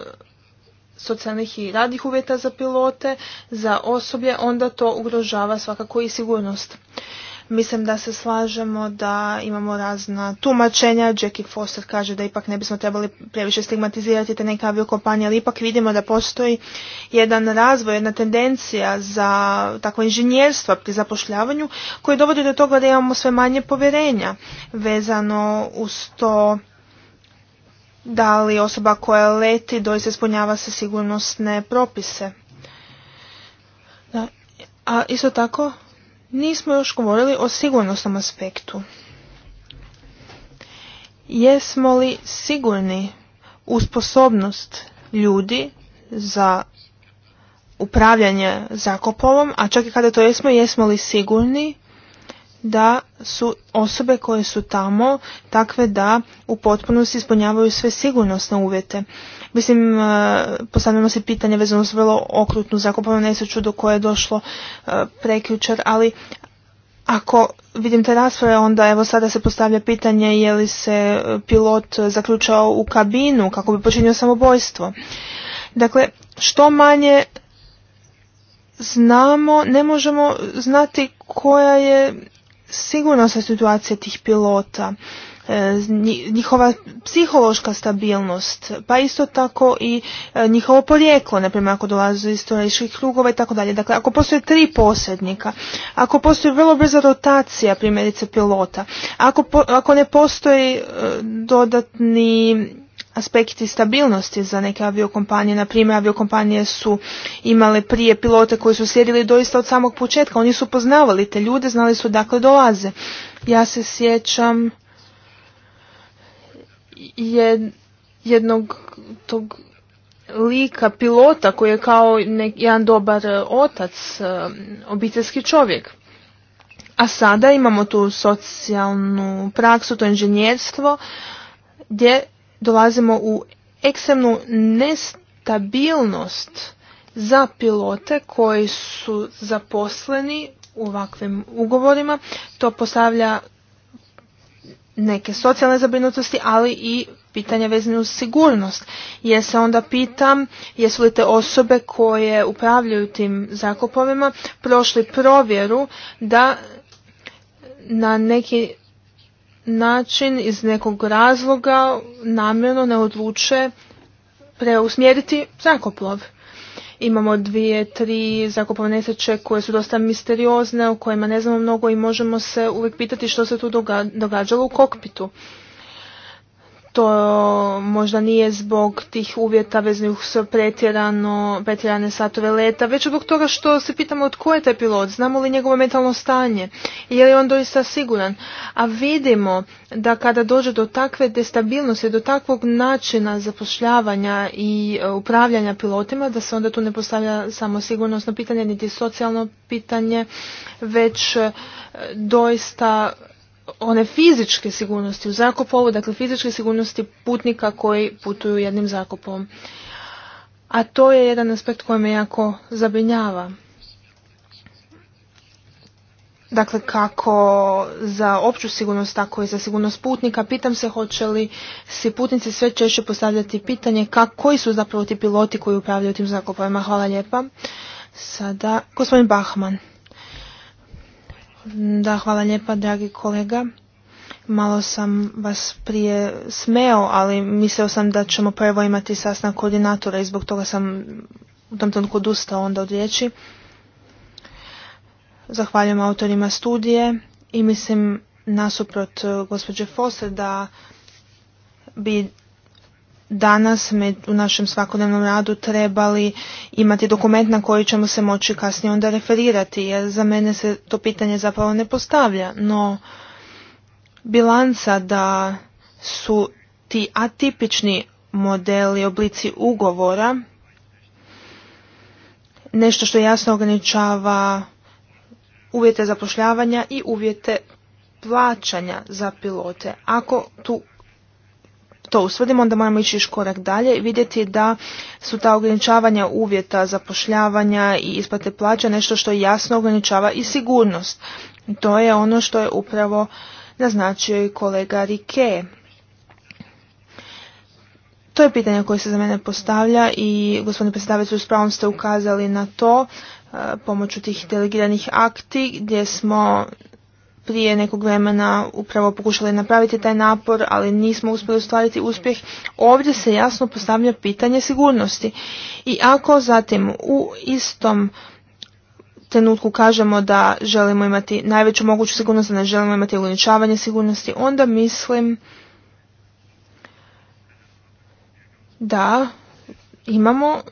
socijalnih i radnih uvjeta za pilote, za osoblje, onda to ugrožava svakako i sigurnost. Mislim da se slažemo da imamo razna tumačenja. Jackie Foster kaže da ipak ne bismo trebali previše stigmatizirati te neke aviokompanije, ali ipak vidimo da postoji jedan razvoj, jedna tendencija za takvo inženjerstvo pri zapošljavanju koji dovodi do toga da imamo sve manje povjerenja vezano uz to da li osoba koja leti doista ispunjava se sigurnosne propise. Da. A isto tako Nismo još govorili o sigurnosnom aspektu. Jesmo li sigurni u sposobnost ljudi za upravljanje zakopovom, a čak i kada to jesmo, jesmo li sigurni da su osobe koje su tamo takve da u potpunosti ispunjavaju sve sigurnosne uvjete. Mislim, e, postavljamo se pitanje vezano s vrlo okrutnu zakupovnu nesreću do koje je došlo e, prekjučer, ali ako vidim te rasprave, onda evo sada se postavlja pitanje je li se e, pilot zaključao u kabinu kako bi počinio samobojstvo. Dakle, što manje znamo, ne možemo znati koja je sigurnosna situacija tih pilota. E, njihova psihološka stabilnost, pa isto tako i e, njihovo porijeklo, naprimjer ako dolaze iz storičkih krugova i tako dalje. Dakle, ako postoje tri posrednika, ako postoji vrlo brza rotacija, primjerice pilota, ako, ako ne postoji e, dodatni aspekti stabilnosti za neke aviokompanije. Na primjer, aviokompanije su imale prije pilote koji su sjedili doista od samog početka. Oni su poznavali te ljude, znali su dakle dolaze. Ja se sjećam jednog tog lika pilota koji je kao jedan dobar e, otac, e, obiteljski čovjek. A sada imamo tu socijalnu praksu, to inženjerstvo, gdje dolazimo u ekstremnu nestabilnost za pilote koji su zaposleni u ovakvim ugovorima. To postavlja neke socijalne zabrinutosti, ali i pitanja vezane uz sigurnost. Jer se onda pitam jesu li te osobe koje upravljaju tim zakupovima prošli provjeru da na neki način iz nekog razloga namjerno ne odluče preusmjeriti zakoplov. Imamo dvije, tri zakupovne nesreće koje su dosta misteriozne, o kojima ne znamo mnogo i možemo se uvijek pitati što se tu događalo u kokpitu to možda nije zbog tih uvjeta veznih s pretjerano, pretjerane satove leta, već zbog toga što se pitamo tko je taj pilot, znamo li njegovo mentalno stanje, je li on doista siguran. A vidimo da kada dođe do takve destabilnosti, do takvog načina zapošljavanja i e, upravljanja pilotima, da se onda tu ne postavlja samo sigurnosno pitanje, niti socijalno pitanje, već e, doista one fizičke sigurnosti u zakupovu, dakle fizičke sigurnosti putnika koji putuju jednim zakupom. A to je jedan aspekt koji me jako zabrinjava. Dakle, kako za opću sigurnost, tako i za sigurnost putnika. Pitam se hoće li si putnici sve češće postavljati pitanje kako, su zapravo ti piloti koji upravljaju tim zakupovima. Hvala lijepa. Sada, gospodin Bahman. Da, hvala lijepa, dragi kolega. Malo sam vas prije smeo, ali mislio sam da ćemo prvo imati sastanak koordinatora i zbog toga sam u tom trenutku odustao onda od riječi. Zahvaljujem autorima studije i mislim nasuprot gospođe Foster da bi danas u našem svakodnevnom radu trebali imati dokument na koji ćemo se moći kasnije onda referirati, jer za mene se to pitanje zapravo ne postavlja, no bilanca da su ti atipični modeli, oblici ugovora, nešto što jasno ograničava uvjete zapošljavanja i uvjete plaćanja za pilote. Ako tu to usvrdimo, onda moramo ići još korak dalje i vidjeti da su ta ograničavanja uvjeta zapošljavanja i isplate plaća nešto što jasno ograničava i sigurnost. To je ono što je upravo naznačio i kolega Rike. To je pitanje koje se za mene postavlja i gospodine predstavitelju s pravom ste ukazali na to eh, pomoću tih delegiranih akti gdje smo prije nekog vremena upravo pokušali napraviti taj napor, ali nismo uspjeli ostvariti uspjeh. Ovdje se jasno postavlja pitanje sigurnosti. I ako zatim u istom trenutku kažemo da želimo imati najveću moguću sigurnost, da ne želimo imati ograničavanje sigurnosti, onda mislim da imamo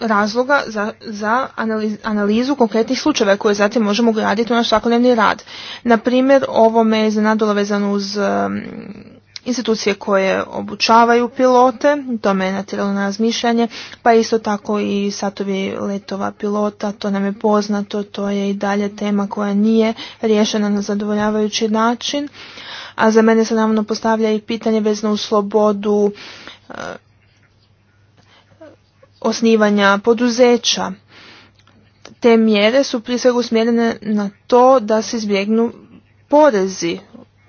razloga za, za analizu konkretnih slučajeva koje zatim možemo graditi u naš svakodnevni rad. Na primjer, ovo me je iznenadilo vezano uz um, institucije koje obučavaju pilote, to me je natjeralo na razmišljanje, pa isto tako i satovi letova pilota, to nam je poznato, to je i dalje tema koja nije rješena na zadovoljavajući način. A za mene se naravno postavlja i pitanje vezano u slobodu uh, osnivanja poduzeća. Te mjere su prije svega usmjerene na to da se izbjegnu porezi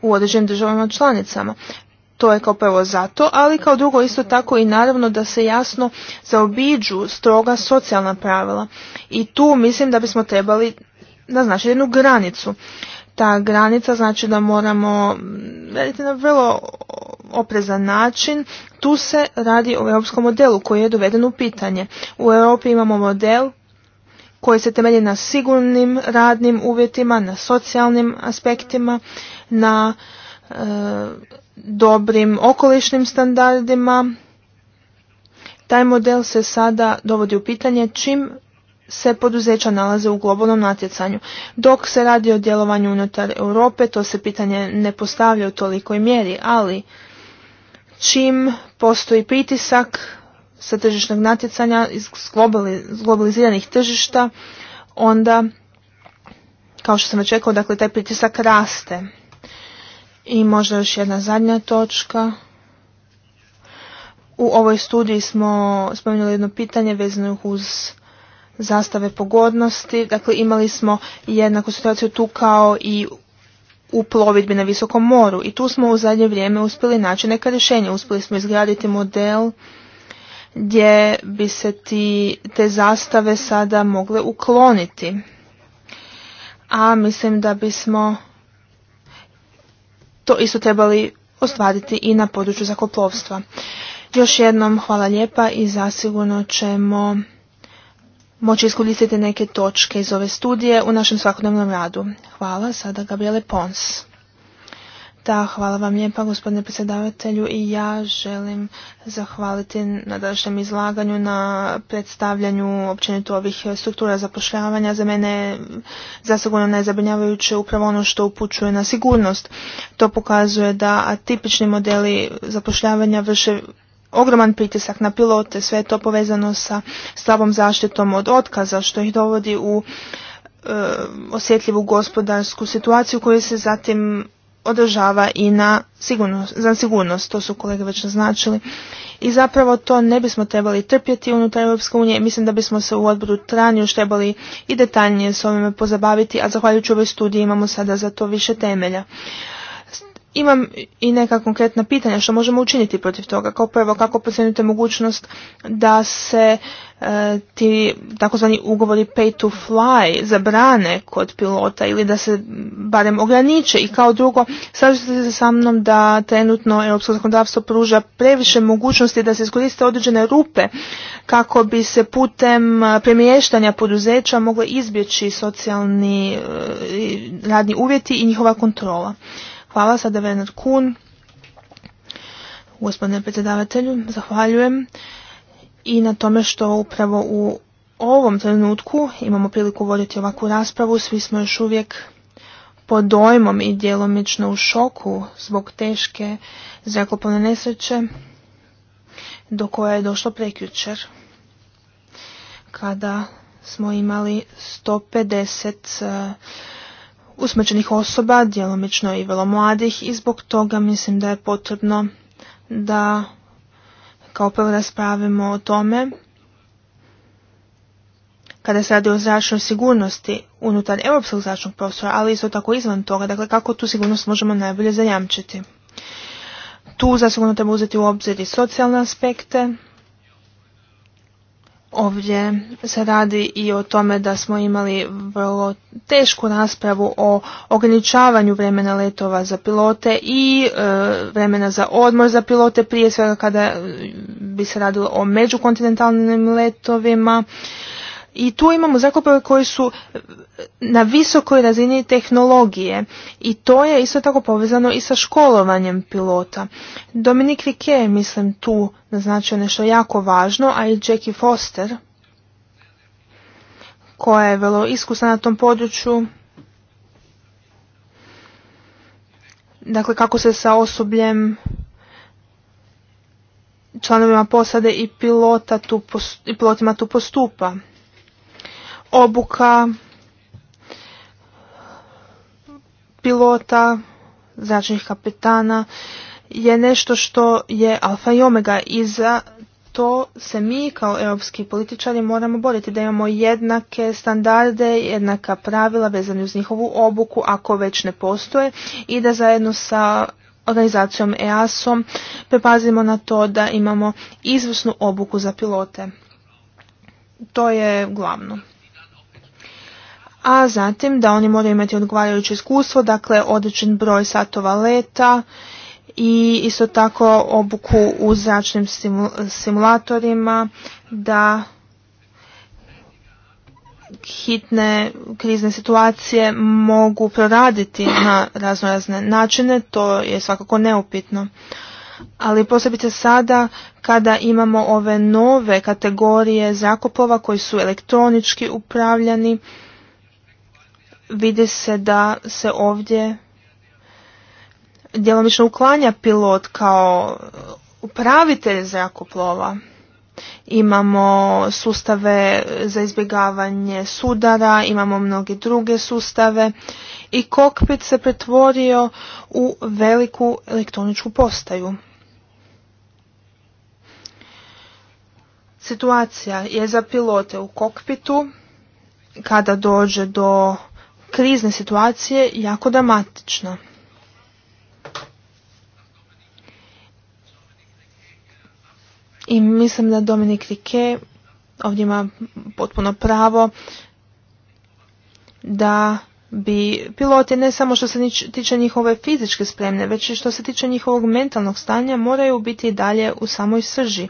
u određenim državama članicama. To je kao prvo zato, ali kao drugo isto tako i naravno da se jasno zaobiđu stroga socijalna pravila. I tu mislim da bismo trebali naznačiti jednu granicu ta granica znači da moramo raditi na vrlo oprezan način. Tu se radi o europskom modelu koji je doveden u pitanje. U Europi imamo model koji se temelji na sigurnim radnim uvjetima, na socijalnim aspektima, na e, dobrim okolišnim standardima. Taj model se sada dovodi u pitanje čim se poduzeća nalaze u globalnom natjecanju. Dok se radi o djelovanju unutar Europe, to se pitanje ne postavlja u tolikoj mjeri, ali čim postoji pritisak sa tržišnog natjecanja iz globaliziranih tržišta, onda, kao što sam već dakle, taj pritisak raste. I možda još jedna zadnja točka. U ovoj studiji smo spomenuli jedno pitanje vezano uz zastave pogodnosti. Dakle, imali smo jednaku situaciju tu kao i u plovidbi na visokom moru i tu smo u zadnje vrijeme uspjeli naći neka rješenja. Uspjeli smo izgraditi model gdje bi se ti, te zastave sada mogle ukloniti. A mislim da bismo to isto trebali ostvariti i na području zakoplovstva. Još jednom hvala lijepa i zasigurno ćemo moći iskoristiti neke točke iz ove studije u našem svakodnevnom radu. Hvala, sada Gabriele Pons. Da, hvala vam lijepa gospodine predsjedavatelju i ja želim zahvaliti na današnjem izlaganju, na predstavljanju općenito ovih struktura zapošljavanja. Za mene zasigurno najzabrinjavajuće upravo ono što upućuje na sigurnost. To pokazuje da atipični modeli zapošljavanja vrše ogroman pritisak na pilote, sve je to povezano sa slabom zaštitom od otkaza što ih dovodi u e, osjetljivu gospodarsku situaciju koju se zatim održava i na sigurnost, za sigurnost, to su kolege već naznačili. I zapravo to ne bismo trebali trpjeti unutar EU, mislim da bismo se u odboru Tran još trebali i detaljnije s ovime pozabaviti, a zahvaljujući ovoj studiji imamo sada za to više temelja. Imam i neka konkretna pitanja što možemo učiniti protiv toga. Kao prvo, kako procjenjujete mogućnost da se e, ti takozvani ugovori pay to fly zabrane kod pilota ili da se barem ograniče? I kao drugo, slažete se sa mnom da trenutno europsko zakonodavstvo pruža previše mogućnosti da se iskoriste određene rupe kako bi se putem e, premještanja poduzeća mogle izbjeći socijalni e, radni uvjeti i njihova kontrola. Hvala sada Werner Kun, Gospodine predsjedavatelju, zahvaljujem i na tome što upravo u ovom trenutku imamo priliku voditi ovakvu raspravu. Svi smo još uvijek pod dojmom i djelomično u šoku zbog teške zrakoplovne nesreće do koje je došlo prekjučer kada smo imali 150 usmećenih osoba, djelomično i velo mladih i zbog toga mislim da je potrebno da kao prvo raspravimo o tome kada se radi o zračnoj sigurnosti unutar europskog zračnog prostora, ali isto tako izvan toga, dakle kako tu sigurnost možemo najbolje zajamčiti. Tu zasigurno treba uzeti u obzir i socijalne aspekte, Ovdje se radi i o tome da smo imali vrlo tešku raspravu o ograničavanju vremena letova za pilote i e, vremena za odmor za pilote, prije svega kada bi se radilo o međukontinentalnim letovima. I tu imamo zakopove koji su eh, na visokoj razini tehnologije i to je isto tako povezano i sa školovanjem pilota. Dominik Rike, mislim, tu naznačio nešto jako važno, a i Jackie Foster, koja je vrlo iskusna na tom području, dakle kako se sa osobljem članovima posade i, pilota i pilotima tu postupa obuka pilota, zračnih kapetana je nešto što je alfa i omega i za to se mi kao europski političari moramo boriti, da imamo jednake standarde, jednaka pravila vezane uz njihovu obuku ako već ne postoje i da zajedno sa organizacijom EASom prepazimo na to da imamo izvrsnu obuku za pilote. To je glavno a zatim da oni moraju imati odgovarajuće iskustvo, dakle određen broj satova leta i isto tako obuku u zračnim simulatorima, da hitne krizne situacije mogu proraditi na razno razne načine, to je svakako neupitno. Ali posebice sada kada imamo ove nove kategorije zakopova koji su elektronički upravljani, vidi se da se ovdje djelomično uklanja pilot kao upravitelj zrakoplova. Imamo sustave za izbjegavanje sudara, imamo mnoge druge sustave i kokpit se pretvorio u veliku elektroničku postaju. Situacija je za pilote u kokpitu kada dođe do krizne situacije jako dramatična. I mislim da Dominik Rike ovdje ima potpuno pravo da bi piloti ne samo što se tiče njihove fizičke spremne, već i što se tiče njihovog mentalnog stanja moraju biti dalje u samoj srži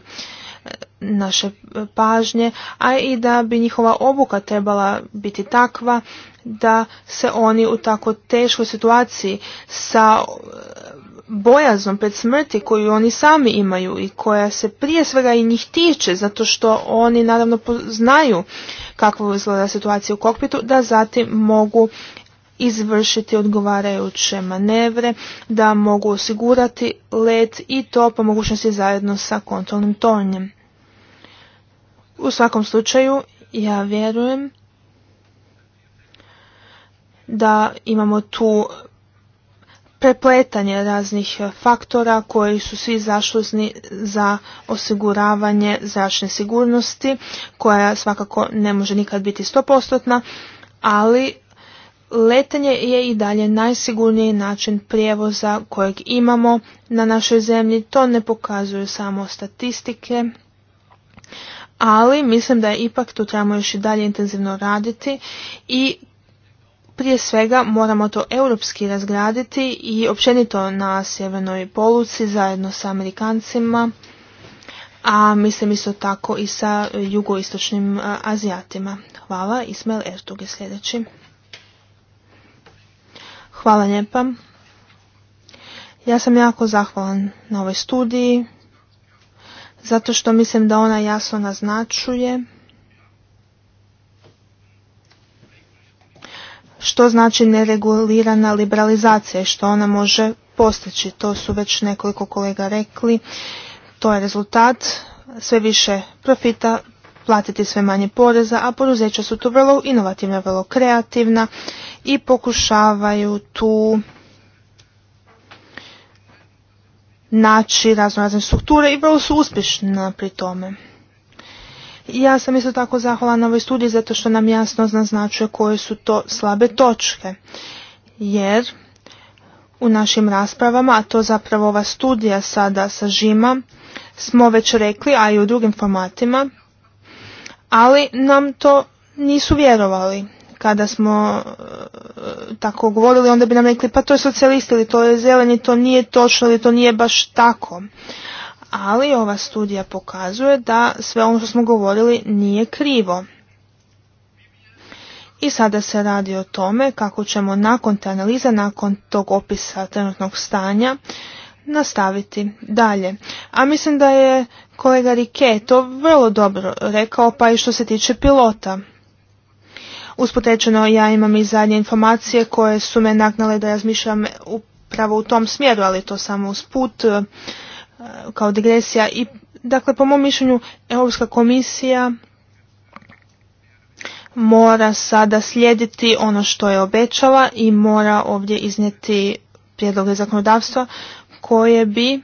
naše pažnje, a i da bi njihova obuka trebala biti takva da se oni u tako teškoj situaciji sa e, bojaznom pred smrti koju oni sami imaju i koja se prije svega i njih tiče zato što oni naravno znaju kakva izgleda situacija u kokpitu da zatim mogu izvršiti odgovarajuće manevre, da mogu osigurati let i to po mogućnosti zajedno sa kontrolnim tornjem. U svakom slučaju, ja vjerujem da imamo tu prepletanje raznih faktora koji su svi zašluzni za osiguravanje zračne sigurnosti koja svakako ne može nikad biti stopostotna, ali letenje je i dalje najsigurniji način prijevoza kojeg imamo na našoj zemlji. To ne pokazuju samo statistike ali mislim da je ipak tu trebamo još i dalje intenzivno raditi i prije svega moramo to europski razgraditi i općenito na sjevernoj poluci zajedno sa Amerikancima, a mislim isto tako i sa jugoistočnim Azijatima. Hvala, Ismail Ertug je sljedeći. Hvala lijepa. Ja sam jako zahvalan na ovoj studiji zato što mislim da ona jasno naznačuje što znači neregulirana liberalizacija i što ona može postići. To su već nekoliko kolega rekli. To je rezultat sve više profita, platiti sve manje poreza, a poduzeća su tu vrlo inovativna, vrlo kreativna i pokušavaju tu naći razno razne strukture i vrlo su uspješna pri tome. Ja sam isto tako zahvala na ovoj studiji zato što nam jasno naznačuje koje su to slabe točke. Jer u našim raspravama, a to zapravo ova studija sada sažima, smo već rekli, a i u drugim formatima, ali nam to nisu vjerovali kada smo e, tako govorili, onda bi nam rekli pa to je socijalisti ili to je zeleni, to nije točno ili to nije baš tako. Ali ova studija pokazuje da sve ono što smo govorili nije krivo. I sada se radi o tome kako ćemo nakon te analize, nakon tog opisa trenutnog stanja, nastaviti dalje. A mislim da je kolega Rike to vrlo dobro rekao, pa i što se tiče pilota. Uspotečeno ja imam i zadnje informacije koje su me naknale da razmišljam upravo u tom smjeru, ali to samo usput e, kao digresija. I, dakle, po mom mišljenju, Europska komisija mora sada slijediti ono što je obećala i mora ovdje iznijeti prijedloge zakonodavstva koje bi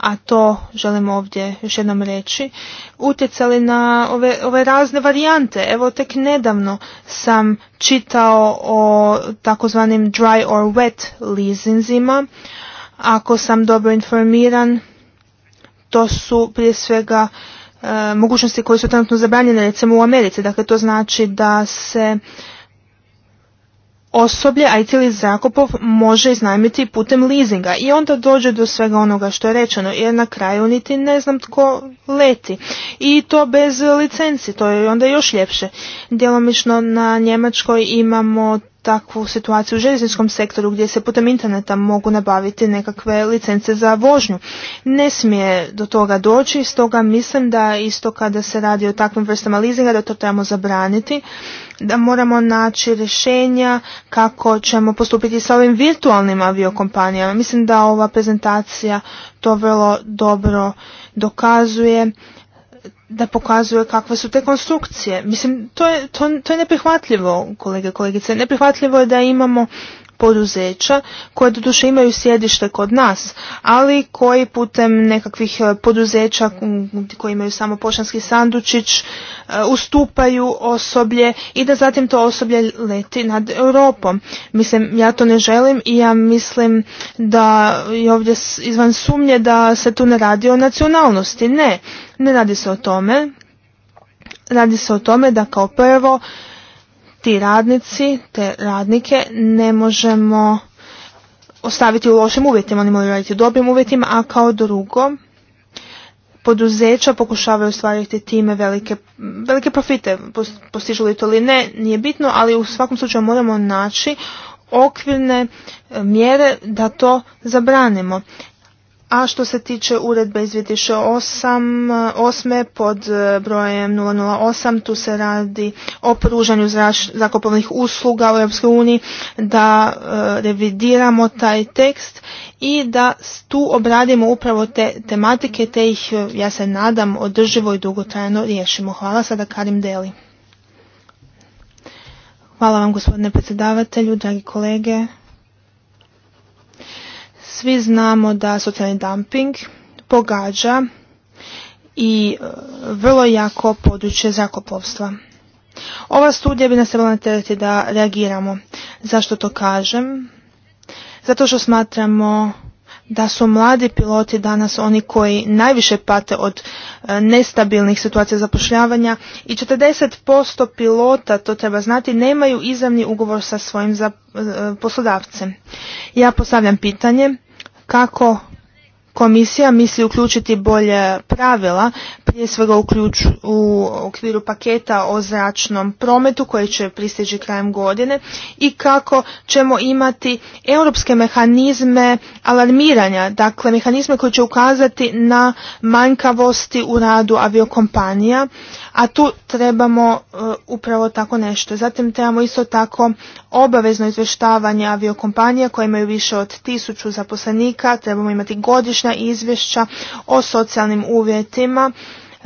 a to želim ovdje još jednom reći, utjecali na ove, ove razne varijante. Evo tek nedavno sam čitao o takozvanim dry or wet lizinzima. Ako sam dobro informiran, to su prije svega e, mogućnosti koje su trenutno zabranjene recimo u Americi. Dakle, to znači da se osoblje, a i zakupov može iznajmiti putem leasinga i onda dođe do svega onoga što je rečeno jer na kraju niti ne znam tko leti i to bez licenci, to je onda još ljepše. Djelomično na Njemačkoj imamo takvu situaciju u željezničkom sektoru gdje se putem interneta mogu nabaviti nekakve licence za vožnju. Ne smije do toga doći, stoga mislim da isto kada se radi o takvim vrstama leasinga da to trebamo zabraniti, da moramo naći rješenja kako ćemo postupiti sa ovim virtualnim aviokompanijama. Mislim da ova prezentacija to vrlo dobro dokazuje da pokazuje kakve su te konstrukcije. Mislim, to je, to, je neprihvatljivo, kolege i kolegice. Neprihvatljivo je da imamo poduzeća koje doduše imaju sjedište kod nas, ali koji putem nekakvih e, poduzeća koji imaju samo pošanski sandučić e, ustupaju osoblje i da zatim to osoblje leti nad Europom. Mislim, ja to ne želim i ja mislim da je ovdje izvan sumnje da se tu ne radi o nacionalnosti. Ne, ne radi se o tome. Radi se o tome da kao prvo ti radnici, te radnike ne možemo ostaviti u lošim uvjetima, oni moraju raditi u dobrim uvjetima, a kao drugo poduzeća pokušavaju ostvariti time velike, velike profite, postižu li to ili ne, nije bitno, ali u svakom slučaju moramo naći okvirne e, mjere da to zabranimo. A što se tiče uredbe iz 2008. pod e, brojem 008, tu se radi o pružanju zakopovnih usluga u EU, da e, revidiramo taj tekst i da tu obradimo upravo te tematike, te ih, e, ja se nadam, održivo i dugotrajno riješimo. Hvala sada Karim Deli. Hvala vam gospodine predsjedavatelju, dragi kolege, svi znamo da socijalni dumping pogađa i e, vrlo jako područje zakoplovstva. Ova studija bi nas trebala natjerati da reagiramo. Zašto to kažem? Zato što smatramo da su mladi piloti danas oni koji najviše pate od e, nestabilnih situacija zapošljavanja i 40% pilota, to treba znati, nemaju izravni ugovor sa svojim e, poslodavcem. Ja postavljam pitanje, kako komisija misli uključiti bolje pravila, prije svega uključ, u okviru paketa o zračnom prometu koji će pristići krajem godine i kako ćemo imati europske mehanizme alarmiranja, dakle mehanizme koji će ukazati na manjkavosti u radu aviokompanija a tu trebamo e, upravo tako nešto. Zatim trebamo isto tako obavezno izvještavanje aviokompanija koje imaju više od tisuću zaposlenika, trebamo imati godišnja izvješća o socijalnim uvjetima, e,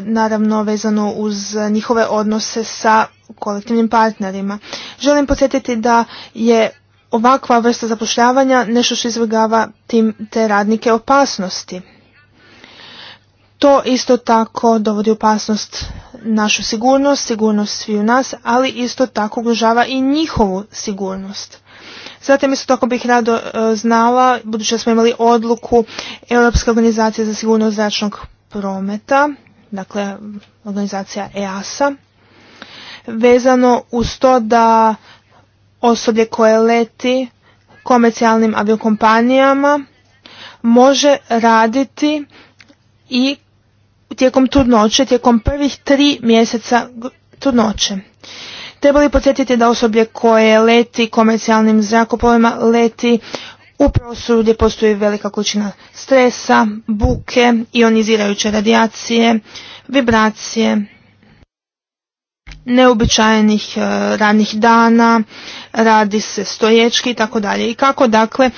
naravno vezano uz njihove odnose sa kolektivnim partnerima. Želim podsjetiti da je ovakva vrsta zapošljavanja nešto što izvrgava tim te radnike opasnosti. To isto tako dovodi opasnost našu sigurnost, sigurnost u nas, ali isto tako ugrožava i njihovu sigurnost. Zatim isto tako bih rado e, znala, budući da smo imali odluku Europske organizacije za sigurnost zračnog prometa, dakle organizacija EASA, vezano uz to da osoblje koje leti komercijalnim aviokompanijama može raditi i tijekom trudnoće, tijekom prvih tri mjeseca trudnoće. Treba li podsjetiti da osoblje koje leti komercijalnim zrakoplovima leti u prostoru gdje postoji velika količina stresa, buke, ionizirajuće radijacije, vibracije, neobičajenih e, radnih dana, radi se stoječki i tako dalje. I kako dakle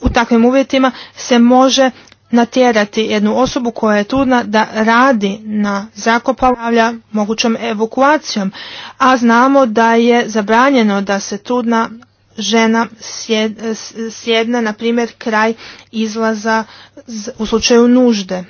u takvim uvjetima se može natjerati jednu osobu koja je trudna da radi na zrakoplavlja mogućom evakuacijom, a znamo da je zabranjeno da se trudna žena sjedne, na primjer, kraj izlaza u slučaju nužde.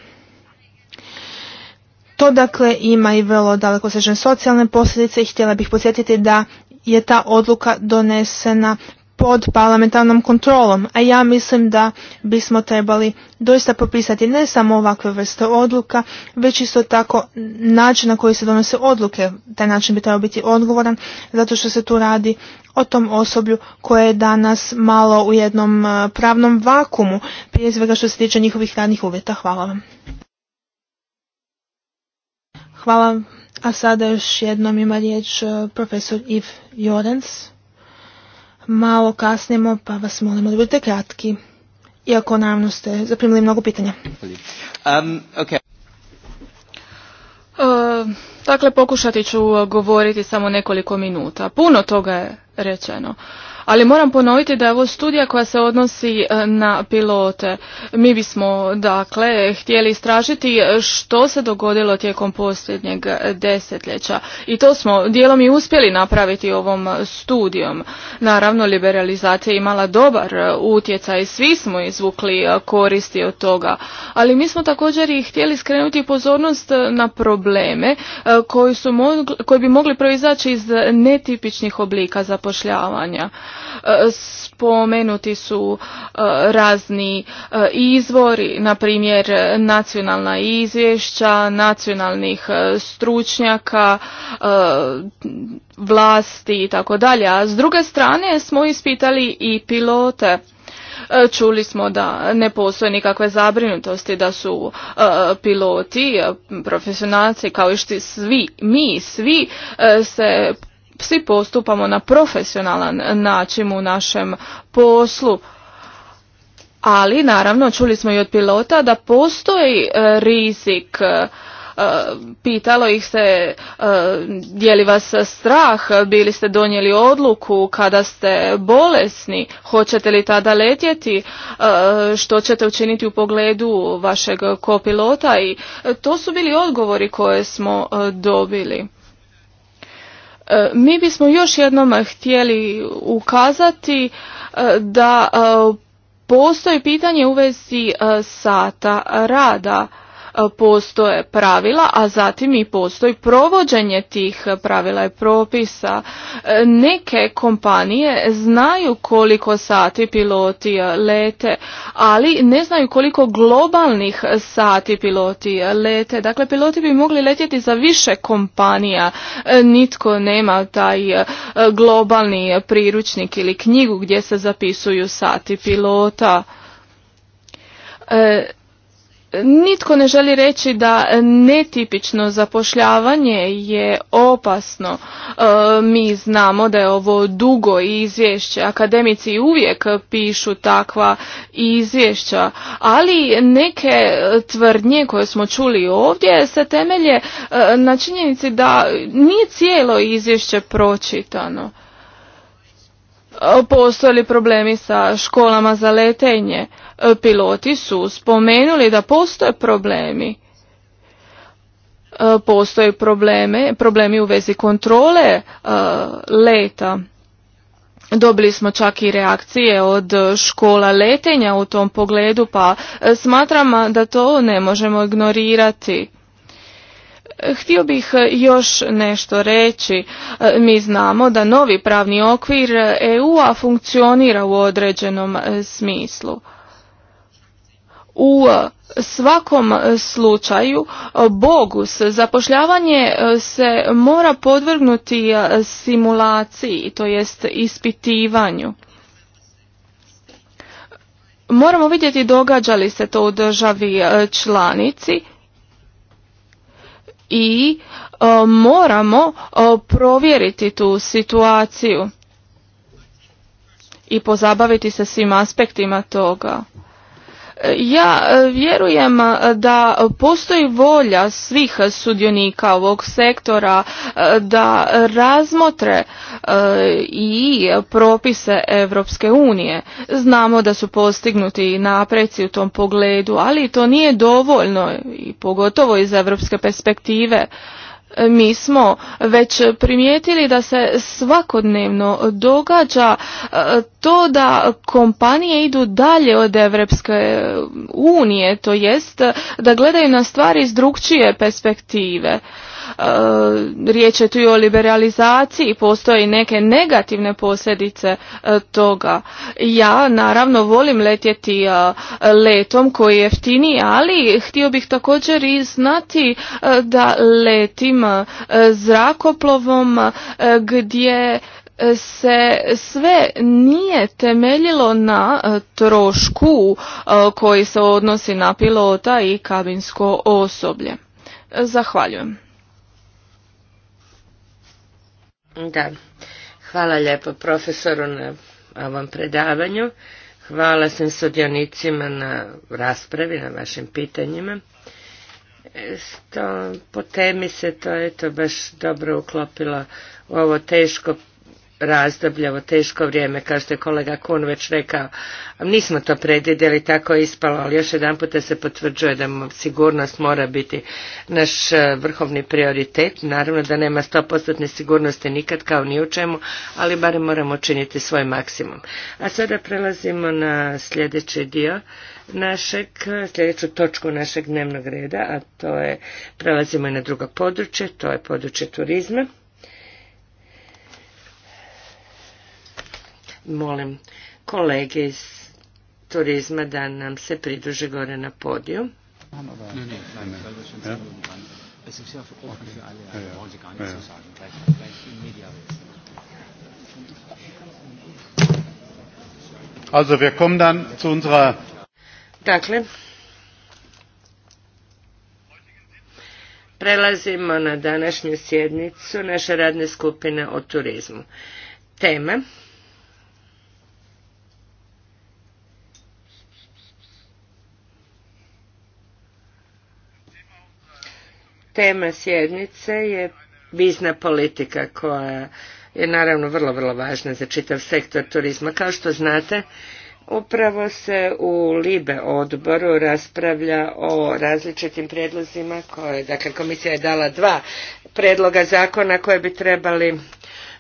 To dakle ima i vrlo daleko sežne socijalne posljedice i htjela bih podsjetiti da je ta odluka donesena pod parlamentarnom kontrolom, a ja mislim da bismo trebali doista popisati ne samo ovakve vrste odluka, već isto tako način na koji se donose odluke. Taj način bi trebao biti odgovoran, zato što se tu radi o tom osoblju koje je danas malo u jednom e, pravnom vakumu, prije svega što se tiče njihovih radnih uvjeta. Hvala vam. Hvala. A sada još jednom ima riječ e, profesor Iv Jorens malo kasnimo, pa vas molimo da budete kratki. Iako naravno ste zaprimili mnogo pitanja. Um, e, dakle, pokušati ću govoriti samo nekoliko minuta. Puno toga je rečeno. Ali moram ponoviti da je ovo studija koja se odnosi e, na pilote. Mi bismo dakle htjeli istražiti e, što se dogodilo tijekom posljednjeg e, desetljeća i to smo dijelom i uspjeli napraviti ovom studijom. Naravno liberalizacija je imala dobar utjecaj, svi smo izvukli koristi od toga, ali mi smo također i htjeli skrenuti pozornost na probleme koji, koji bi mogli proizaći iz netipičnih oblika zapošljavanja. E, spomenuti su e, razni e, izvori, na primjer nacionalna izvješća, nacionalnih stručnjaka, vlasti i tako dalje. A s druge strane smo ispitali i pilote. Čuli smo da ne postoje nikakve zabrinutosti da su piloti, profesionalci kao i svi mi, svi se svi postupamo na profesionalan način u našem poslu. Ali naravno čuli smo i od pilota da postoji e, rizik e, pitalo ih se e, je li vas strah, bili ste donijeli odluku kada ste bolesni, hoćete li tada letjeti, što ćete učiniti u pogledu vašeg kopilota i to su bili odgovori koje smo dobili. E, mi bismo još jednom htjeli ukazati e, da e, postoji pitanje u vezi sata rada E, postoje pravila, a zatim i postoji provođenje tih pravila i propisa. E, neke kompanije znaju koliko sati piloti e, lete, ali ne znaju koliko globalnih sati piloti lete. Dakle, piloti bi mogli letjeti za više kompanija. Nitko nema taj globalni priručnik ili knjigu gdje se zapisuju sati pilota. Nitko ne želi reći da netipično zapošljavanje je opasno. E, mi znamo da je ovo dugo izvješće, akademici uvijek pišu takva izvješća, ali neke tvrdnje koje smo čuli ovdje se temelje e, na činjenici da nije cijelo izvješće pročitano. E, postoje li problemi sa školama za letenje? E, piloti su spomenuli da postoje problemi e, postoje probleme, problemi u vezi kontrole e, leta Dobili smo čak i reakcije od škola letenja u tom pogledu, pa smatram da to ne možemo ignorirati. Htio bih još nešto reći. Mi znamo da novi pravni okvir EU-a funkcionira u određenom smislu u e, svakom e, slučaju e, bogus zapošljavanje se mora podvrgnuti simulaciji to jest ispitivanju moramo vidjeti događa li se to u državi članici i moramo provjeriti tu situaciju i pozabaviti se svim aspektima toga ja e, vjerujem e, da postoji volja svih sudionika ovog sektora e, da razmotre i propise Europske unije. Znamo da su postignuti napreci u tom pogledu, ali to nije dovoljno i pogotovo iz europske perspektive mi smo već primijetili da se svakodnevno događa e, to da kompanije idu dalje od Evropske unije, to jest da gledaju na stvari iz drugčije perspektive. E, riječ je tu i o liberalizaciji, postoje neke negativne posljedice e, toga. Ja naravno volim letjeti e, letom koji je jeftiniji, ali htio bih također i znati da letim zrakoplovom gdje se sve nije temeljilo na trošku koji se odnosi na pilota i kabinsko osoblje. Zahvaljujem. Da. Hvala lijepo profesoru na ovom predavanju. Hvala sam sudionicima na raspravi, na vašim pitanjima. po temi se to eto baš dobro uklopilo u ovo teško razdoblje, ovo teško vrijeme, kao što je kolega Kun već rekao. Nismo to predvidjeli, tako je ispalo, ali još jedan puta se potvrđuje da sigurnost mora biti naš e, vrhovni prioritet. Naravno da nema 100% sigurnosti nikad kao ni u čemu, ali barem moramo činiti svoj maksimum. A sada prelazimo na sljedeći dio našeg, sljedeću točku našeg dnevnog reda, a to je, prelazimo i na drugo područje, to je područje turizma. molim kolege iz turizma da nam se pridruže gore na podiju. Ne, Also wir kommen dann zu unserer Dakle, prelazimo na današnju sjednicu naše radne skupine o turizmu. Tema tema sjednice je vizna politika koja je naravno vrlo, vrlo važna za čitav sektor turizma. Kao što znate, upravo se u Libe odboru raspravlja o različitim prijedlozima koje, dakle komisija je dala dva predloga zakona koje bi trebali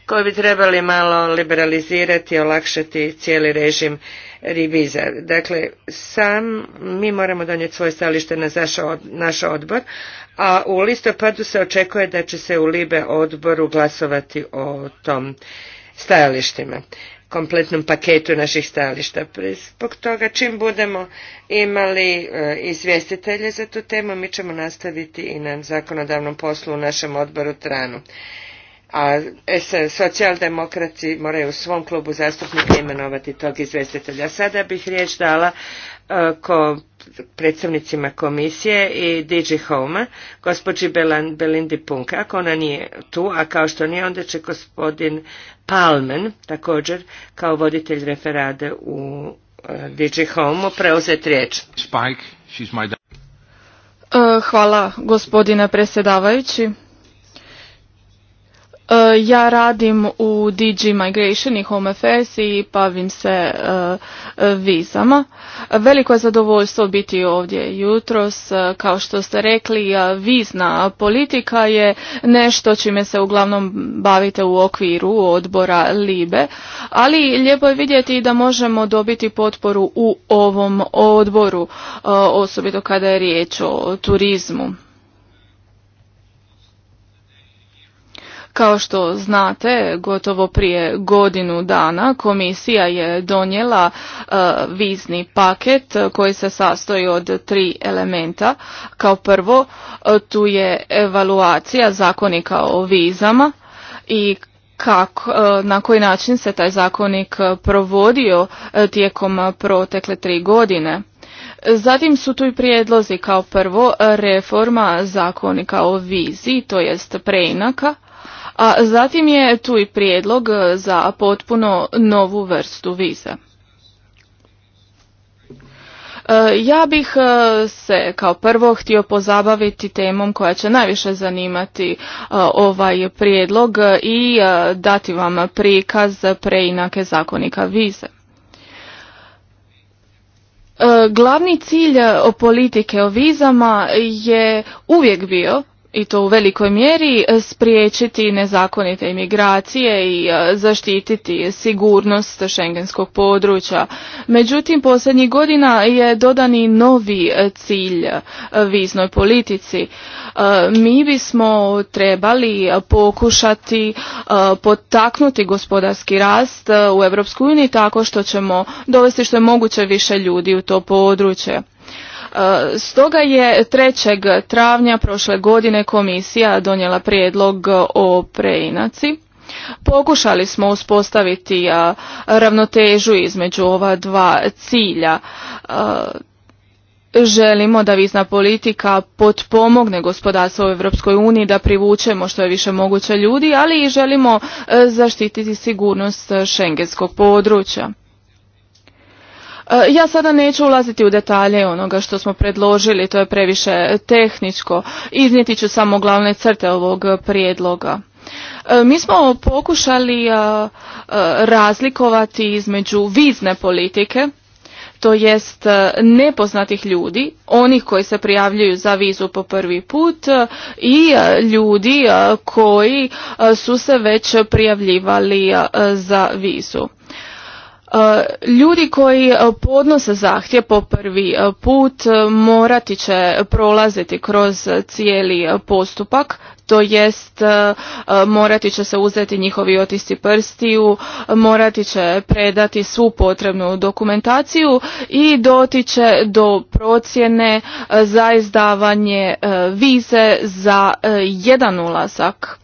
koji bi trebali malo liberalizirati, i olakšati cijeli režim ribiza. Dakle, sam mi moramo donijeti svoje stajalište na naš odbor, a u listopadu se očekuje da će se u Libe odboru glasovati o tom stajalištima kompletnom paketu naših stajališta. Zbog toga čim budemo imali e, izvjestitelje za tu temu, mi ćemo nastaviti i na zakonodavnom poslu u našem odboru Tranu a socijaldemokrati moraju u svom klubu zastupnika imenovati tog izvjestitelja. Sada bih riječ dala e, ko predstavnicima komisije i DG Home, gospođi Belindi Punk. Ako ona nije tu, a kao što nije, onda će gospodin Palmen, također kao voditelj referade u e, DG Home, preuzeti riječ. E, hvala gospodine predsjedavajući. E, ja radim u DG Migration i Home Affairs i bavim se e, vizama. Veliko je zadovoljstvo biti ovdje jutros. E, kao što ste rekli, vizna politika je nešto čime se uglavnom bavite u okviru odbora LIBE, ali lijepo je vidjeti da možemo dobiti potporu u ovom odboru, osobito kada je riječ o turizmu. Kao što znate, gotovo prije godinu dana komisija je donijela e, vizni paket koji se sastoji od tri elementa. Kao prvo, e, tu je evaluacija zakonika o vizama i e, na koji način se taj zakonik provodio tijekom protekle tri godine. Zatim su tu i prijedlozi kao prvo reforma zakonika o vizi, to jest preinaka, a zatim je tu i prijedlog e, za potpuno novu vrstu viza. E, ja bih e, se kao prvo htio pozabaviti temom koja će najviše zanimati ovaj prijedlog i dati vam prikaz preinake zakonika vize. Glavni cilj politike o vizama je uvijek bio i to u velikoj mjeri e, spriječiti nezakonite imigracije i e, zaštititi sigurnost šengenskog područja. Međutim, posljednjih godina je dodani novi e, cilj viznoj politici. Mi bismo trebali pokušati potaknuti gospodarski rast u EU tako što ćemo dovesti što je moguće više ljudi u to područje E, stoga je 3. travnja prošle godine komisija donijela prijedlog o preinaci. Pokušali smo uspostaviti e, ravnotežu između ova dva cilja. E, želimo da vizna politika potpomogne gospodarstvo u Europskoj uniji, da privučemo što je više moguće ljudi, ali i želimo zaštititi sigurnost šengenskog područja. E, ja sada neću ulaziti u detalje onoga što smo predložili, to je previše tehničko. Iznijeti ću samo glavne crte ovog prijedloga. E, mi smo pokušali e, razlikovati između vizne politike, to jest nepoznatih ljudi, onih koji se prijavljuju za vizu po prvi put i ljudi koji su se već prijavljivali za vizu. E, ljudi koji e, podnose zahtjev po prvi e, put morati će prolaziti kroz cijeli postupak, to jest morati će se uzeti njihovi otisci prstiju, morati će predati svu potrebnu dokumentaciju i će do procjene za izdavanje vize za jedan ulazak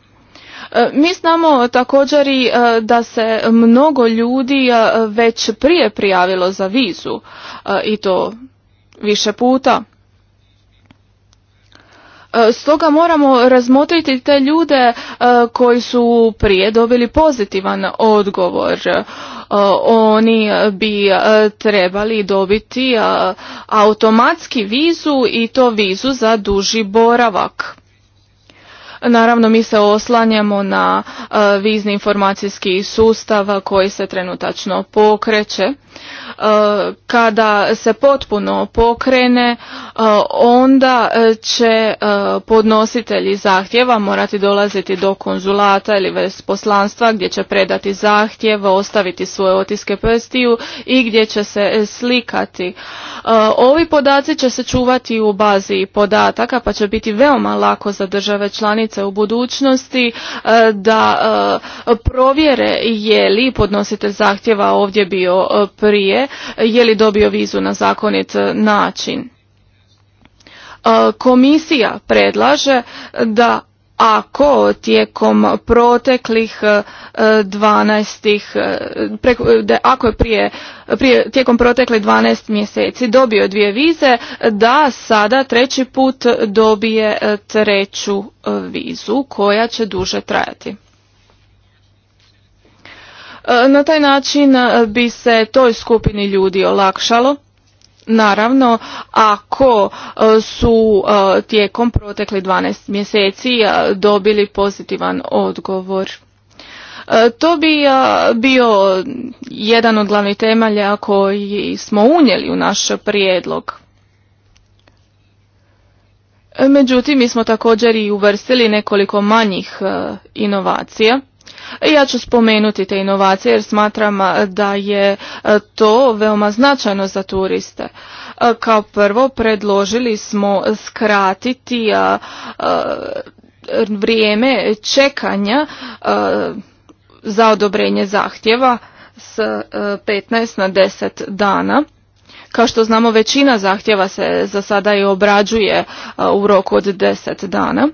E, mi znamo također i e, da se mnogo ljudi e, već prije prijavilo za vizu i to više puta. Stoga moramo razmotriti te ljude koji su prije dobili pozitivan odgovor. Oni bi trebali dobiti automatski vizu i to vizu za duži boravak. Naravno, mi se oslanjamo na e, vizni informacijski sustav koji se trenutačno pokreće. E, kada se potpuno pokrene, e, onda će podnositelji zahtjeva morati dolaziti do konzulata ili veleposlanstva poslanstva gdje će predati zahtjev, ostaviti svoje otiske prstiju i gdje će se slikati. Ovi podaci će se čuvati u bazi podataka pa će biti veoma lako za države članice članice u budućnosti e, da e, provjere je li podnositelj zahtjeva ovdje bio e, prije, je li dobio vizu na zakonit način. Komisija predlaže da ako tijekom proteklih e, dvanaest, e, ako je prije, prije tijekom proteklih 12 mjeseci dobio dvije vize da sada treći put dobije e, treću vizu koja će duže trajati. Na taj način bi se toj skupini ljudi olakšalo Naravno, ako e, su e, tijekom protekli 12 mjeseci e, dobili pozitivan odgovor. To bi bio jedan od glavnih temelja koji smo unijeli u naš prijedlog. Međutim, mi smo također i uvrstili nekoliko manjih inovacija ja ću spomenuti te inovacije jer smatram da je to veoma značajno za turiste. Kao prvo predložili smo skratiti vrijeme čekanja za odobrenje zahtjeva s 15 na 10 dana. Kao što znamo većina zahtjeva se za sada i obrađuje u roku od 10 dana.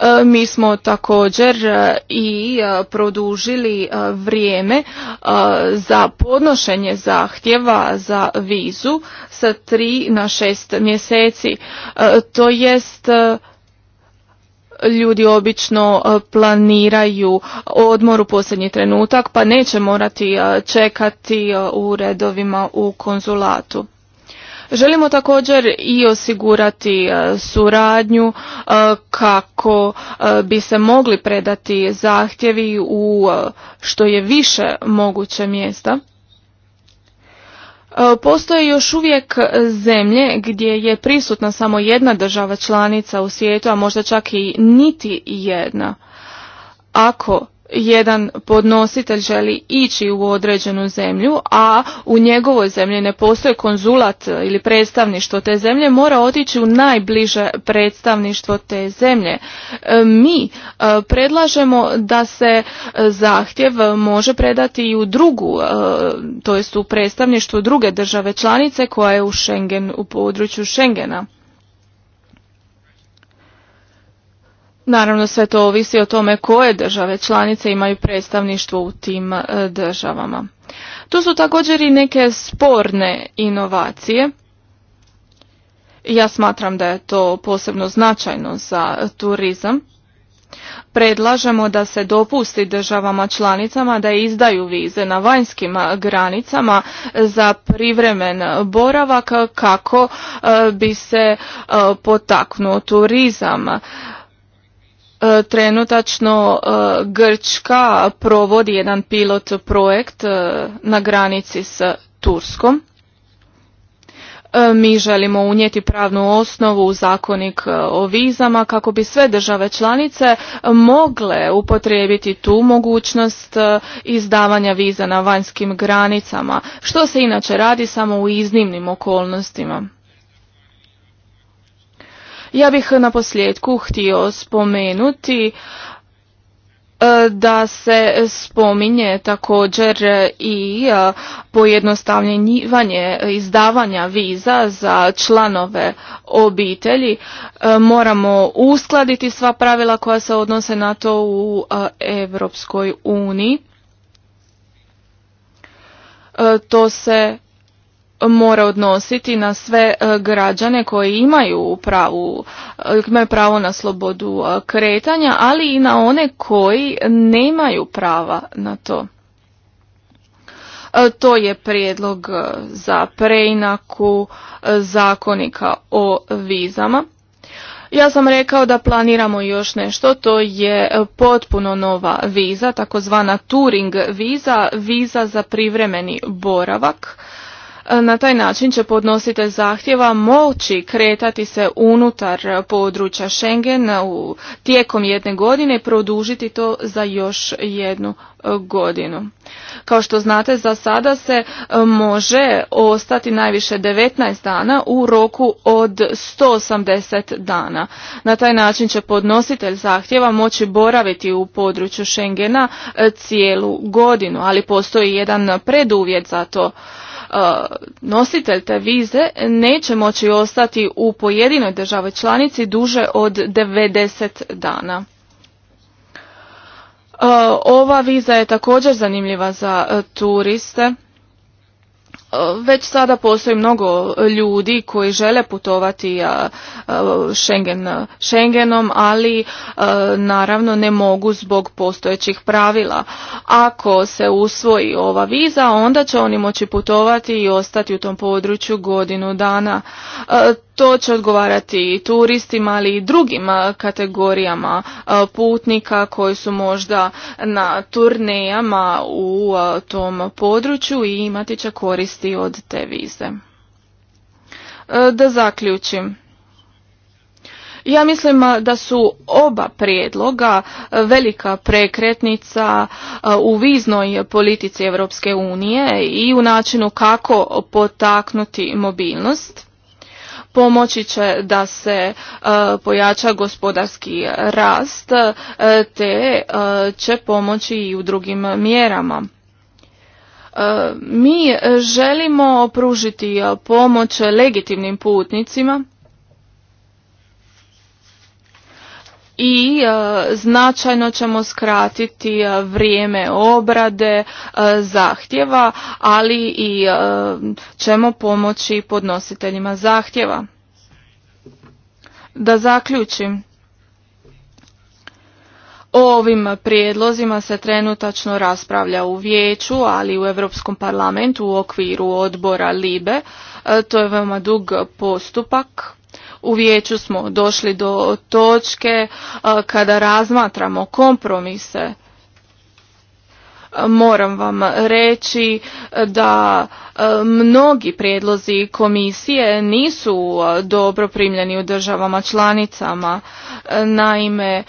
E, mi smo također e, i e, produžili vrijeme za podnošenje zahtjeva za vizu sa tri na šest mjeseci. To jest ljudi obično planiraju odmor u posljednji trenutak pa neće morati čekati u redovima u konzulatu. Želimo također i osigurati e, suradnju e, kako e, bi se mogli predati zahtjevi u što je više moguće mjesta. Postoje još uvijek zemlje gdje je prisutna samo jedna država članica u svijetu, a možda čak i niti jedna. Ako jedan podnositelj želi ići u određenu zemlju, a u njegovoj zemlji ne postoji konzulat ili predstavništvo te zemlje, mora otići u najbliže predstavništvo te zemlje. E, mi e, predlažemo da se zahtjev može predati i u drugu, e, to jest u predstavništvu druge države članice koja je u Schengen, u području Schengena. Naravno sve to ovisi o tome koje države članice imaju predstavništvo u tim e, državama. Tu su također i neke sporne inovacije. Ja smatram da je to posebno značajno za turizam. Predlažemo da se dopusti državama članicama da izdaju vize na vanjskim granicama za privremen boravak kako e, bi se e, potaknuo turizam E, trenutačno e, Grčka provodi jedan pilot projekt e, na granici s Turskom. Mi želimo unijeti pravnu osnovu u zakonik o vizama kako bi sve države članice mogle upotrijebiti tu mogućnost izdavanja viza na vanjskim granicama, što se inače radi samo u iznimnim okolnostima. Ja bih na posljedku htio spomenuti e, da se spominje također i e, pojednostavljivanje izdavanja viza za članove obitelji. E, moramo uskladiti sva pravila koja se odnose na to u Europskoj uniji. To se mora odnositi na sve e, građane koji imaju pravu, e, imaju pravo na slobodu e, kretanja, ali i na one koji nemaju prava na to. To je prijedlog za preinaku zakonika o vizama. Ja sam rekao da planiramo još nešto, to je potpuno nova viza, takozvana Turing viza, viza za privremeni boravak E, na taj način će podnositelj zahtjeva moći kretati se unutar područja Schengen u tijekom jedne godine i produžiti to za još jednu e, godinu. Kao što znate, za sada se e, može ostati najviše 19 dana u roku od 180 dana. Na taj način će podnositelj zahtjeva moći boraviti u području Schengena cijelu godinu, ali postoji jedan preduvjet za to E, nositelj te vize neće moći ostati u pojedinoj državi članici duže od 90 dana. E, ova viza je također zanimljiva za e, turiste već sada postoji mnogo ljudi koji žele putovati Schengen, Schengenom, ali naravno ne mogu zbog postojećih pravila. Ako se usvoji ova viza, onda će oni moći putovati i ostati u tom području godinu dana. To će odgovarati i turistima, ali i drugim kategorijama putnika koji su možda na turnejama u tom području i imati će korist koristi od te vize. E, da zaključim. Ja mislim da su oba prijedloga e, velika prekretnica e, u viznoj politici Europske unije i u načinu kako potaknuti mobilnost pomoći će da se pojača gospodarski rast te će pomoći i u drugim mjerama E, mi želimo pružiti pomoć legitimnim putnicima i e, značajno ćemo skratiti e, vrijeme obrade zahtjeva, ali i ćemo pomoći podnositeljima zahtjeva. Da zaključim. O ovim prijedlozima se trenutačno raspravlja u vijeću, ali u Europskom parlamentu u okviru odbora LIBE. E, to je veoma dug postupak. U vijeću smo došli do točke e, kada razmatramo kompromise moram vam reći da e, mnogi prijedlozi komisije nisu e, dobro primljeni u državama članicama. E, naime,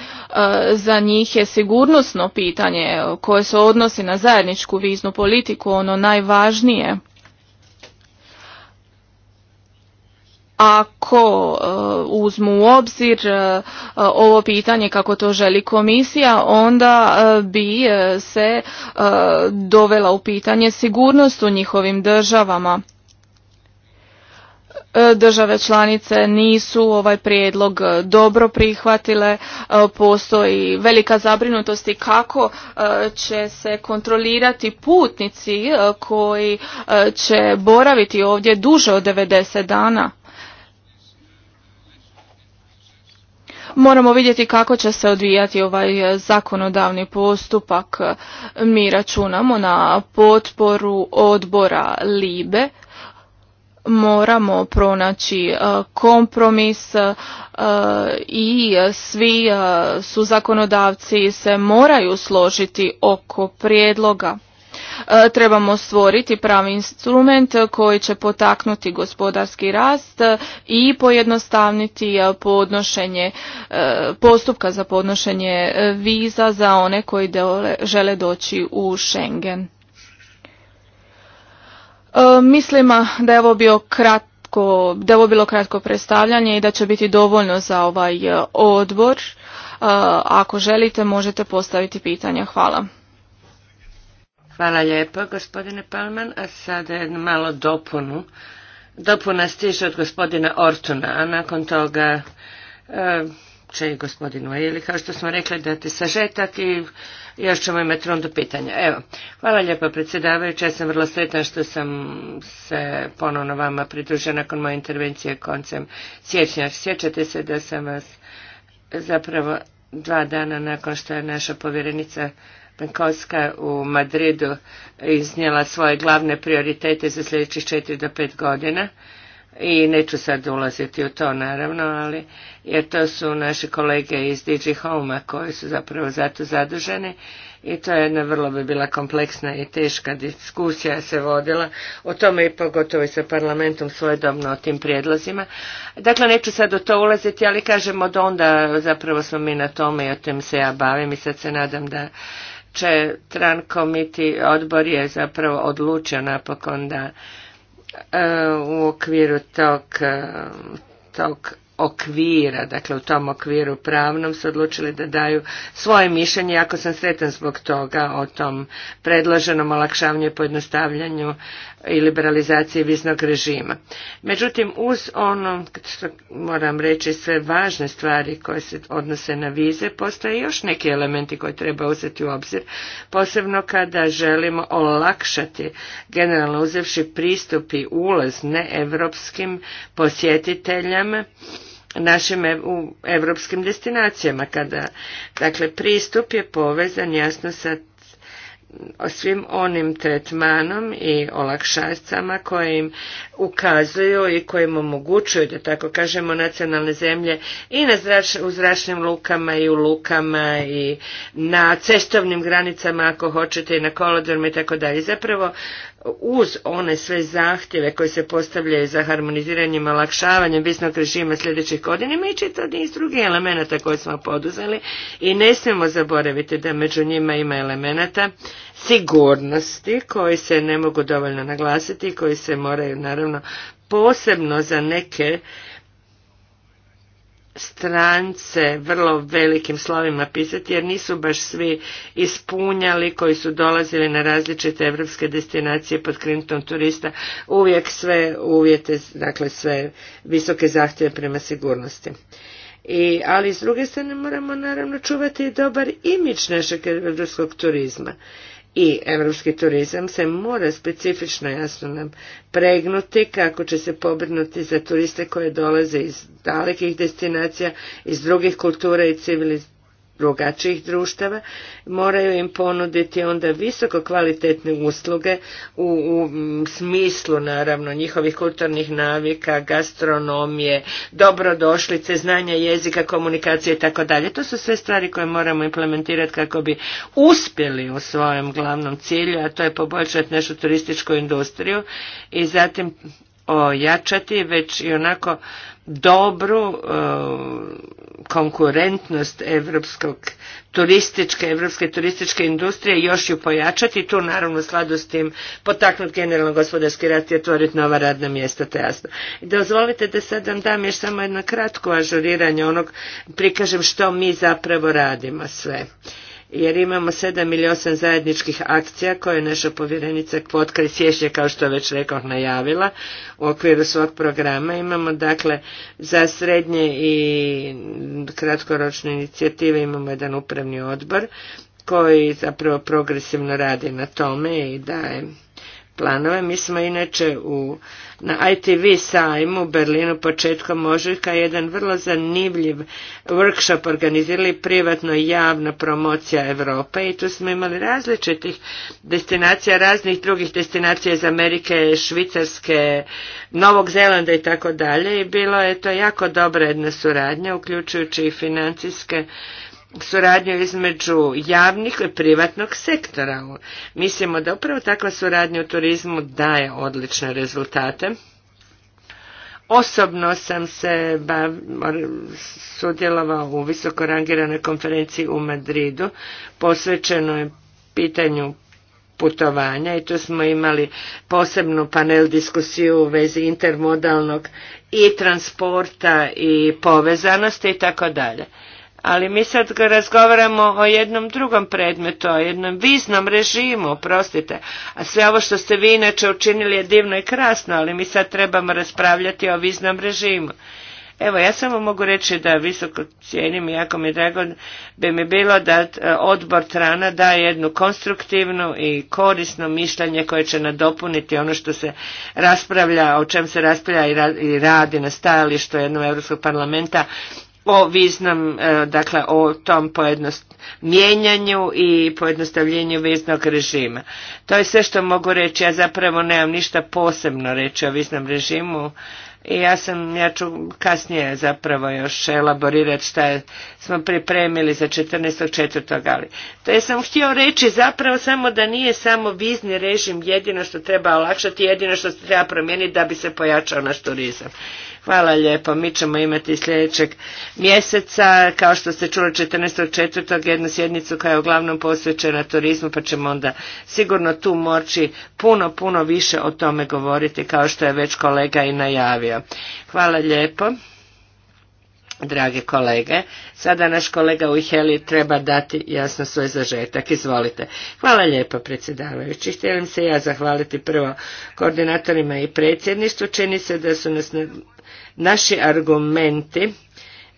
za njih je sigurnosno pitanje koje se odnosi na zajedničku viznu politiku ono najvažnije ako e, uzmu u obzir e, ovo pitanje kako to želi komisija, onda e, bi se dovela u pitanje sigurnost u njihovim državama države članice nisu ovaj prijedlog dobro prihvatile, postoji velika zabrinutost i kako će se kontrolirati putnici koji će boraviti ovdje duže od 90 dana. Moramo vidjeti kako će se odvijati ovaj zakonodavni postupak. Mi računamo na potporu odbora LIBE. Moramo pronaći e, kompromis e, i svi e, su zakonodavci se moraju složiti oko prijedloga. E, trebamo stvoriti pravi instrument koji će potaknuti gospodarski rast i pojednostavniti e, podnošenje e, postupka za podnošenje viza za one koji žele doći u Schengen. Mislim da je ovo bio kratko, da je ovo bilo kratko predstavljanje i da će biti dovoljno za ovaj odbor. Ako želite možete postaviti pitanja. Hvala. Hvala lijepo, gospodine Palman, a sada jednu malo dopunu. Dopuna stiže od gospodina Ortuna, a nakon toga e, će i gospodin Vajili, kao što smo rekli, dati sažetak i još ćemo imati rundu pitanja. Evo, hvala lijepo, predsjedavajući, ja sam vrlo sretan što sam se ponovno vama pridružio nakon moje intervencije koncem siječnja. Sjećate se da sam vas zapravo dva dana nakon što je naša povjerenica Penkovska u Madridu iznijela svoje glavne prioritete za sljedećih 4 do 5 godina i neću sad ulaziti u to naravno, ali jer to su naše kolege iz DG Home-a koji su zapravo zato zaduženi i to je jedna vrlo bi bila kompleksna i teška diskusija se vodila o tome i pogotovo i sa parlamentom svojedobno o tim prijedlozima. Dakle, neću sad u to ulaziti, ali kažem od onda zapravo smo mi na tome i o tem se ja bavim i sad se nadam da će Tran komiti odbor je zapravo odlučio napokon da e, u okviru tog, e, tog okvira, dakle u tom okviru pravnom su odlučili da daju svoje mišljenje, jako sam sretan zbog toga o tom predloženom olakšavanju i pojednostavljanju i liberalizacije viznog režima. Međutim, uz ono, što moram reći, sve važne stvari koje se odnose na vize, postoje još neki elementi koje treba uzeti u obzir, posebno kada želimo olakšati, generalno uzevši pristup i ulaz neevropskim posjetiteljama, našim europskim destinacijama kada dakle pristup je povezan jasno sa svim onim tretmanom i olakšacama koje im ukazuju i koje im omogućuju, da tako kažemo, nacionalne zemlje i na zrač, u zračnim lukama i u lukama i na cestovnim granicama ako hoćete i na kolodrom i tako dalje. Zapravo uz one sve zahtjeve koje se postavljaju za harmoniziranjem, olakšavanjem visnog režima sljedećih godina, mi čitav niz drugih elemenata koje smo poduzeli i ne smijemo zaboraviti da među njima ima elemenata sigurnosti koji se ne mogu dovoljno naglasiti i koji se moraju naravno posebno za neke strance vrlo velikim slovima pisati jer nisu baš svi ispunjali koji su dolazili na različite evropske destinacije pod krimtom turista uvijek sve uvjete, dakle sve visoke zahtjeve prema sigurnosti. I, ali s druge strane moramo naravno čuvati dobar imidž našeg evropskog turizma i europski turizam se mora specifično jasno nam pregnuti kako će se pobrinuti za turiste koje dolaze iz dalekih destinacija, iz drugih kultura i civilizacija drugačijih društava, moraju im ponuditi onda visoko kvalitetne usluge u, u smislu naravno njihovih kulturnih navika, gastronomije, dobrodošlice, znanja jezika, komunikacije i tako dalje. To su sve stvari koje moramo implementirati kako bi uspjeli u svojem glavnom cilju, a to je poboljšati našu turističku industriju i zatim ojačati već i onako dobru e, konkurentnost evropskog turističke, evropske turističke industrije još ju pojačati, tu naravno u skladu s tim potaknuti generalno gospodarski rat i otvoriti nova radna mjesta te jasno. Dozvolite da sad vam dam još samo jedno kratko ažuriranje onog, prikažem što mi zapravo radimo sve jer imamo sedam ili osam zajedničkih akcija koje je naša povjerenica potkraj Sješnje, kao što je već rekao najavila u okviru svog programa. Imamo dakle za srednje i kratkoročne inicijative imamo jedan upravni odbor koji zapravo progresivno radi na tome i daje planove. Mi smo inače u, na ITV sajmu u Berlinu početkom ožujka jedan vrlo zanimljiv workshop organizirali privatno i javna promocija Europe i tu smo imali različitih destinacija, raznih drugih destinacija iz Amerike, Švicarske, Novog Zelanda i tako dalje i bilo je to jako dobra jedna suradnja uključujući i financijske suradnju između javnih i privatnog sektora. Mislimo da upravo takva suradnja u turizmu daje odlične rezultate. Osobno sam se sudjelovao u visoko konferenciji u Madridu, posvećeno je pitanju putovanja i tu smo imali posebnu panel diskusiju u vezi intermodalnog i transporta i povezanosti i tako dalje. Ali mi sad razgovaramo o jednom drugom predmetu, o jednom viznom režimu, oprostite. A sve ovo što ste vi inače učinili je divno i krasno, ali mi sad trebamo raspravljati o viznom režimu. Evo, ja samo mogu reći da visoko cijenim i jako mi drago bi mi bilo da e, odbor Trana da jednu konstruktivnu i korisno mišljenje koje će nadopuniti ono što se raspravlja, o čem se raspravlja i radi na stajalištu jednog Europskog parlamenta o viznom, e, dakle o tom pojednost, mijenjanju i pojednostavljenju viznog režima. To je sve što mogu reći, ja zapravo nemam ništa posebno reći o viznom režimu i ja sam, ja ću kasnije zapravo još elaborirati šta smo pripremili za 14.4. ali to je sam htio reći zapravo samo da nije samo vizni režim jedino što treba olakšati, jedino što se treba promijeniti da bi se pojačao naš turizam. Hvala lijepo. Mi ćemo imati sljedećeg mjeseca, kao što ste čuli 14.4. jednu sjednicu koja je uglavnom posvećena turizmu, pa ćemo onda sigurno tu moći puno, puno više o tome govoriti, kao što je već kolega i najavio. Hvala lijepo drage kolege. Sada naš kolega uheli treba dati jasno svoj zažetak. Izvolite. Hvala lijepo predsjedavajući. Htjelim se ja zahvaliti prvo koordinatorima i predsjedništvu. Čini se da su nas naši argumenti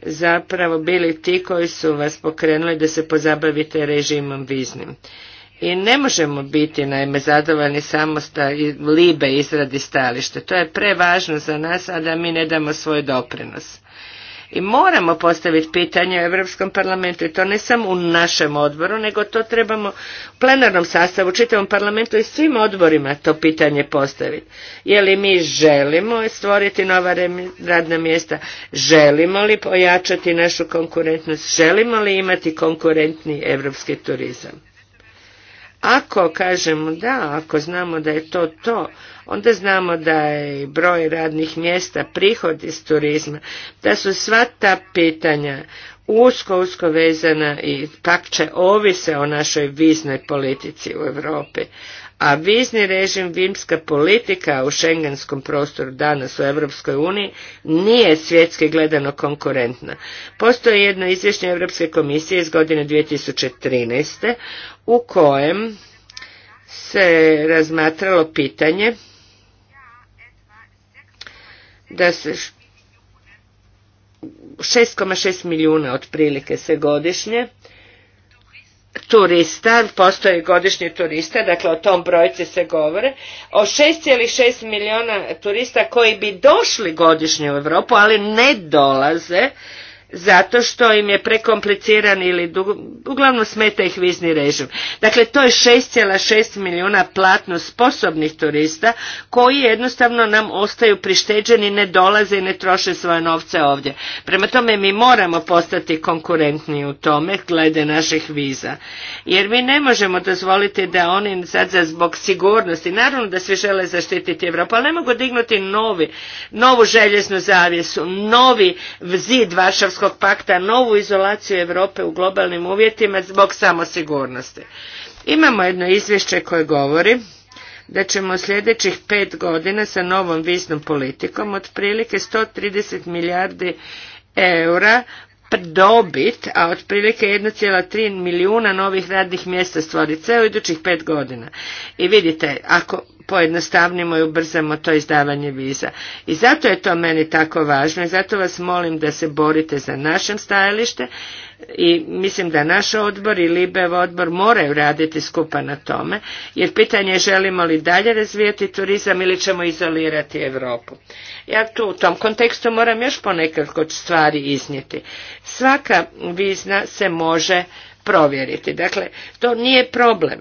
zapravo bili ti koji su vas pokrenuli da se pozabavite režimom viznim. I ne možemo biti naime zadovoljni samo sta, libe izradi stalište. To je prevažno za nas, a da mi ne damo svoj doprinos. I moramo postaviti pitanje u Europskom parlamentu i to ne samo u našem odboru, nego to trebamo u plenarnom sastavu, u čitavom parlamentu i svim odborima to pitanje postaviti. Je li mi želimo stvoriti nova radna mjesta, želimo li pojačati našu konkurentnost, želimo li imati konkurentni europski turizam? Ako kažemo da, ako znamo da je to to, onda znamo da je broj radnih mjesta, prihod iz turizma, da su sva ta pitanja usko, usko vezana i pak će ovise o našoj viznoj politici u Europi. A vizni režim, vimska politika u šengenskom prostoru danas u Europskoj uniji nije svjetski gledano konkurentna. Postoji jedno izvješće Europske komisije iz godine 2013. u kojem se razmatralo pitanje da se 6,6 milijuna otprilike se godišnje turista, postoje godišnji turista, dakle o tom brojci se govore, o 6,6 milijuna turista koji bi došli godišnje u Europu, ali ne dolaze zato što im je prekompliciran ili uglavnom smeta ih vizni režim. Dakle, to je 6,6 milijuna platno sposobnih turista koji jednostavno nam ostaju prišteđeni, ne dolaze i ne troše svoje novce ovdje. Prema tome mi moramo postati konkurentni u tome glede naših viza. Jer mi ne možemo dozvoliti da oni sad zbog sigurnosti, naravno da svi žele zaštititi Evropu, ali ne mogu dignuti novi, novu željeznu zavjesu, novi zid Varšavskog Varšavskog pakta novu izolaciju Europe u globalnim uvjetima zbog samosigurnosti. Imamo jedno izvješće koje govori da ćemo sljedećih pet godina sa novom viznom politikom otprilike 130 milijardi eura dobit, a otprilike 1,3 milijuna novih radnih mjesta stvoriti sve u idućih pet godina. I vidite, ako pojednostavnimo i ubrzamo to izdavanje viza. I zato je to meni tako važno i zato vas molim da se borite za našem stajalište i mislim da naš odbor i Libev odbor moraju raditi skupa na tome, jer pitanje je želimo li dalje razvijati turizam ili ćemo izolirati Europu. Ja tu u tom kontekstu moram još ponekako stvari iznijeti. Svaka vizna se može provjeriti. Dakle, to nije problem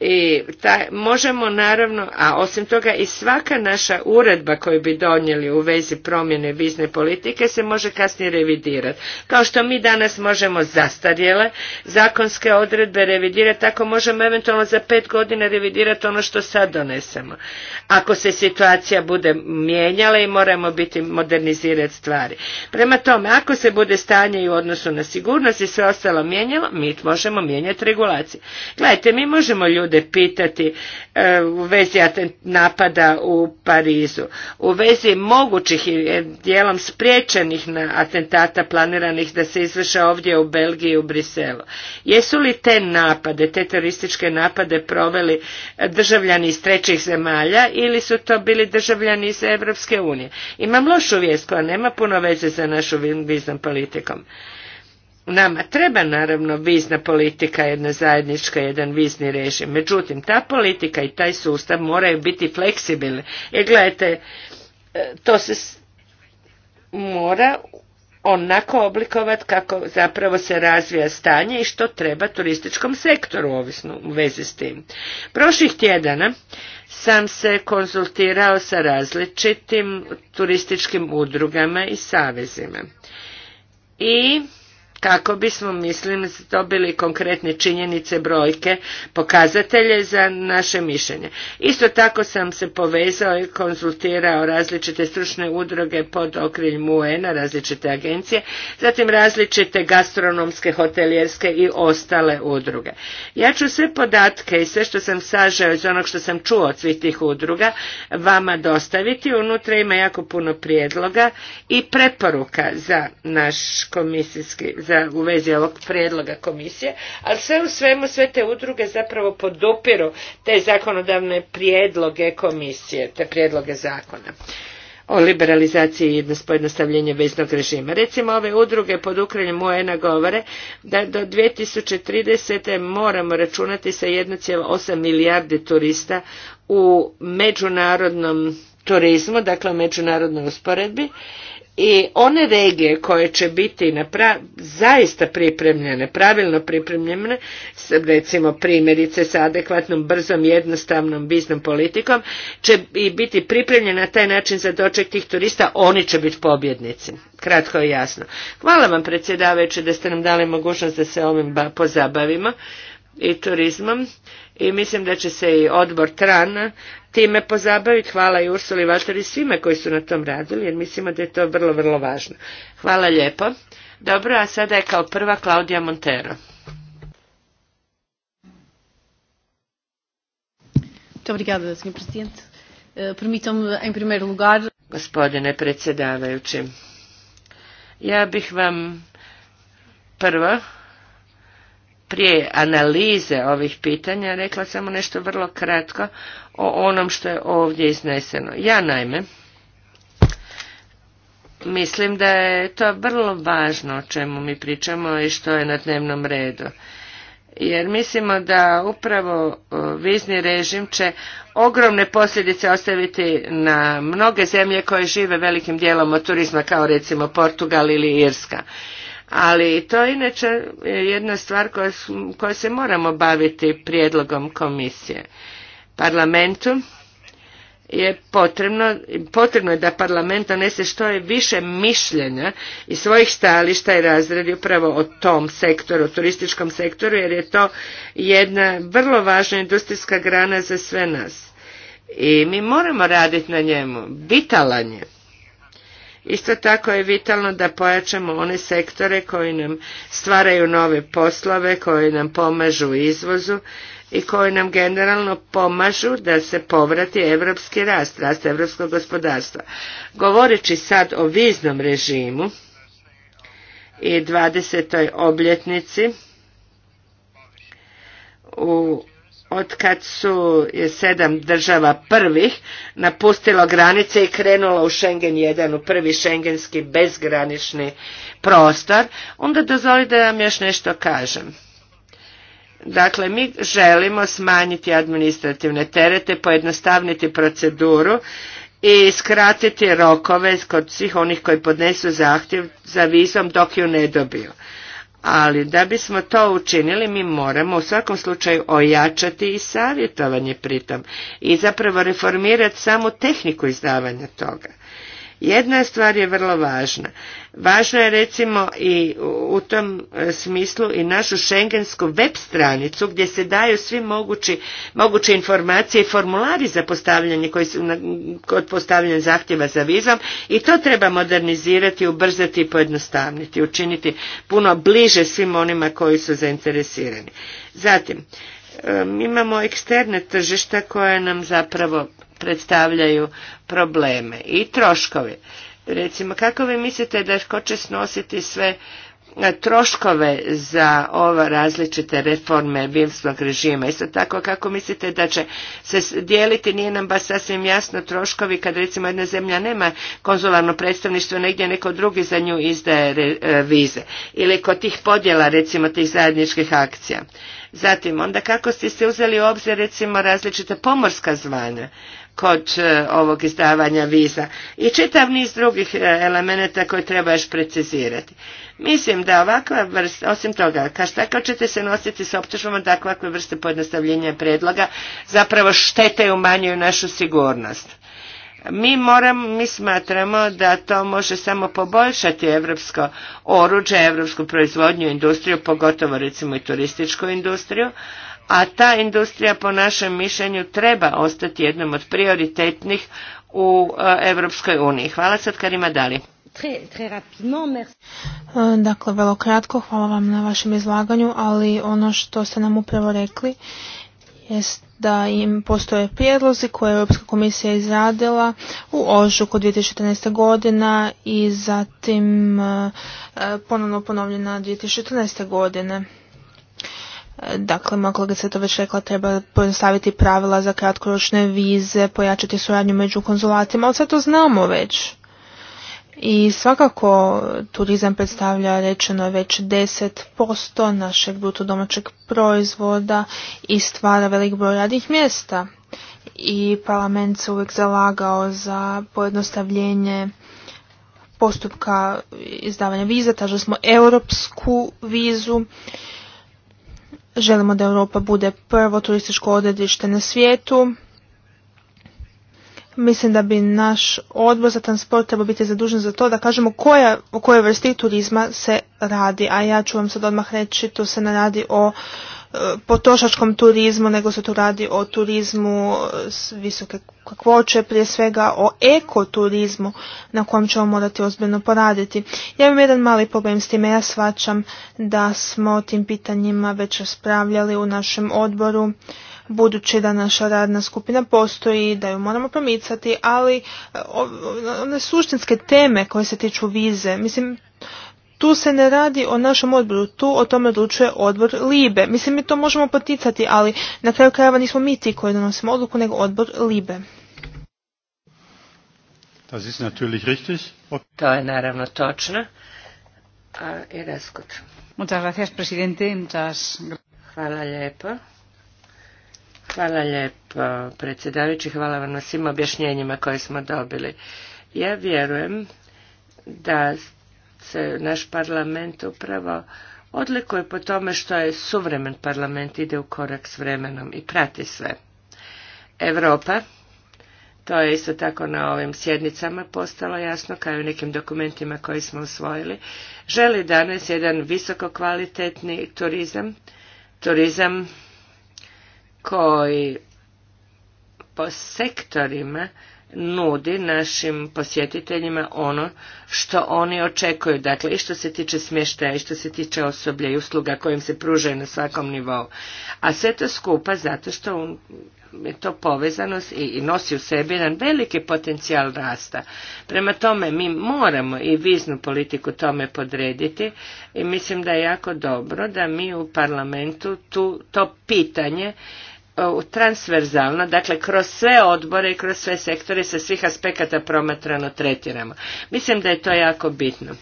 i možemo naravno, a osim toga i svaka naša uredba koju bi donijeli u vezi promjene vizne politike se može kasnije revidirati. Kao što mi danas možemo zastarjele zakonske odredbe revidirati, tako možemo eventualno za pet godina revidirati ono što sad donesemo. Ako se situacija bude mijenjala i moramo biti modernizirati stvari. Prema tome, ako se bude stanje i u odnosu na sigurnost i sve ostalo mijenjalo, mi možemo mijenjati regulacije. Gledajte, mi možemo ljudi ljude pitati e, u vezi napada u Parizu, u vezi mogućih i e, dijelom spriječenih na atentata planiranih da se izvrše ovdje u Belgiji i u Briselu. Jesu li te napade, te terorističke napade proveli e, državljani iz trećih zemalja ili su to bili državljani iz Europske unije? Imam lošu vijest koja nema puno veze sa našom viznom politikom. Nama treba naravno vizna politika, jedna zajednička, jedan vizni režim. Međutim, ta politika i taj sustav moraju biti fleksibilni. Jer gledajte, e, to se mora onako oblikovati kako zapravo se razvija stanje i što treba turističkom sektoru ovisno u vezi s tim. Prošlih tjedana sam se konzultirao sa različitim turističkim udrugama i savezima. I kako bismo, mislim, dobili konkretne činjenice, brojke, pokazatelje za naše mišljenje. Isto tako sam se povezao i konzultirao različite stručne udruge pod okriljem un različite agencije, zatim različite gastronomske, hotelijerske i ostale udruge. Ja ću sve podatke i sve što sam sažao iz onog što sam čuo od svih tih udruga vama dostaviti. Unutra ima jako puno prijedloga i preporuka za naš komisijski za, u vezi ovog prijedloga komisije, ali sve u svemu sve te udruge zapravo podupiru te zakonodavne prijedloge komisije, te prijedloge zakona o liberalizaciji i pojednostavljenju veznog režima. Recimo ove udruge pod ukrenjem UN-a govore da do 2030. moramo računati sa 1,8 milijardi turista u međunarodnom turizmu, dakle u međunarodnoj usporedbi i one regije koje će biti zaista pripremljene, pravilno pripremljene, recimo primjerice sa adekvatnom, brzom, jednostavnom biznom politikom, će i biti pripremljene na taj način za doček tih turista, oni će biti pobjednici. Kratko i jasno. Hvala vam predsjedavajući da ste nam dali mogućnost da se ovim pozabavimo i turizmom i mislim da će se i odbor TRAN time pozabaviti. Hvala i Ursuli Valtari svima koji su na tom radili jer mislimo da je to vrlo, vrlo važno. Hvala lijepo. Dobro, a sada je kao prva Klaudija Montero. Eh, Gospodine predsjedavajući, ja bih vam prvo prije analize ovih pitanja rekla samo nešto vrlo kratko o onom što je ovdje izneseno. Ja naime mislim da je to vrlo važno o čemu mi pričamo i što je na dnevnom redu. Jer mislimo da upravo e, vizni režim će ogromne posljedice ostaviti na mnoge zemlje koje žive velikim dijelom od turizma kao recimo Portugal ili Irska ali to je inače jedna stvar koja, se moramo baviti prijedlogom komisije. Parlamentu je potrebno, potrebno je da parlament donese što je više mišljenja i svojih stajališta i razredi upravo o tom sektoru, turističkom sektoru, jer je to jedna vrlo važna industrijska grana za sve nas. I mi moramo raditi na njemu. Vitalan je. Isto tako je vitalno da pojačamo one sektore koji nam stvaraju nove poslove, koji nam pomažu u izvozu i koji nam generalno pomažu da se povrati evropski rast, rast evropskog gospodarstva. Govoreći sad o viznom režimu i 20. obljetnici u od kad su je sedam država prvih napustilo granice i krenulo u Schengen 1, u prvi šengenski bezgranični prostor, onda dozvoli da vam još nešto kažem. Dakle, mi želimo smanjiti administrativne terete, pojednostavniti proceduru i skratiti rokove kod svih onih koji podnesu zahtjev za vizom dok ju ne dobiju. Ali da bismo to učinili mi moramo u svakom slučaju ojačati i savjetovanje pritom i zapravo reformirati samu tehniku izdavanja toga. Jedna stvar je vrlo važna. Važno je recimo i u tom e, smislu i našu šengensku web stranicu gdje se daju svi mogući, moguće informacije i formulari za postavljanje koji kod postavljanja zahtjeva za vizom i to treba modernizirati, ubrzati i pojednostavniti, učiniti puno bliže svim onima koji su zainteresirani. Zatim, imamo eksterne tržišta koje nam zapravo predstavljaju probleme i troškovi. Recimo, kako vi mislite da ko će snositi sve e, troškove za ova različite reforme bivskog režima. Isto tako kako mislite da će se dijeliti, nije nam baš sasvim jasno troškovi kad recimo jedna zemlja nema konzularno predstavništvo, negdje neko drugi za nju izdaje e, vize ili kod tih podjela recimo tih zajedničkih akcija. Zatim, onda kako ste se uzeli u obzir recimo različita pomorska zvanja? kod e, ovog izdavanja viza i čitav niz drugih e, elemenata koje treba još precizirati. Mislim da ovakva vrsta, osim toga, kaš tako ćete se nositi s optužbama da ovakve vrste pojednostavljenja predloga zapravo štete i umanjuju našu sigurnost. Mi moram, mi smatramo da to može samo poboljšati evropsko oruđe, evropsku proizvodnju, industriju, pogotovo recimo i turističku industriju, a ta industrija po našem mišljenju treba ostati jednom od prioritetnih u Europskoj uniji. Hvala sad Karima Dali. E, dakle, velo kratko, hvala vam na vašem izlaganju, ali ono što ste nam upravo rekli jest da im postoje prijedlozi koje je Europska komisija izradila u ožuku 2014. godina i zatim e, e, ponovno ponovljena 2014. godine. Dakle, moja kolega se to već rekla, treba pojednostaviti pravila za kratkoročne vize, pojačati suradnju među konzulatima, ali sve to znamo već. I svakako turizam predstavlja rečeno već 10% našeg bruto proizvoda i stvara velik broj radnih mjesta. I parlament se uvijek zalagao za pojednostavljenje postupka izdavanja viza, tražili smo europsku vizu Želimo da Europa bude prvo turističko odredište na svijetu. Mislim da bi naš odbor za transport trebao biti zadužen za to da kažemo koja, o kojoj vrsti turizma se radi. A ja ću vam sad odmah reći, tu se ne radi o E, potrošačkom turizmu, nego se tu radi o turizmu e, s visoke kakvoće, prije svega o ekoturizmu na kojem ćemo morati ozbiljno poraditi. Ja imam jedan mali problem s time, ja svačam da smo o tim pitanjima već raspravljali u našem odboru, budući da naša radna skupina postoji, da ju moramo promicati, ali e, one suštinske teme koje se tiču vize, mislim, tu se ne radi o našem odboru, tu o tome odlučuje odbor Libe. Mislim, mi to možemo poticati, ali na kraju krajeva nismo mi ti koji donosimo odluku, nego odbor Libe. Das ist natürlich richtig. To je naravno točno. A, I raskut. Muchas gracias, presidente. Muchas... Hvala lijepo. Hvala lijepo, predsjedavajući. Hvala vam na svim objašnjenjima koje smo dobili. Ja vjerujem da se naš parlament upravo odlikuje po tome što je suvremen parlament, ide u korak s vremenom i prati sve. Europa, to je isto tako na ovim sjednicama postalo jasno, kao i u nekim dokumentima koji smo usvojili, želi danas jedan visoko kvalitetni turizam, turizam koji po sektorima nudi našim posjetiteljima ono što oni očekuju, dakle i što se tiče smještaja, i što se tiče osoblja i usluga kojim se pružaju na svakom nivou. A sve to skupa zato što je to povezanost i nosi u sebi jedan veliki potencijal rasta. Prema tome mi moramo i viznu politiku tome podrediti i mislim da je jako dobro da mi u parlamentu tu, to pitanje transverzalno, dakle kroz sve odbore i kroz sve sektore sa svih aspekata promatrano tretiramo. Mislim da je to jako bitno.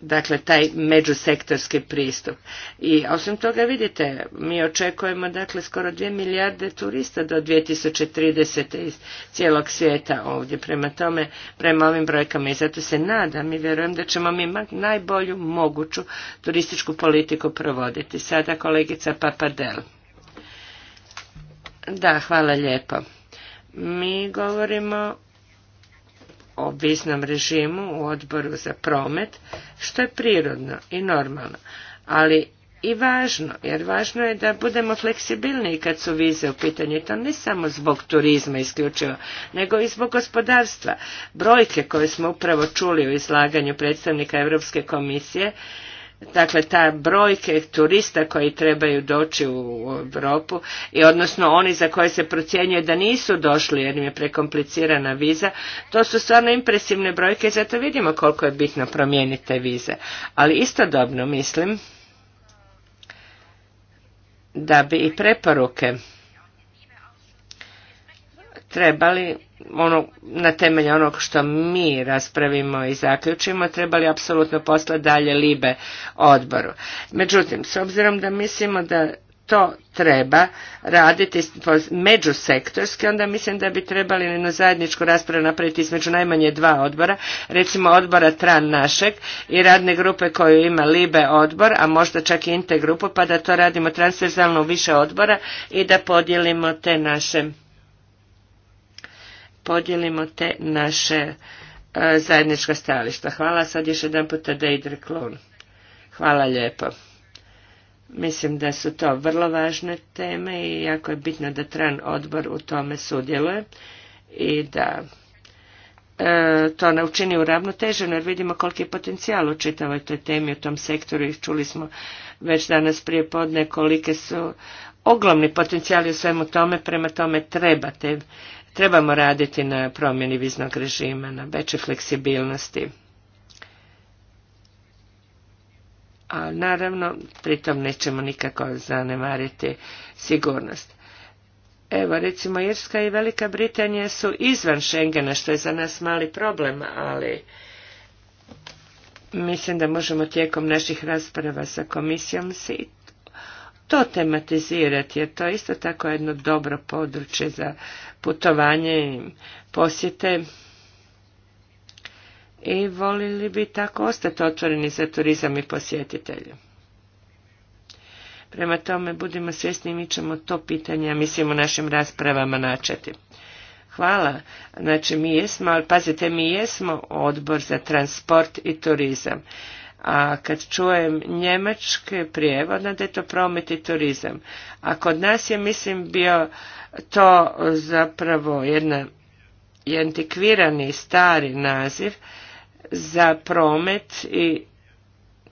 Dakle, taj međusektorski pristup. I osim toga vidite, mi očekujemo dakle skoro 2 milijarde turista do 2030. iz cijelog svijeta ovdje. Prema tome, prema ovim brojkama i zato se nadam i vjerujem da ćemo mi najbolju moguću turističku politiku provoditi. Sada kolegica Papadel. Da, hvala lijepo. Mi govorimo o viznom režimu u odboru za promet, što je prirodno i normalno, ali i važno, jer važno je da budemo fleksibilniji kad su vize u pitanju i to ne samo zbog turizma isključivo, nego i zbog gospodarstva. Brojke koje smo upravo čuli u izlaganju predstavnika Europske komisije Dakle, ta brojke turista koji trebaju doći u Europu i odnosno oni za koje se procjenjuje da nisu došli jer im je prekomplicirana viza, to su stvarno impresivne brojke i zato vidimo koliko je bitno promijeniti te vize. Ali istodobno mislim da bi i preporuke trebali ono, na temelju onog što mi raspravimo i zaključimo, trebali apsolutno poslati dalje libe odboru. Međutim, s obzirom da mislimo da to treba raditi međusektorski, onda mislim da bi trebali na zajedničku raspravu napraviti između najmanje dva odbora, recimo odbora TRAN našeg i radne grupe koju ima LIBE odbor, a možda čak i INTE grupu, pa da to radimo transverzalno više odbora i da podijelimo te naše podijelimo te naše e, zajednička stajališta. Hvala sad još jedan puta Deidre Klon. Hvala lijepo. Mislim da su to vrlo važne teme i jako je bitno da tran odbor u tome sudjeluje i da e, to ne učini uravnoteženo jer vidimo koliki je potencijal u čitavoj toj temi u tom sektoru i čuli smo već danas prije podne kolike su ogromni potencijali u svemu tome, prema tome treba te trebamo raditi na promjeni viznog režima, na većoj fleksibilnosti. A naravno, pritom nećemo nikako zanemariti sigurnost. Evo, recimo, Irska i Velika Britanija su izvan Schengena, što je za nas mali problem, ali mislim da možemo tijekom naših rasprava sa komisijom se to tematizirati, jer to je isto tako jedno dobro područje za putovanje i posjete i volili bi tako ostati otvoreni za turizam i posjetitelje. Prema tome budimo svjesni mi ćemo to pitanje, mislim, u našim raspravama načeti. Hvala. Znači mi jesmo, ali pazite, mi jesmo odbor za transport i turizam a kad čujem njemačke prijevod, da je to promet i turizam. A kod nas je, mislim, bio to zapravo jedna, antikvirani stari naziv za promet i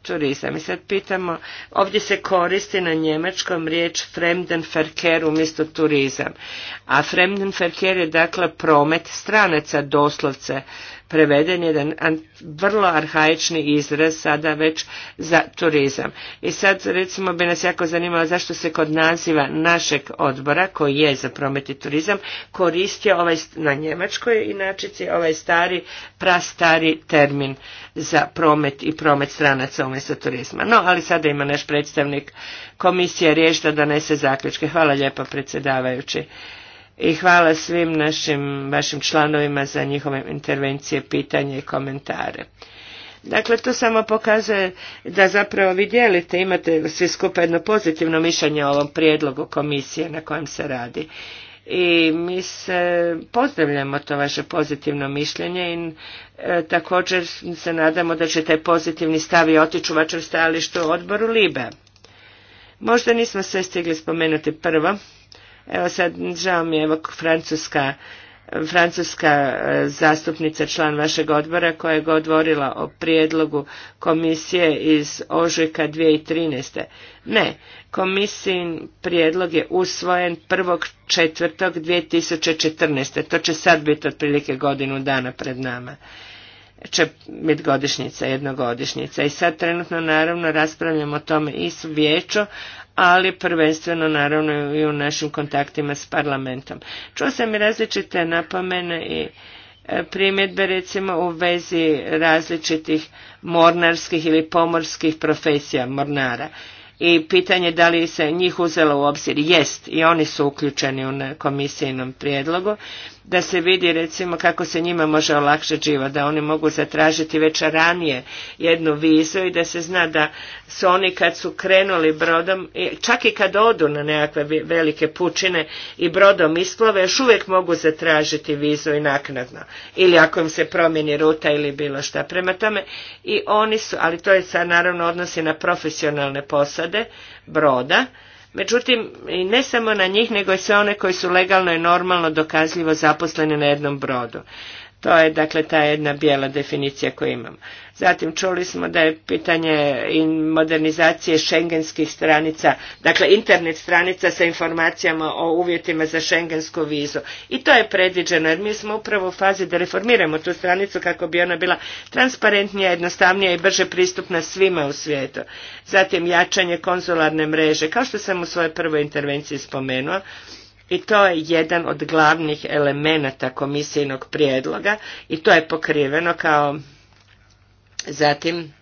turizam. I sad pitamo, ovdje se koristi na njemačkom riječ Fremdenverkehr umjesto turizam. A Fremdenverkehr je dakle promet stranaca doslovce preveden jedan vrlo arhaični izraz sada već za turizam. I sad recimo bi nas jako zanimalo zašto se kod naziva našeg odbora koji je za promet i turizam koristio ovaj, na njemačkoj inačici ovaj stari, prastari termin za promet i promet stranaca umjesto turizma. No, ali sada ima naš predstavnik komisije da donese zaključke. Hvala lijepo predsjedavajući i hvala svim našim vašim članovima za njihove intervencije, pitanje i komentare. Dakle, to samo pokazuje da zapravo vi dijelite, imate svi skupa jedno pozitivno mišljenje o ovom prijedlogu komisije na kojem se radi. I mi se pozdravljamo to vaše pozitivno mišljenje i e, također se nadamo da će taj pozitivni stav i otići u vašem stajalištu u odboru Libe. Možda nismo sve stigli spomenuti prvo, Evo sad, žao mi je, evo Francuska e, zastupnica član vašeg odbora koja je govorila o prijedlogu komisije iz ožujka 2013. Ne, komisijin prijedlog je usvojen 1.4.2014. To će sad biti otprilike godinu dana pred nama će biti godišnjica, jednogodišnjica. I sad trenutno naravno raspravljamo o tome i s vijeću, ali prvenstveno naravno i u našim kontaktima s parlamentom. Čuo sam i različite napomene i e, primjedbe recimo u vezi različitih mornarskih ili pomorskih profesija mornara i pitanje da li se njih uzelo u obzir. Jest, i oni su uključeni u komisijnom prijedlogu da se vidi recimo kako se njima može olakšati život, da oni mogu zatražiti već ranije jednu vizu i da se zna da su oni kad su krenuli brodom, čak i kad odu na nekakve velike pučine i brodom isplove, još uvijek mogu zatražiti vizu i naknadno. Ili ako im se promijeni ruta ili bilo šta. Prema tome i oni su, ali to je sad naravno odnosi na profesionalne posade broda, Međutim, i ne samo na njih, nego i sve one koji su legalno i normalno dokazljivo zaposleni na jednom brodu. To je dakle ta jedna bijela definicija koju imamo. Zatim čuli smo da je pitanje modernizacije šengenskih stranica, dakle internet stranica sa informacijama o uvjetima za šengensku vizu. I to je predviđeno jer mi smo upravo u fazi da reformiramo tu stranicu kako bi ona bila transparentnija, jednostavnija i brže pristupna svima u svijetu. Zatim jačanje konzularne mreže, kao što sam u svojoj prvoj intervenciji spomenula, i to je jedan od glavnih elemenata komisijinog prijedloga i to je pokriveno kao zatim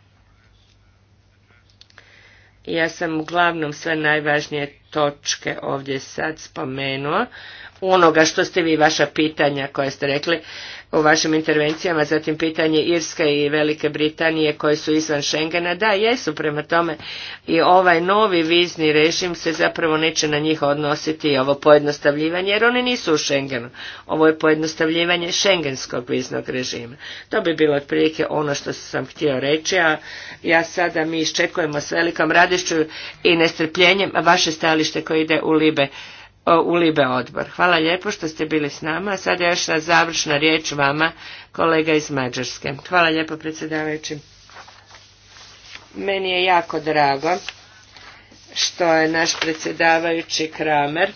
ja sam uglavnom sve najvažnije točke ovdje sad spomenuo, onoga što ste vi vaša pitanja koja ste rekli, u vašim intervencijama, zatim pitanje Irske i Velike Britanije koje su izvan Schengena, da jesu prema tome i ovaj novi vizni režim se zapravo neće na njih odnositi ovo pojednostavljivanje jer oni nisu u Schengenu. Ovo je pojednostavljivanje Schengenskog viznog režima. To bi bilo otprilike ono što sam htio reći, a ja sada mi iščekujemo s velikom radišću i nestrpljenjem vaše stajalište koje ide u Libe u Libe odbor. Hvala lijepo što ste bili s nama. Sada još na završna riječ vama, kolega iz Mađarske. Hvala lijepo predsjedavajući. Meni je jako drago što je naš predsjedavajući Kramer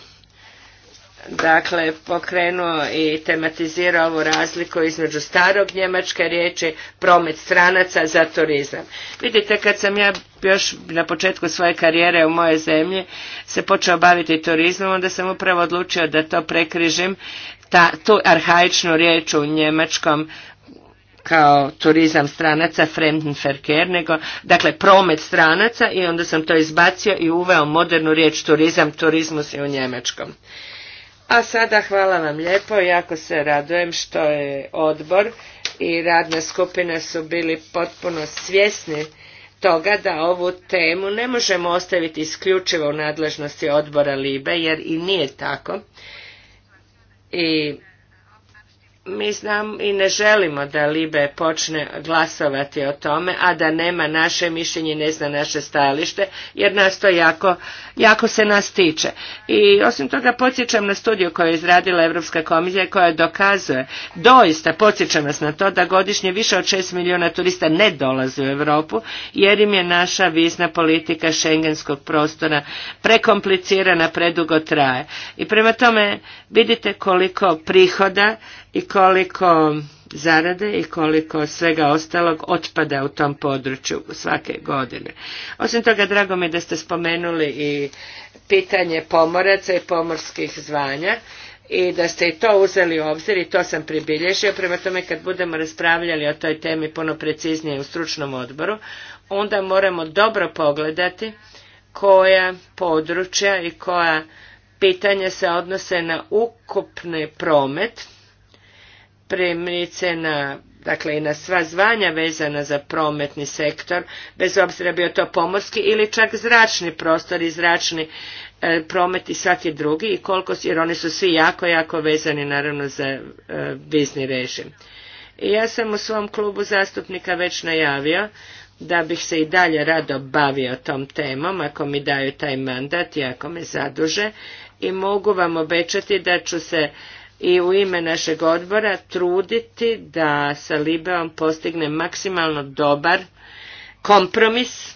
dakle pokrenuo i tematizirao ovu razliku između starog njemačke riječi promet stranaca za turizam. Vidite kad sam ja još na početku svoje karijere u moje zemlji se počeo baviti turizmom onda sam upravo odlučio da to prekrižim ta, tu arhaičnu riječ u njemačkom kao turizam stranaca, fremdenverkehr, nego, dakle, promet stranaca i onda sam to izbacio i uveo modernu riječ turizam, turizmus i u njemačkom. A sada hvala vam lijepo, jako se radujem što je odbor i radna skupine su bili potpuno svjesni toga da ovu temu ne možemo ostaviti isključivo u nadležnosti odbora Libe, jer i nije tako. I mi znam i ne želimo da Libe počne glasovati o tome, a da nema naše mišljenje, ne zna naše stajalište, jer nas to jako jako se nas tiče. I osim toga podsjećam na studiju koju je izradila Europska komisija koja dokazuje, doista podsjećam vas na to da godišnje više od 6 milijuna turista ne dolazi u Europu jer im je naša vizna politika šengenskog prostora prekomplicirana, predugo traje. I prema tome vidite koliko prihoda i koliko zarade i koliko svega ostalog otpada u tom području svake godine. Osim toga, drago mi je da ste spomenuli i pitanje pomoraca i pomorskih zvanja i da ste i to uzeli u obzir i to sam pribilješio. Prema tome kad budemo raspravljali o toj temi puno preciznije u stručnom odboru, onda moramo dobro pogledati koja područja i koja pitanja se odnose na ukupni promet primice na dakle i na sva zvanja vezana za prometni sektor, bez obzira bio to pomorski ili čak zračni prostor i zračni e, promet i svaki drugi i koliko, jer oni su svi jako, jako vezani naravno za e, bizni režim. I ja sam u svom klubu zastupnika već najavio da bih se i dalje rado bavio tom temom ako mi daju taj mandat i ako me zaduže i mogu vam obećati da ću se i u ime našeg odbora truditi da sa Libeom postigne maksimalno dobar kompromis.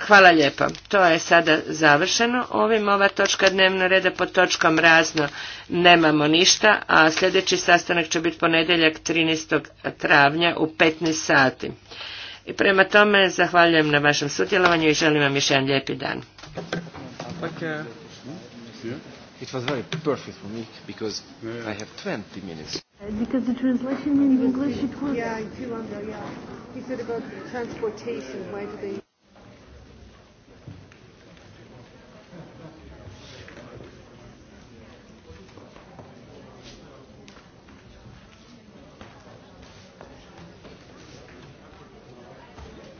Hvala lijepo. To je sada završeno. Ovim ova točka dnevno reda pod točkom razno nemamo ništa, a sljedeći sastanak će biti ponedjeljak 13. travnja u 15 sati. I prema tome zahvaljujem na vašem sudjelovanju i želim vam još jedan lijepi dan. It was very perfect for me because yeah. I have 20 minutes. Because the translation in English, it was... Yeah, in yeah. He said about transportation, why do they...